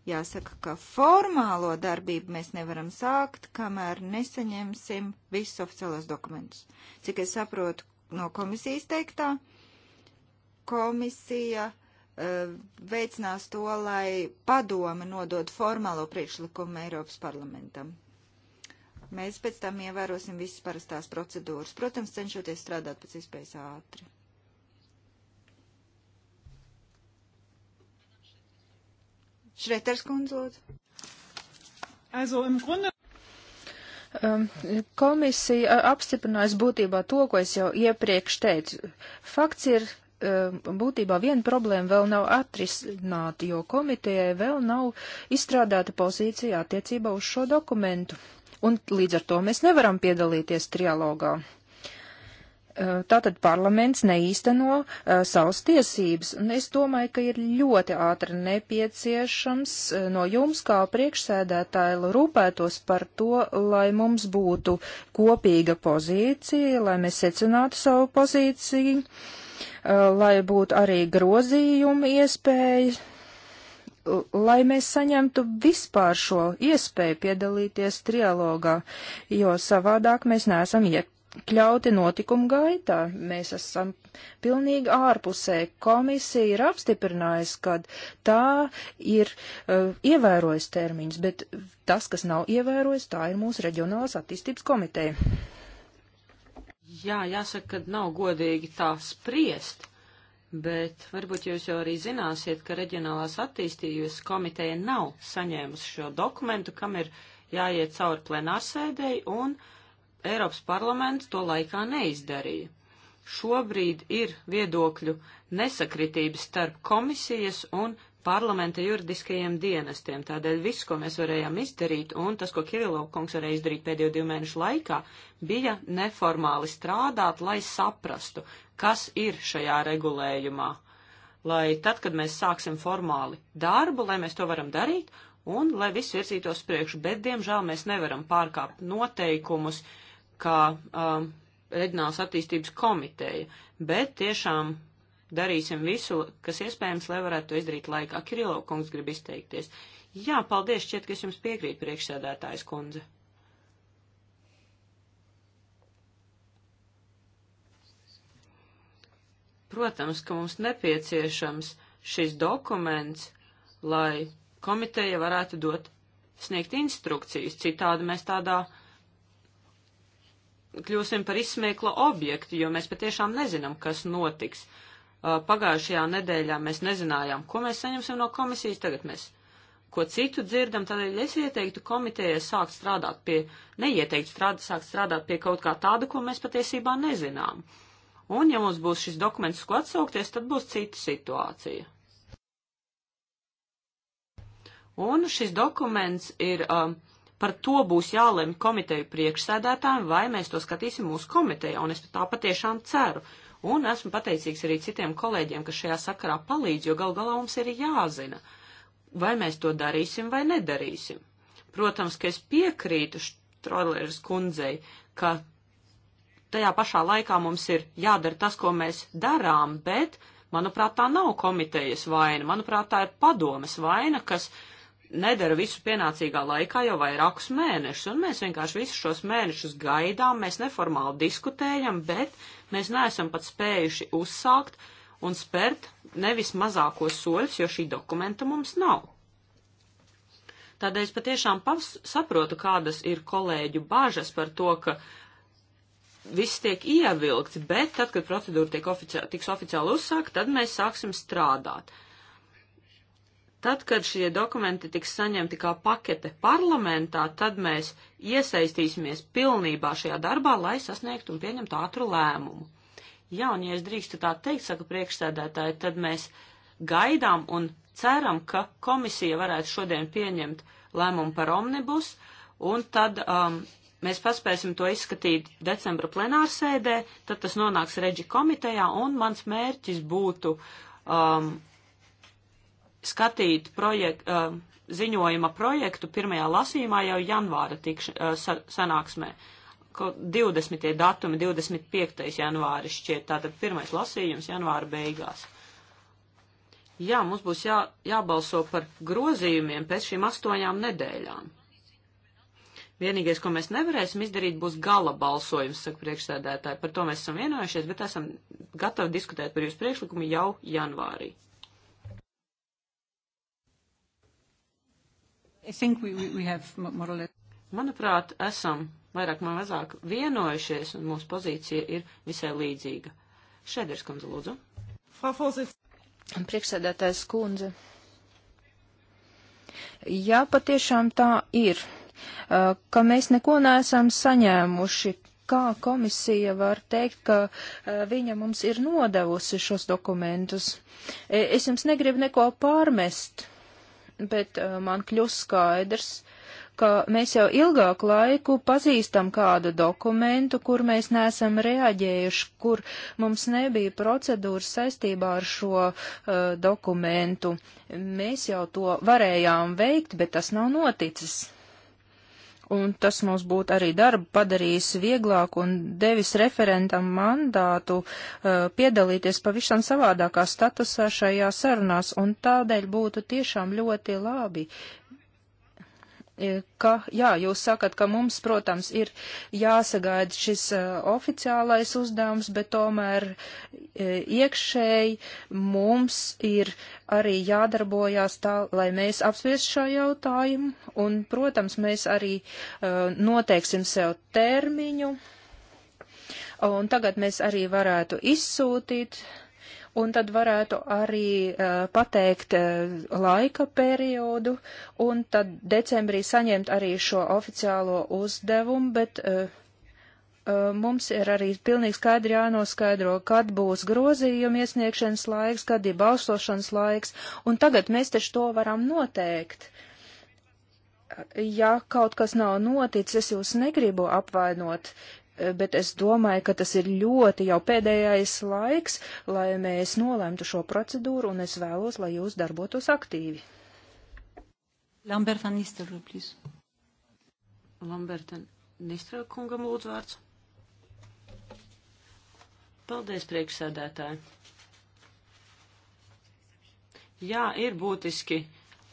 B: Jāsaka, ka formālo darbību mēs nevaram sākt, kamēr nesaņemsim visus oficiālos dokumentus. Cik es saprotu no komisijas teiktā, komisija uh, veicinās to, lai padome nodod formālo priekšlikumu Eiropas parlamentam. Mēs pēc tam ievērosim visas parastās procedūras, protams, cenšoties strādāt pēc iespējas ātri. Šreters kundze, lūdzu.
C: Also, im Grunde... Um, komisija uh, apstiprinājis būtībā to, ko es jau iepriekš teicu. Fakts ir, um, būtībā viena problēma vēl nav atrisināta, jo komitejai vēl nav izstrādāta pozīcija attiecībā uz šo dokumentu. Un līdz ar to mēs nevaram piedalīties trialogā. Uh, Eh, tātad parlaments neīsteno uh, savas tiesības, un es domāju, ka ir ļoti ātri nepieciešams uh, no jums, kā priekšsēdētāji, rūpētos par to, lai mums būtu kopīga pozīcija, lai mēs secinātu savu pozīciju, uh, lai būtu arī grozījumi iespējas, lai mēs saņemtu vispār šo iespēju piedalīties trialogā, jo savādāk mēs neesam iet iekļauti notikumu gaitā. Mēs esam pilnīgi ārpusē. Komisija ir apstiprinājusi, ka tā ir uh, ievērojusi termiņus, bet tas, kas nav ievērojis, tā ir mūsu reģionālās attīstības komiteja.
A: Jā, jāsaka, ka nav godīgi tā spriest, bet varbūt jūs jau arī zināsiet, ka reģionālās attīstības komiteja nav saņēmusi šo dokumentu, kam ir jāiet cauri plenārsēdēji un uh, Eiropas parlaments to laikā neizdarīja. Šobrīd ir viedokļu nesakritības starp komisijas un parlamenta juridiskajiem dienestiem. Tādēļ viss, ko mēs varējām izdarīt, un tas, ko Kirilov kungs varēja izdarīt pēdējo divu mēnešu laikā, bija neformāli strādāt, lai saprastu, kas ir šajā regulējumā. Lai tad, kad mēs sāksim formāli darbu, lai mēs to varam darīt, un lai viss virzītos priekšu, bet, diemžēl, mēs nevaram pārkāpt noteikumus, uh, kā um, reģionāls attīstības komiteja, bet tiešām darīsim visu, kas iespējams, lai varētu to izdarīt laikā. Kirilo kungs grib izteikties. Jā, paldies, šķiet, ka es jums piekrītu, priekšsēdētājs kundze. Protams, ka mums nepieciešams šis dokuments, lai komiteja varētu dot, sniegt instrukcijas, citādi mēs tādā uh, kļūsim par izsmiekla objektu, jo mēs patiešām nezinām, kas notiks. Uh, pagājušajā nedēļā mēs nezinājām, ko mēs saņemsim no komisijas, tagad mēs ko citu dzirdam, tādēļ es ieteiktu komitejai sākt strādāt pie, neieteiktu strād, sākt strādāt pie kaut kā tāda, ko mēs patiesībā nezinām. Un, ja mums būs šis dokuments, ko atsaukties, tad būs cita situācija. Un šis dokuments ir um, uh, Par to būs jālem komiteju priekšsēdētājiem, vai mēs to skatīsim mūsu komiteja, un es tā patiešām ceru. Un esmu pateicīgs arī citiem kolēģiem, kas šajā sakarā palīdz, jo gal galā mums ir jāzina, vai mēs to darīsim vai nedarīsim. Protams, ka es piekrītu Štrolēras kundzei, ka tajā pašā laikā mums ir jādara tas, ko mēs darām, bet, manuprāt, tā nav komitejas vaina, manuprāt, tā ir padomes vaina, kas nedara visu pienācīgā laikā jau vairākus mēnešus, un mēs vienkārši visus šos mēnešus gaidām, mēs neformāli diskutējam, bet mēs neesam pat spējuši uzsākt un spērt nevis mazākos soļus, jo šī dokumenta mums nav. Tādēļ es patiešām saprotu, kādas ir kolēģu bažas par to, ka viss tiek ievilkts, bet tad, kad procedūra tiek oficiāli, tiks oficiāli uzsākt, tad mēs sāksim strādāt. Uh, Tad, kad šie dokumenti tiks saņemti kā pakete parlamentā, tad mēs iesaistīsimies pilnībā šajā darbā, lai sasniegtu un pieņemtu ātru lēmumu. Jā, un ja es drīkstu tā teikt, saka priekšsēdētāji, tad mēs gaidām un ceram, ka komisija varētu šodien pieņemt lēmumu par omnibus, un tad um, mēs paspēsim to izskatīt decembra plenārsēdē, tad tas nonāks reģi komitejā, un mans mērķis būtu um, skatīt projek uh, ziņojuma projektu pirmajā lasījumā jau janvāra tikš, uh, sanāksmē. 20. datumi, 25. janvāris šķiet, tātad pirmais lasījums janvāra beigās. Jā, mums būs jā, jābalso par grozījumiem pēc šīm astoņām nedēļām. Vienīgais, ko mēs nevarēsim izdarīt, būs gala balsojums, saka priekšsēdētāji. Par to mēs esam vienojušies, bet esam gatavi diskutēt par jūsu priekšlikumu jau janvārī. We, we have... Manuprāt, esam vairāk vai mazāk vienojušies, un mūsu pozīcija ir visai līdzīga. Šēders kundze, lūdzu. Priekšsēdētājs kundze.
C: Jā, patiešām tā ir, ka mēs neko neesam saņēmuši. Kā komisija var teikt, ka viņa mums ir nodevusi šos dokumentus? E, es jums negribu neko pārmest bet uh, man kļūst skaidrs, ka mēs jau ilgāku laiku pazīstam kādu dokumentu, kur mēs neesam reaģējuši, kur mums nebija procedūras saistībā ar šo uh, dokumentu. Mēs jau to varējām veikt, bet tas nav noticis un tas mums būtu arī darbu padarījis vieglāk un devis referentam mandātu uh, piedalīties pavisam savādākā statusā šajā sarunās, un tādēļ būtu tiešām ļoti labi, E, ka, jā, jūs sakat, ka mums, protams, ir jāsagaida šis uh, oficiālais uzdevums, bet tomēr uh, iekšēji mums ir arī jādarbojās tā, lai mēs apspriest šo jautājumu, un, protams, mēs arī uh, noteiksim sev termiņu, un tagad mēs arī varētu izsūtīt uh, un tad varētu arī uh, pateikt uh, laika periodu, un tad decembrī saņemt arī šo oficiālo uzdevumu, bet uh, mums ir arī pilnīgi skaidri jānoskaidro, kad būs grozījuma iesniegšanas laiks, kad ir balsošanas laiks, un tagad mēs taču to varam noteikt. Ja kaut kas nav noticis, es jūs negribu apvainot, bet es domāju, ka tas ir ļoti jau pēdējais laiks, lai mēs nolēmtu šo procedūru, un es vēlos, lai jūs darbotos aktīvi.
A: Lambert van Nistelrooy, please. Lambert van Nistelrooy kungam lūdzu vārds. Paldies, priekšsēdētāji. Jā, ir būtiski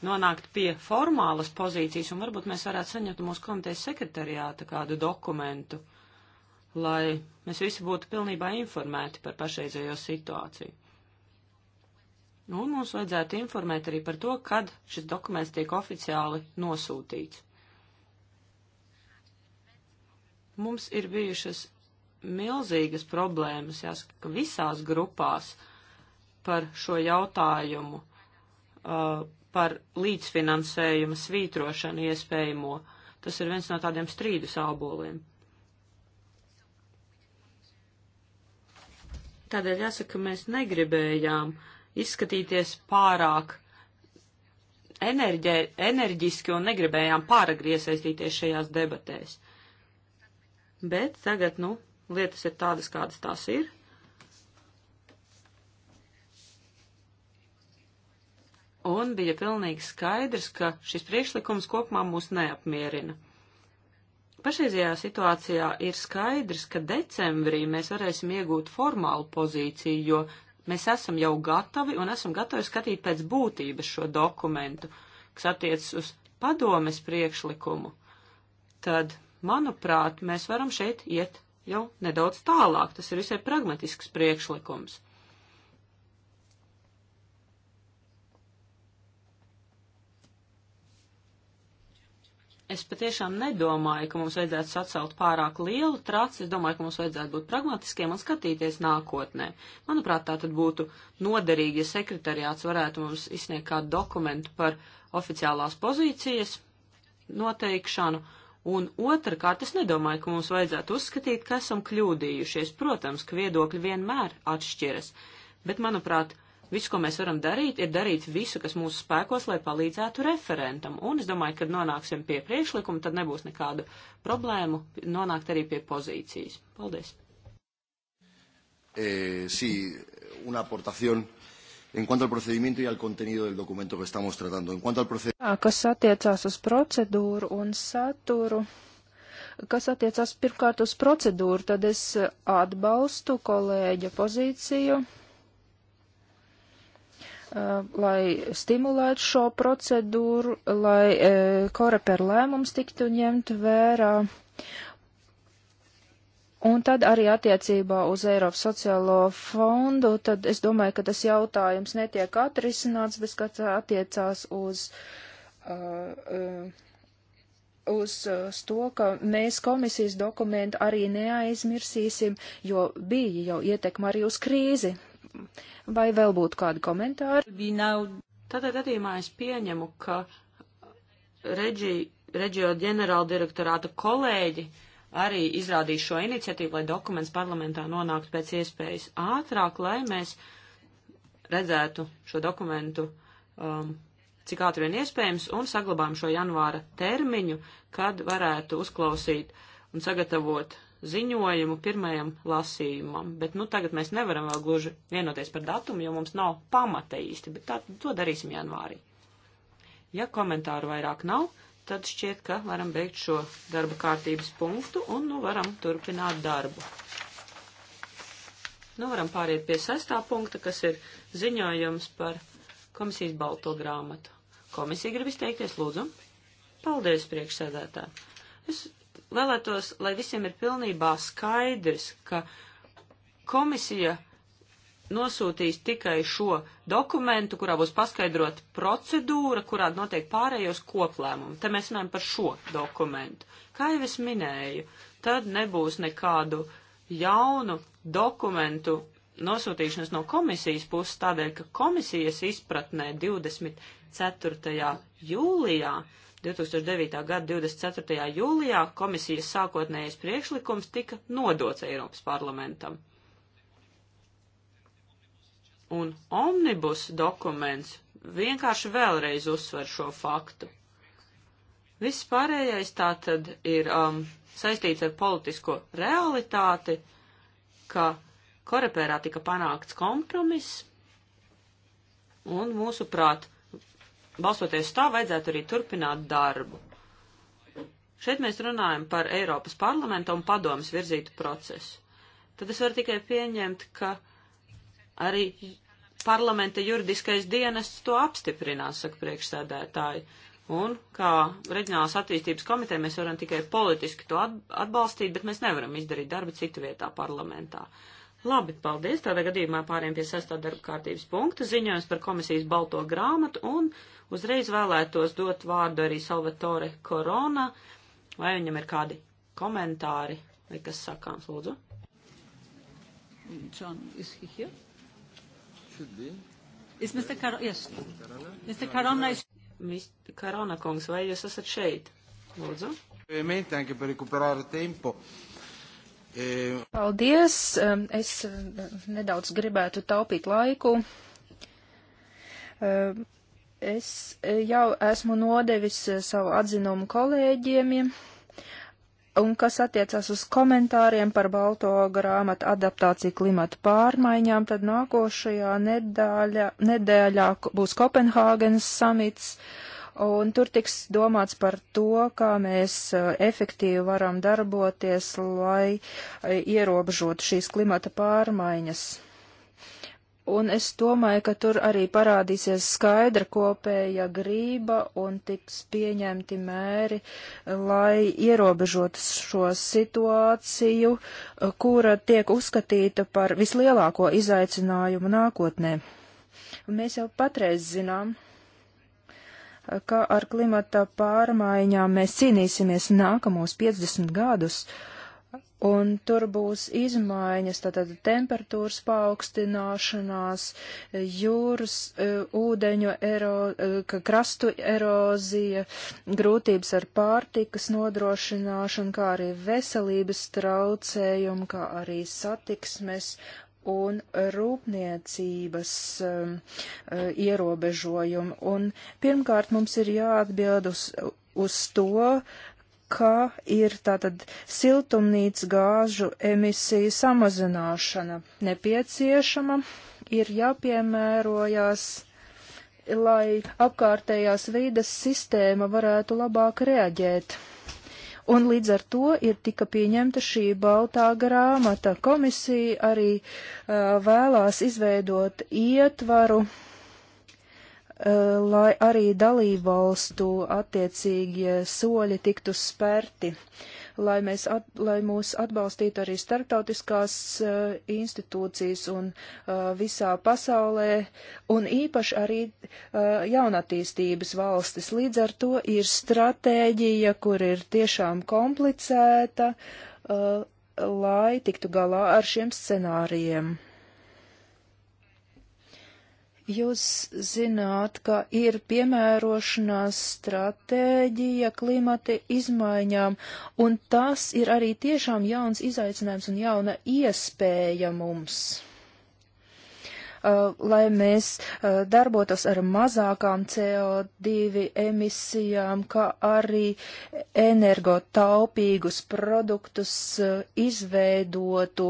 A: nonākt pie formālas pozīcijas, un varbūt mēs varētu saņemt mūsu komitejas sekretariāta kādu dokumentu lai mēs visi būtu pilnībā informēti par pašreizējo situāciju. Nu, un mums vajadzētu informēt arī par to, kad šis dokuments tiek oficiāli nosūtīts. Mums ir bijušas milzīgas problēmas, jāsaka, visās grupās par šo jautājumu, uh, par līdzfinansējuma svītrošanu iespējamo. Tas ir viens no tādiem strīdus āboliem. Tādēļ jāsaka, ka mēs negribējām izskatīties pārāk enerģē, enerģiski un negribējām pārāk iesaistīties šajās debatēs. Bet tagad, nu, lietas ir tādas, kādas tās ir. Un bija pilnīgi skaidrs, ka šis priekšlikums kopumā mūs neapmierina. Pašreizajā situācijā ir skaidrs, ka decembrī mēs varēsim iegūt formālu pozīciju, jo mēs esam jau gatavi un esam gatavi skatīt pēc būtības šo dokumentu, kas attiecas uz padomes priekšlikumu. Tad, manuprāt, mēs varam šeit iet jau nedaudz tālāk. Tas ir visai pragmatisks priekšlikums. es patiešām nedomāju, ka mums vajadzētu sacelt pārāk lielu traci. Es domāju, ka mums vajadzētu būt pragmatiskiem un skatīties nākotnē. Manuprāt, tā tad būtu noderīgi, ja sekretariāts varētu mums izsniegt kādu dokumentu par oficiālās pozīcijas noteikšanu. Un otrkārt, es nedomāju, ka mums vajadzētu uzskatīt, ka esam kļūdījušies. Protams, ka viedokļi vienmēr atšķiras. Bet, manuprāt, Viss, ko mēs varam darīt, ir darīt visu, kas mūsu spēkos, lai palīdzētu referentam. Un es domāju, kad nonāksim pie priekšlikuma, tad nebūs nekādu problēmu nonākt arī pie pozīcijas. Paldies.
C: Eh, sí, una aportación en cuanto al procedimiento y al contenido del documento que estamos tratando. En cuanto al procedimiento. Ah, kas attiecās uz procedūru un saturu. Kas attiecās pirmkārt uz procedūru, tad es atbalstu kolēģa pozīciju Uh, lai stimulētu šo procedūru, lai uh, koreper lēmums tiktu ņemt vērā. Un tad arī attiecībā uz Eiropas sociālo fondu, tad es domāju, ka tas jautājums netiek atrisināts, bet skats attiecās uz, uh, uh uz, uz to, ka mēs komisijas dokumentu arī neaizmirsīsim, jo bija jau ietekma arī uz krīzi. Vai vēl būtu kādi komentāri?
A: Tādā gadījumā es pieņemu, ka reģi, reģio ģenerāla direktorāta kolēģi arī izrādīs šo iniciatīvu, lai dokuments parlamentā nonāktu pēc iespējas ātrāk, lai mēs redzētu šo dokumentu um, cik ātri vien iespējams un saglabājam šo janvāra termiņu, kad varētu uzklausīt un sagatavot ziņojumu pirmajam lasījumam, bet nu tagad mēs nevaram vēl gluži vienoties par datumu, jo mums nav pamata īsti, bet tā, to darīsim janvārī. Ja komentāru vairāk nav, tad šķiet, ka varam beigt šo darba kārtības punktu un nu varam turpināt darbu. Nu varam pāriet pie sestā punkta, kas ir ziņojums par komisijas balto grāmatu. Komisija grib izteikties, lūdzu. Paldies, priekšsēdētāji. Es vēlētos, lai visiem ir pilnībā skaidrs, ka komisija nosūtīs tikai šo dokumentu, kurā būs paskaidrot procedūra, kurā notiek pārējos koplēmumi. Te mēs runājam par šo dokumentu. Kā jau es minēju, tad nebūs nekādu jaunu dokumentu nosūtīšanas no komisijas puses, tādēļ, ka komisijas izpratnē 24. jūlijā 2009. gada 24. jūlijā komisijas sākotnējais priekšlikums tika nodots Eiropas parlamentam. Un omnibus dokuments vienkārši vēlreiz uzsver šo faktu. Viss pārējais tā tad ir um, saistīts ar politisko realitāti, ka korepērā tika panākts kompromiss, un mūsuprāt, balstoties uz tā, vajadzētu arī turpināt darbu. Šeit mēs runājam par Eiropas parlamenta un padomas virzītu procesu. Tad es varu tikai pieņemt, ka arī parlamenta juridiskais dienests to apstiprinās, saka priekšsēdētāji. Un kā reģionālās attīstības komiteja mēs varam tikai politiski to atbalstīt, bet mēs nevaram izdarīt darbu citu vietā parlamentā. Uh, Labi, paldies. Tādā gadījumā pāriem pie sestā darba kārtības punkta ziņojums par komisijas balto grāmatu un uzreiz vēlētos dot vārdu arī Salvatore Corona, vai viņam ir kādi komentāri vai kas sakāms, lūdzu. John, is he here? Should be. Is Mr. Car yes. Mr. Carona is... Mr. Carona kungs, vai jūs esat šeit? Lūdzu. Thank you per recuperare tempo. Uh,
C: Paldies! Es eh, nedaudz gribētu taupīt laiku. Es eh, jau esmu nodevis eh, savu atzinumu kolēģiem, un kas attiecās uz komentāriem par balto grāmatu adaptāciju klimatu pārmaiņām, tad nākošajā nedēļā, nedēļā būs Kopenhāgenes samits. Uh, un tur tiks domāts par to, kā mēs eh, efektīvi varam darboties, lai eh, ierobežotu šīs klimata pārmaiņas. Un es domāju, ka tur arī parādīsies skaidra kopēja grība un tiks pieņemti mēri, lai ierobežotu šo situāciju, eh, kura tiek uzskatīta par vislielāko izaicinājumu nākotnē. Un mēs jau patreiz zinām, ka ar klimata pārmaiņām mēs cīnīsimies nākamos 50 gadus, un tur būs izmaiņas, tātad temperatūras paaugstināšanās, jūras e, ūdeņu ero, e, krastu erozija, grūtības ar pārtikas nodrošināšanu, kā arī veselības traucējumu, kā arī satiksmes un rūpniecības um, uh, ierobežojumu. Un pirmkārt mums ir jāatbild uz, uz to, ka ir tātad siltumnīca gāžu emisiju samazināšana nepieciešama, ir jāpiemērojās, lai apkārtējās vīdes sistēma varētu labāk reaģēt Un līdz ar to ir tika pieņemta šī baltā grāmata. Komisija arī uh, vēlās izveidot ietvaru, uh, lai arī dalībvalstu attiecīgie soļi tiktu spērti. Uh, lai, mēs at, lai mūs atbalstītu arī starptautiskās uh, institūcijas un uh, visā pasaulē, un īpaši arī uh, jaunatīstības valstis. Līdz ar to ir stratēģija, kur ir tiešām komplicēta, uh, lai tiktu galā ar šiem scenārijiem. Jūs zināt, ka ir piemērošanās stratēģija klimata izmaiņām, un tas ir arī tiešām jauns izaicinājums un jauna iespēja mums. Uh, lai mēs uh, darbotos ar mazākām CO2 emisijām, kā arī energotaupīgus produktus uh, izveidotu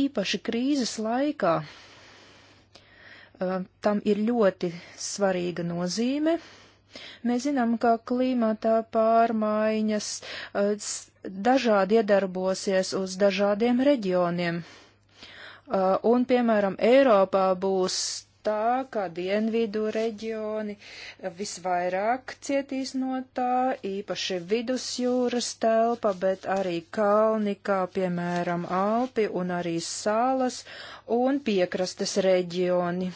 C: īpaši krīzes laikā. Uh, Uh, tam ir ļoti svarīga nozīme. Mēs zinām, ka klimata pārmaiņas uh, dažādi iedarbosies uz dažādiem reģioniem. Uh, un, piemēram, Eiropā būs tā, ka dienvidu reģioni visvairāk cietīs no tā, īpaši vidusjūras telpa, bet arī kalni, kā piemēram Alpi un arī salas un piekrastes reģioni.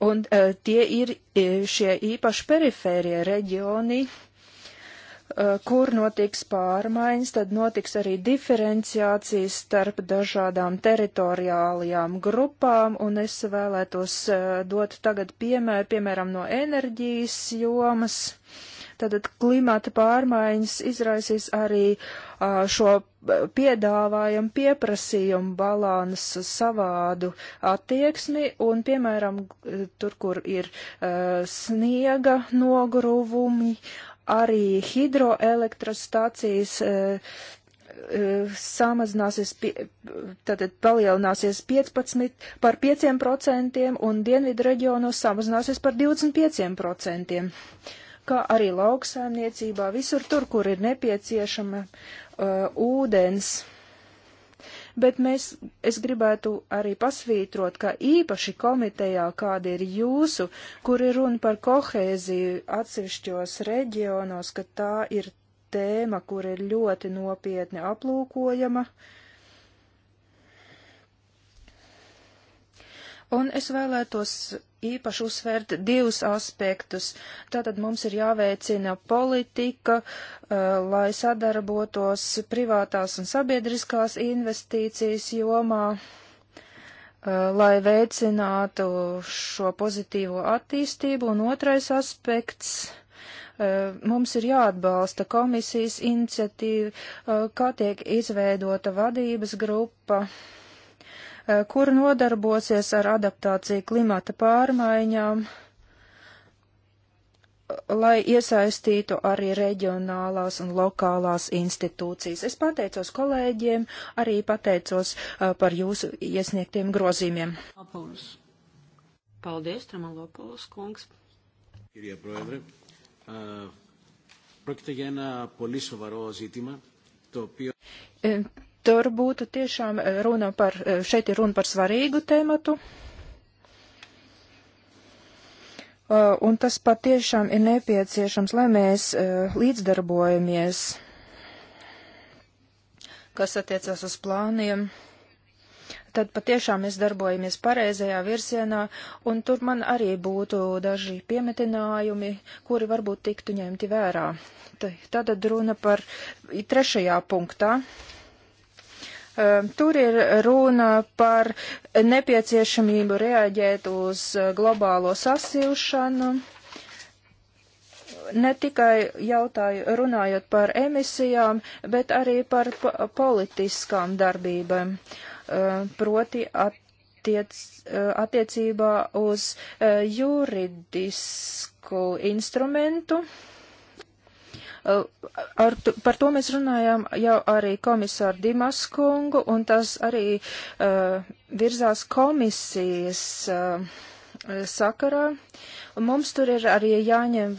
C: Un uh, tie ir e, šie īpaši perifērie reģioni, uh, kur notiks pārmaiņas, tad notiks arī diferenciācijas starp dažādām teritoriālajām grupām, un es vēlētos uh, dot tagad piemēru, piemēram, no enerģijas jomas. Tātad klimata pārmaiņas izraisīs arī šo piedāvājam pieprasījumu balansu savādu attieksmi un, piemēram, tur, kur ir uh, sniega nogruvumi, arī hidroelektrostācijas uh, uh, samazināsies, pie, tātad palielināsies 15 par 5% un dienvidu reģionos samazināsies par 25% kā arī lauksaimniecībā, visur tur, kur ir nepieciešama uh, ūdens. Bet mēs, es gribētu arī pasvītrot, ka īpaši komitejā, kāda ir jūsu, kur ir runa par kohēziju atsevišķos reģionos, ka tā ir tēma, kur ir ļoti nopietni aplūkojama. Uh, Un es vēlētos īpaši uzsvērt divus aspektus. Tātad mums ir jāveicina politika, uh, lai sadarbotos privātās un sabiedriskās investīcijas jomā, uh, lai veicinātu šo pozitīvo attīstību. Un otrais aspekts. Uh, mums ir jāatbalsta komisijas iniciatīva, uh, kā tiek izveidota vadības grupa, uh, Eh, kur nodarbosies ar adaptāciju klimata pārmaiņām, lai iesaistītu arī reģionālās un lokālās institūcijas. Es pateicos kolēģiem, arī pateicos uh, par jūsu iesniegtiem grozījumiem. Apolus.
A: Paldies, Tramalopulis kungs. Kirja Proedre,
B: uh, Πρόκειται για ένα πολύ σοβαρό ζήτημα, το οποίο...
A: Ε,
C: Tur būtu tiešām eh, runa par, eh, šeit ir runa par svarīgu tēmatu. Eh, un tas patiešām ir nepieciešams, lai mēs līdzdarbojamies, kas attiecas uz plāniem tad patiešām mēs darbojamies pareizajā virzienā, un tur man arī būtu daži piemetinājumi, kuri varbūt tiktu ņemti vērā. Tad runa par trešajā punktā. Um, tur ir runa par nepieciešamību reaģēt uz uh, globālo sasilšanu. Ne tikai jautāju, runājot par emisijām, bet arī par politiskām darbībām, uh, proti attiec, uh, attiecībā uz juridisku instrumentu, uh, Ar, par to mēs runājām jau arī komisāru Dimas kungu, un tas arī uh, virzās komisijas uh, sakarā. Un mums tur ir arī jāņem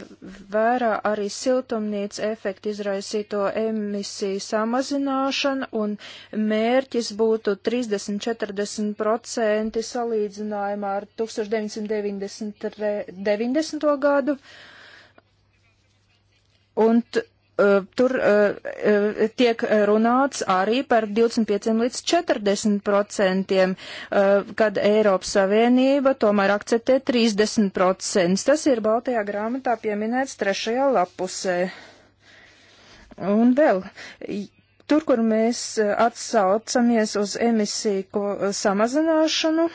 C: vērā arī siltumnīca efektu izraisīto emisiju samazināšana, un mērķis būtu 30-40% salīdzinājumā ar 1990. 90. gadu. Uh, Un t, uh, tur uh, tiek runāts arī par 25 līdz 40 procentiem, uh, kad Eiropas Savienība tomēr akceptē 30 procentus. Tas ir Baltajā grāmatā pieminēts trešajā lapusē. Un vēl, tur, kur mēs atsaucamies uz emisiju samazināšanu,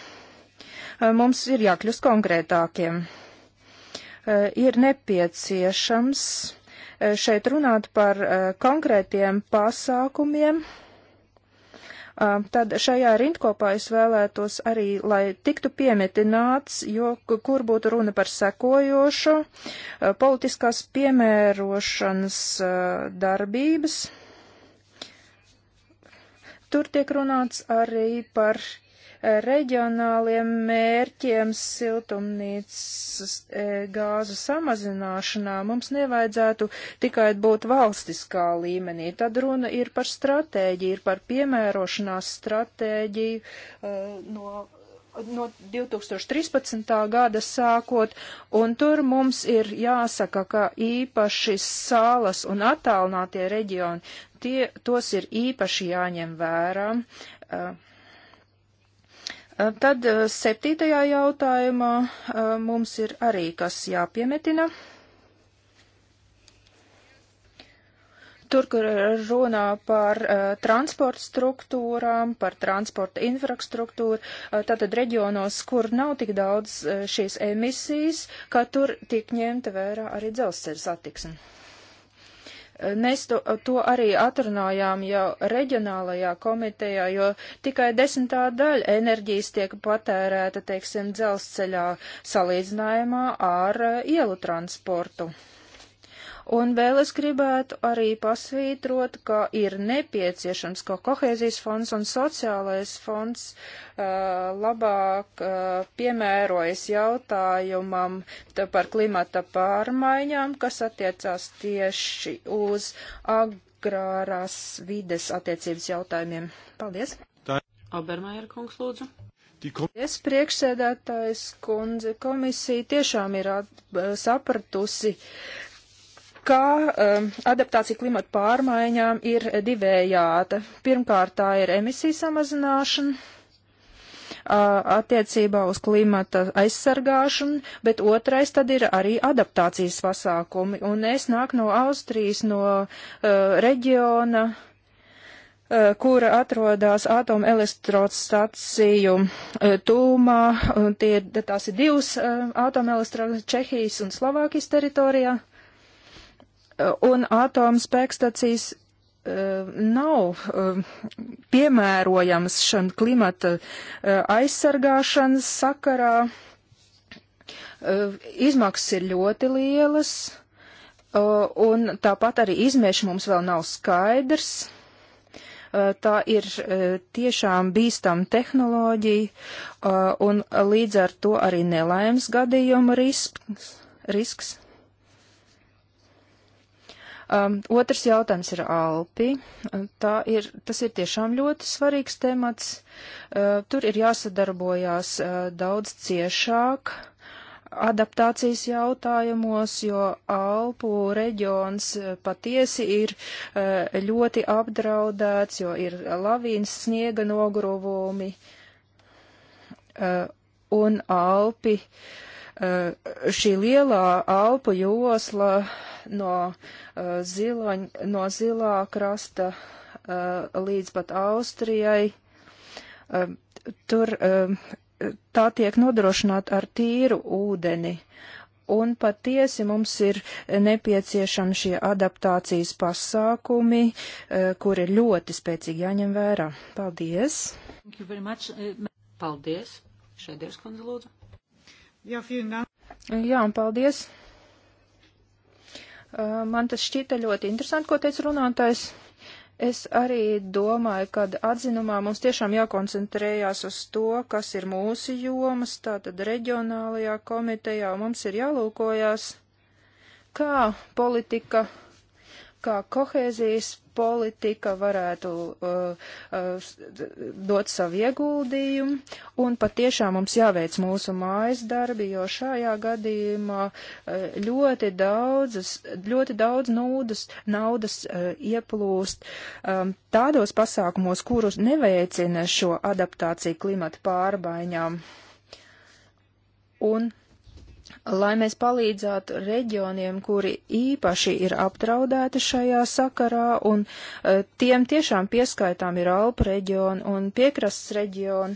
C: mums ir jākļūst konkrētākiem. Ir nepieciešams Eh, šeit runāt par eh, konkrētiem pasākumiem, eh, tad šajā rindkopā es vēlētos arī, lai tiktu piemetināts, jo kur būtu runa par sekojošu politiskās piemērošanas darbības. Tur tiek runāts arī par reģionāliem mērķiem siltumnīcas e, gāzu samazināšanā mums nevajadzētu tikai būt valstiskā līmenī. Tad runa ir par stratēģiju, ir par piemērošanās stratēģiju e, no no 2013. gada sākot, un tur mums ir jāsaka, ka īpaši salas un attālinātie reģioni, tie, tos ir īpaši jāņem vērā. Uh, Tad septītajā jautājumā mums ir arī kas jāpiemetina. Tur, kur runā par uh, transporta struktūrām, par transporta infrastruktūru, uh, tātad reģionos, kur nav tik daudz uh, šīs emisijas, ka tur tiek ņemta vērā arī dzelzceļa satiksme. Mēs to, to arī atrunājām jau reģionālajā komitejā, jo tikai desmitā daļa enerģijas tiek patērēta, teiksim, dzelzceļā salīdzinājumā ar uh, ielu transportu. Un vēl es gribētu arī pasvītrot, ka ir nepieciešams, ka kohēzijas fonds un sociālais fonds uh, labāk uh, piemērojas jautājumam par klimata pārmaiņām, kas attiecās tieši uz agrārās vides attiecības jautājumiem. Paldies!
A: Obermajer kungs lūdzu.
C: Es priekšsēdētājs kundze komisija tiešām ir at, sapratusi kā um, adaptācija klimata pārmaiņām ir divējāda. Pirmkārt, tā ir emisija samazināšana uh, attiecībā uz klimata aizsargāšanu, bet otrais tad ir arī adaptācijas pasākumi. Un es nāku no Austrijas, no uh, reģiona, uh, kura atrodas atomelektrostaciju uh, tūmā. Tie, tās ir divas uh, atomelektrostacijas Čehijas un Slovākijas teritorijā. Uh, un atomspēkstacijas e, nav e, piemērojams šam klimata e, aizsargāšanas sakarā. Izmaksas ir ļoti lielas, un tāpat arī izmieši mums vēl nav skaidrs. Tā ir tiešām bīstama tehnoloģija, un līdz ar to arī nelaimes gadījuma risks. risks Um, otrs jautājums ir Alpi. Uh, tā ir, tas ir tiešām ļoti svarīgs temats. Uh, tur ir jāsadarbojās uh, daudz ciešāk adaptācijas jautājumos, jo Alpu reģions uh, patiesi ir uh, ļoti apdraudēts, jo ir lavīnas sniega nogruvumi un Alpi uh, Eh, šī lielā alpu josla no, eh, ziloņ, no zilā krasta eh, līdz pat Austrijai, tur tā tiek nodrošināta ar tīru ūdeni. Un patiesi mums ir nepieciešami šie adaptācijas pasākumi, kuri ir ļoti spēcīgi jāņem vērā. Paldies!
A: Paldies! Šeit ir skundze lūdzu. Jā,
C: Jā un paldies. Man tas šķita ļoti interesanti, ko teica runātājs. Es arī domāju, ka atzinumā mums tiešām jākoncentrējās uz to, kas ir mūsu jomas, tātad reģionālajā komitejā, un mums ir jālūkojās, kā politika kā kohēzijas politika varētu uh, uh, dot savu ieguldījumu, un patiešām mums jāveic mūsu mājas darbi, jo šajā gadījumā uh, ļoti, daudzas, ļoti daudz nūdas, naudas uh, ieplūst um, tādos pasākumos, kurus neveicina šo adaptāciju klimata pārmaiņām. Un lai mēs palīdzētu reģioniem, kuri īpaši ir apdraudēti šajā sakarā, un uh, tiem tiešām pieskaitām ir Alpu reģioni un piekrasts reģioni,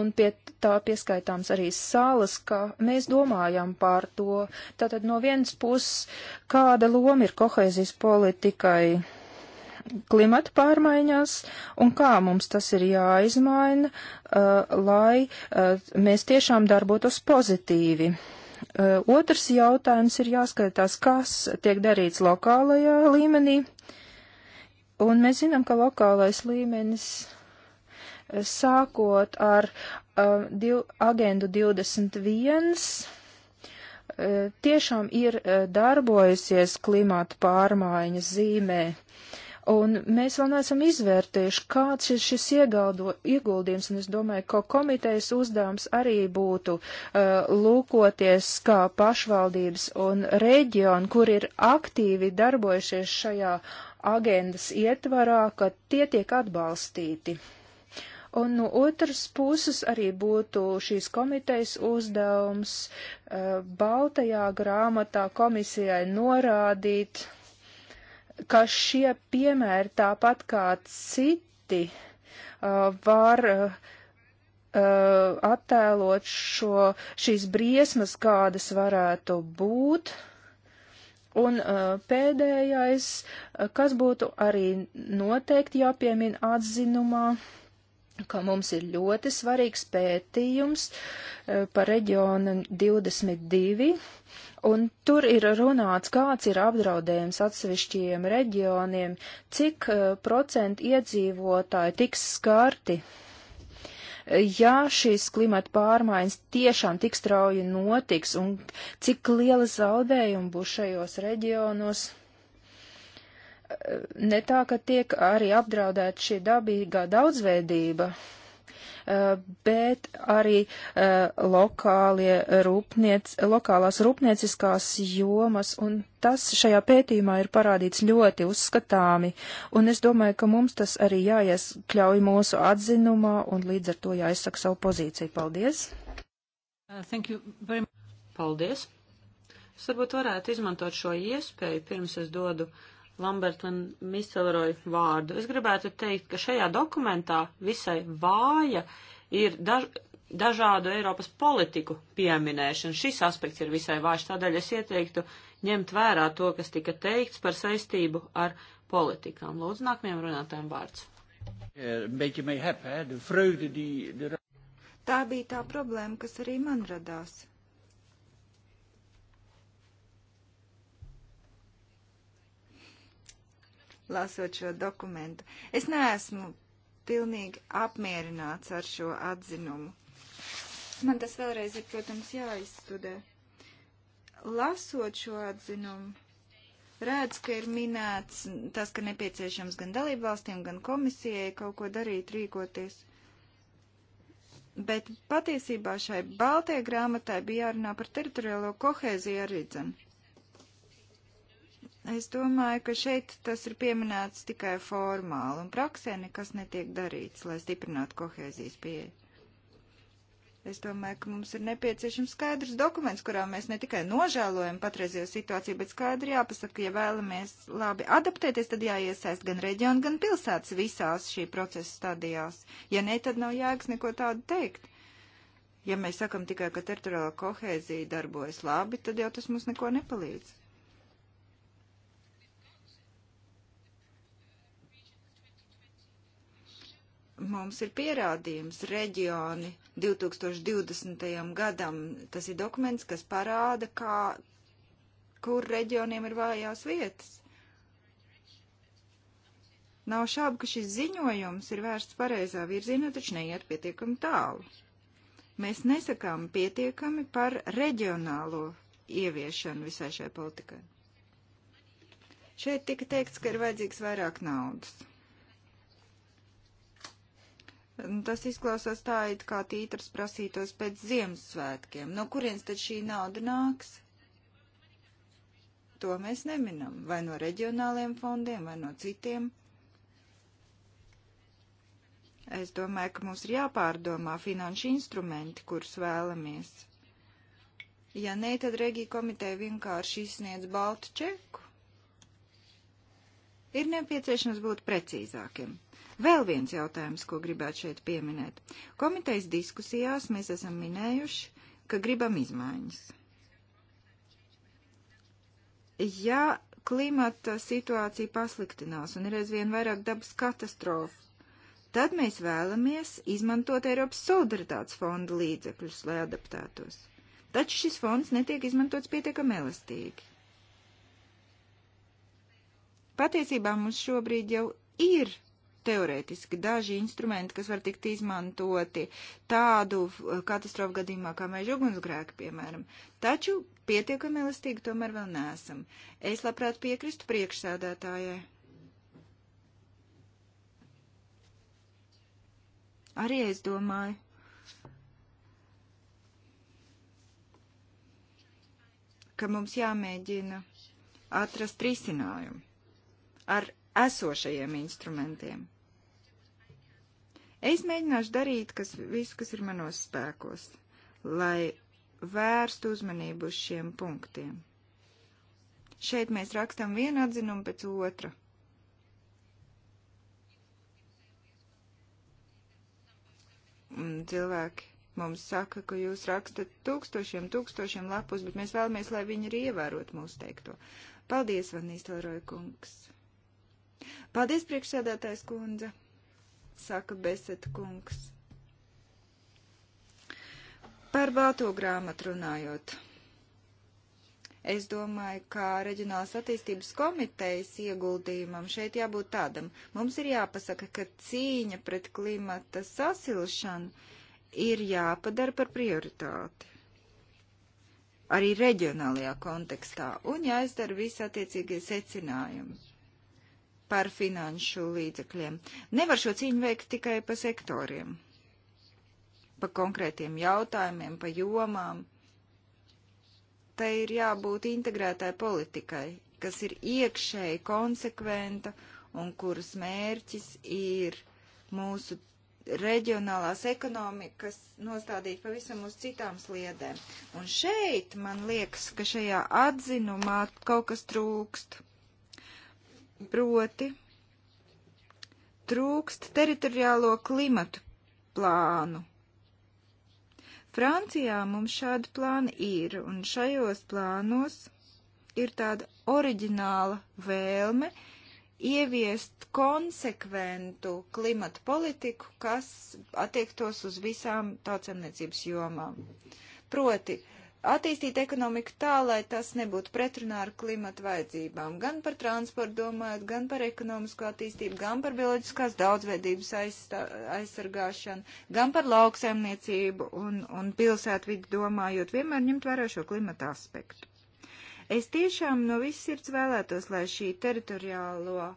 C: un pie tā pieskaitāms arī salas, ka mēs domājam par to. Tātad no vienas puses, kāda loma ir kohēzijas politikai klimata pārmaiņās un kā mums tas ir jāizmaina, uh, lai uh, mēs tiešām darbotos pozitīvi. Uh, Otrs jautājums ir jāskatās, kas tiek darīts lokālajā līmenī. Un mēs zinām, ka lokālais līmenis sākot ar uh, div, agendu 21 tiešām ir darbojusies klimata pārmaiņas zīmē. Un mēs vēl neesam izvērtējuši, kāds ir šis iegaldo, ieguldījums, un es domāju, ka komitejas uzdevums arī būtu uh, lūkoties, kā pašvaldības un reģioni, kur ir aktīvi darbojušies šajā agendas ietvarā, ka tie tiek atbalstīti. Un no otras puses arī būtu šīs komitejas uzdevums uh, Baltajā grāmatā komisijai norādīt, uh, ka šie piemēri tāpat kā citi uh, var uh, uh, attēlot šo, šīs briesmas, kādas varētu būt. Un pēdējais, kas būtu arī noteikti jāpiemina atzinumā, ka mums ir ļoti svarīgs pētījums par reģionu 22 Un tur ir runāts, kāds ir apdraudējums atsevišķiem reģioniem, cik uh, eh, procenti iedzīvotāji tiks skarti. Ja šīs klimata pārmaiņas tiešām tik strauji notiks un cik liela zaudējuma būs šajos reģionos, eh, ne tā, ka tiek arī apdraudēta šī dabīgā daudzveidība, uh, Eh, bet arī eh, lokālie rūpniec, lokālās rūpnieciskās jomas, un tas šajā pētījumā ir parādīts ļoti uzskatāmi, un es domāju, ka mums tas arī jāieskļauj mūsu atzinumā, un līdz ar to jāizsaka savu pozīciju. Paldies!
A: Uh, Paldies! Es varbūt varētu izmantot šo iespēju, pirms es dodu Lambert un Miselroju vārdu. Es gribētu teikt, ka šajā dokumentā visai vāja ir daž, dažādu Eiropas politiku pieminēšana. Šis aspekts ir visai vājš, tādēļ es ieteiktu ņemt vērā to, kas tika teikts par saistību ar politikām. Lūdzu, nākamajam runātājiem vārds. Eh, tā bija tā problēma, kas arī
B: man radās. lasot šo dokumentu. Es neesmu pilnīgi apmierināts ar šo atzinumu. Man tas vēlreiz ir, protams, jāizstudē. Lasot šo atzinumu, redz, ka ir minēts tas, ka nepieciešams gan dalību valstīm, gan komisijai kaut ko darīt, rīkoties. Bet patiesībā šai Baltijai grāmatai bija jārunā par teritoriālo kohēziju arī dzene. Es domāju, ka šeit tas ir pieminēts tikai formāli, un praksē nekas netiek darīts, lai stiprinātu kohēzijas pieeju. Es domāju, ka mums ir nepieciešams skaidrs dokuments, kurā mēs ne tikai nožēlojam patreizējo situāciju, bet skaidri jāpasaka, ka, ja vēlamies labi adaptēties, tad jāiesaist gan reģionu, gan pilsētas visās šī procesa stadijās. Ja ne, tad nav jēgas neko tādu teikt. Ja mēs sakam tikai, ka teritoriāla kohēzija darbojas labi, tad jau tas mums neko nepalīdz. Mums ir pierādījums reģioni 2020. gadam. Tas ir dokuments, kas parāda, kā, kur reģioniem ir vājās vietas. Nav šāba, ka šis ziņojums ir vērsts pareizā virzienā, taču neiet pietiekami tālu. Mēs nesakām pietiekami par reģionālo ieviešanu visai šai politikai. Šeit tika teikts, ka ir vajadzīgs vairāk naudas. Nu, tas izklausās tā, it kā tītars prasītos pēc Ziemassvētkiem. No kurienes tad šī nauda nāks? To mēs neminam. Vai no reģionāliem fondiem, vai no citiem. Es domāju, ka mums ir jāpārdomā finanšu instrumenti, kurus vēlamies. Ja nē, tad Regija komiteja vienkārši izsniedz baltu čeku ir nepieciešams būt precīzākiem. Vēl viens jautājums, ko gribētu šeit pieminēt. Komitejas diskusijās mēs esam minējuši, ka gribam izmaiņas. Ja klimata situācija pasliktinās un ir aizvien vairāk dabas katastrofu, tad mēs vēlamies izmantot Eiropas solidaritātes fonda līdzekļus, lai adaptētos. Taču šis fonds netiek izmantots pietiekami elastīgi. Patiesībā mums šobrīd jau ir teorētiski daži instrumenti, kas var tikt izmantoti tādu eh, katastrofu gadījumā kā meža ugunsgrēki, piemēram. Taču pietiekami elastīgi tomēr vēl neesam. Es labprāt piekristu priekšsēdētājai. Arī es domāju. ka mums jāmēģina atrast risinājumu ar esošajiem instrumentiem. Es mēģināšu darīt kas, visu, kas ir manos spēkos, lai vērstu uzmanību uz šiem punktiem. Šeit mēs rakstam vienu atzinumu pēc otra. Un cilvēki mums saka, ka jūs rakstat tūkstošiem, tūkstošiem lapus, bet mēs vēlamies, lai viņi arī ievērot mūsu teikto. Paldies, Vanīs Telroja kungs! Paldies, priekšsēdētājs kundze, saka Beseta kungs. Par balto grāmatu runājot. Es domāju, ka Reģionālās attīstības komitejas ieguldījumam šeit jābūt tādam. Mums ir jāpasaka, ka cīņa pret klimata sasilšanu ir jāpadara par prioritāti. Arī reģionālajā kontekstā un jāizdara visi attiecīgie secinājumi par finanšu līdzekļiem. Nevar šo cīņu veikt tikai pa sektoriem, pa konkrētiem jautājumiem, pa jomām. Tai ir jābūt integrētai politikai, kas ir iekšēji konsekventa un kuras mērķis ir mūsu reģionālās ekonomikas nostādīt pavisam uz citām sliedēm. Un šeit man liekas, ka šajā atzinumā kaut kas trūkst. Proti, trūkst teritoriālo klimatu plānu. Francijā mums šādi plāni ir, un šajos plānos ir tāda oriģināla vēlme ieviest konsekventu klimatu politiku, kas attiektos uz visām tautsemniecības jomām. Proti, attīstīt ekonomiku tā, lai tas nebūtu pretrunā ar klimatu vajadzībām, gan par transportu domājot, gan par ekonomisko attīstību, gan par bioloģiskās daudzveidības aizstā, aizsargāšanu, gan par lauksaimniecību un, un pilsētvidi domājot, vienmēr ņemt vērā šo klimatu aspektu. Es tiešām no viss sirds vēlētos, lai šī teritoriālo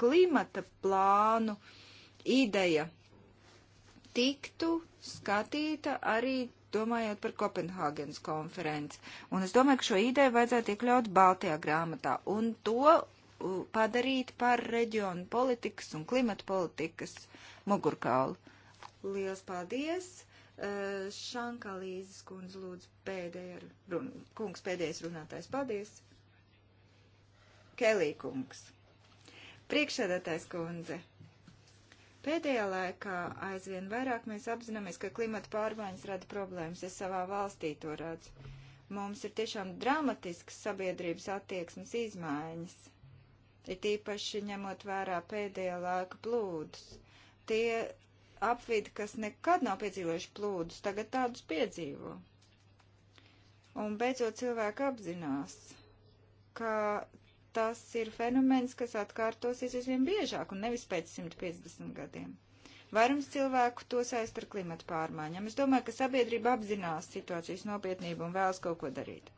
B: klimata plānu ideja tiktu skatīta arī domājot par Kopenhāgenes konferenci. Un es domāju, ka šo ideju vajadzētu iekļaut Baltajā grāmatā un to padarīt par reģionu politikas un klimata politikas mugurkaulu. Lielas paldies! Uh, Šankalīzes kundze lūdzu pēdējā, run, kungs pēdējais runātājs. Paldies! Kelī kungs! Priekšsēdētājs kundze! Pēdējā laikā aizvien vairāk mēs apzināmies, ka klimata pārmaiņas rada problēmas. Es savā valstī to redzu. Mums ir tiešām dramatisks sabiedrības attieksmes izmaiņas. Ir tīpaši ņemot vērā pēdējā laika plūdus. Tie apvidi, kas nekad nav piedzīvojuši plūdus, tagad tādus piedzīvo. Un beidzot cilvēki apzinās, ka tas ir fenomens, kas atkārtosies visvien biežāk un nevis pēc 150 gadiem. Vairums cilvēku to saist ar klimatu pārmaiņām. Es domāju, ka sabiedrība apzinās situācijas nopietnību un vēlas kaut ko darīt.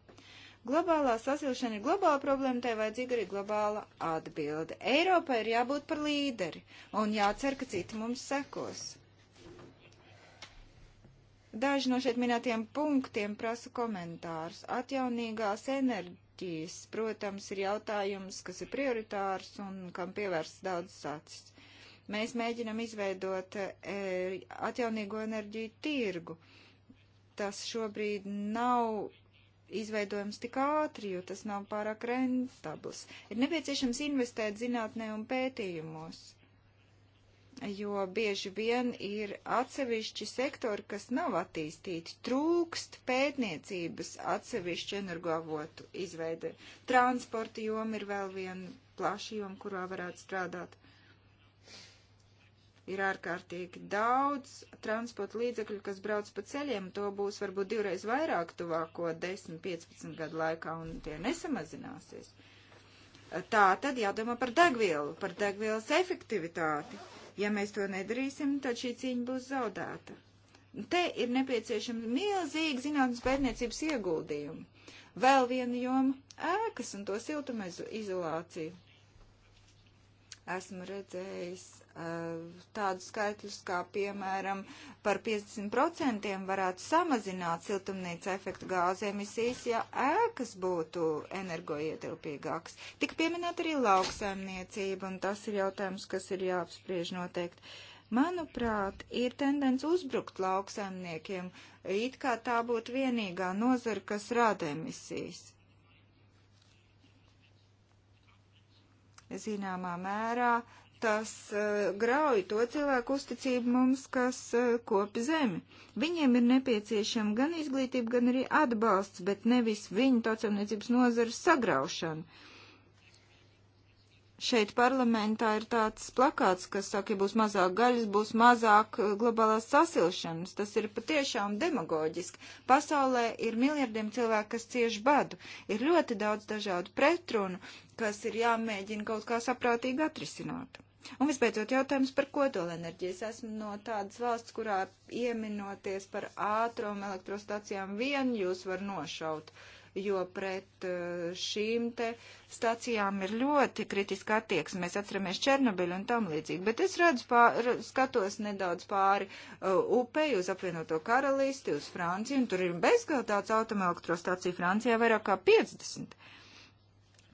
B: Globālā sasilšana ir globāla problēma, tai vajadzīga arī globāla atbilde. Eiropai ir jābūt par līderi un jācer, ka citi mums sekos. Daži no šeit minētiem punktiem prasa komentārus. Atjaunīgās enerģijas mērķis, protams, ir jautājums, kas ir prioritārs un kam pievērsts daudzas acis. Mēs mēģinam izveidot e, atjaunīgo enerģiju tirgu. Tas šobrīd nav izveidojams tik ātri, jo tas nav pārāk rentabls. Ir nepieciešams investēt zinātnē un pētījumos jo bieži vien ir atsevišķi sektori, kas nav attīstīti. Trūkst pētniecības atsevišķi energoavotu izveide. Transporta joma ir vēl viena plaša joma, kurā varētu strādāt. Ir ārkārtīgi daudz transporta līdzekļu, kas brauc pa ceļiem, to būs varbūt divreiz vairāk tuvāko 10-15 gadu laikā, un tie nesamazināsies. Tā tad jādomā par degvielu, par degvielas efektivitāti. Uh, Ja mēs to nedarīsim, tad šī cīņa būs zaudēta. Te ir nepieciešama milzīga zinātnes pētniecības ieguldījuma. Vēl viena joma - ēkas un to siltumizolāciju. Esmu redzējis eh, tādu skaitļus, kā piemēram par 50% varētu samazināt siltumnīca efektu gāzu emisijas, ja ēkas būtu energoietilpīgākas. Tik pieminēt arī lauksaimniecība, un tas ir jautājums, kas ir jāapspriež noteikti. Manuprāt, ir tendence uzbrukt lauksaimniekiem, it kā tā būtu vienīgā nozara, kas rada emisijas. zināmā mērā tas uh, grauj to cilvēku uzticību mums, kas uh, eh, kopi zemi. Viņiem ir nepieciešama gan izglītība, gan arī atbalsts, bet nevis viņu tautsēmniecības nozares sagraušana. Šeit parlamentā ir tāds plakāts, kas saka, ja būs mazāk gaļas, būs mazāk eh, globālās sasilšanas. Tas ir patiešām demagoģiski. Pasaulē ir miljardiem cilvēku, kas cieši badu. Ir ļoti daudz dažādu pretrunu, kas ir jāmēģina kaut kā saprātīgi atrisināt. Un visbeidzot jautājums par kodolenerģiju. Es esmu no tādas valsts, kurā ieminoties par ātrumu elektrostacijām vien jūs var nošaut. Uh, jo pret eh, šīm te stacijām ir ļoti kritiska attieksme. Mēs atceramies Černobiļu un tam līdzīgi. Bet es redzu, pār, skatos nedaudz pāri uh, upei uz apvienoto karalisti, uz Franciju, un tur ir bezgalīgi daudz automelektrostaciju Francijā, vairāk kā 50.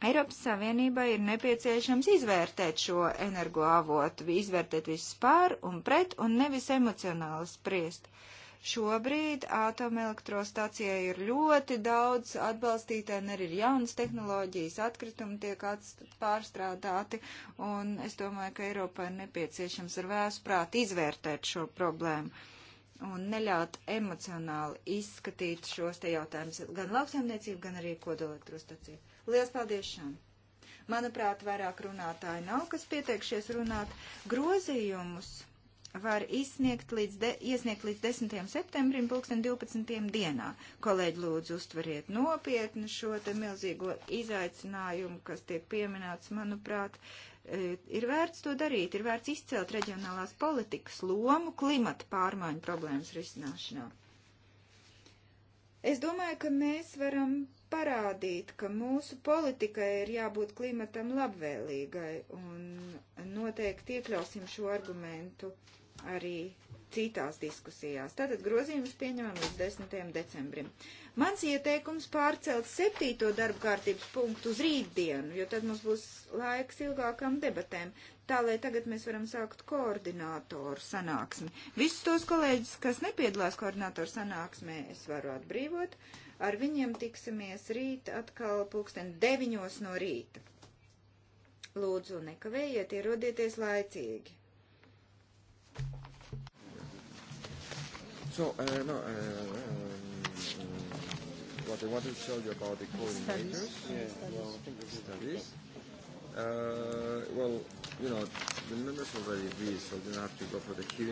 B: Eiropas Savienībai ir nepieciešams izvērtēt šo energoavotu, izvērtēt visus pār un pret un nevis emocionāli spriest. Uh, Šobrīd atomelektrostacijai ir ļoti daudz atbalstītāji, un arī ir jaunas tehnoloģijas, atkritumi tiek pārstrādāti, un es domāju, ka Eiropai ir nepieciešams ar vēsprāt izvērtēt šo problēmu un neļaut emocionāli izskatīt šos te jautājumus, gan lauksaimniecību, gan arī kodolektrostaciju. Lielas paldies šām! Manuprāt, vairāk runātāji nav, kas pieteikšies runāt grozījumus var izsniegt līdz de, iesniegt līdz 10. septembrim, pulksten 12. dienā. Kolēģi, lūdzu, uztveriet nopietni šo te milzīgo izaicinājumu, kas tiek pieminēts, manuprāt, e, ir vērts to darīt, ir vērts izcelt reģionālās politikas lomu klimata pārmaiņu problēmas risināšanā. Es domāju, ka mēs varam parādīt, ka mūsu politikai ir jābūt klimatam labvēlīgai, un noteikti iekļausim šo argumentu arī citās diskusijās. Tātad grozījums pieņemam līdz 10. decembrim. Mans ieteikums pārcelt 7. darba kārtības punktu uz rītdienu, jo tad mums būs laiks ilgākām debatēm, tā lai tagad mēs varam sākt koordinātoru sanāksmi. Visus tos kolēģis, kas nepiedalās koordinātoru sanāksmē, es varu atbrīvot. Ar viņiem tiksimies rīt atkal pulksten 9. no rīta. Lūdzu, nekavējiet, ierodieties laicīgi.
A: So, uh, no, uh, um, what I wanted to tell you about the coordinators. Studies. Yeah, well, I think studies. Uh, well, you know, the members already agreed, so they don't have to go
B: for the hearing.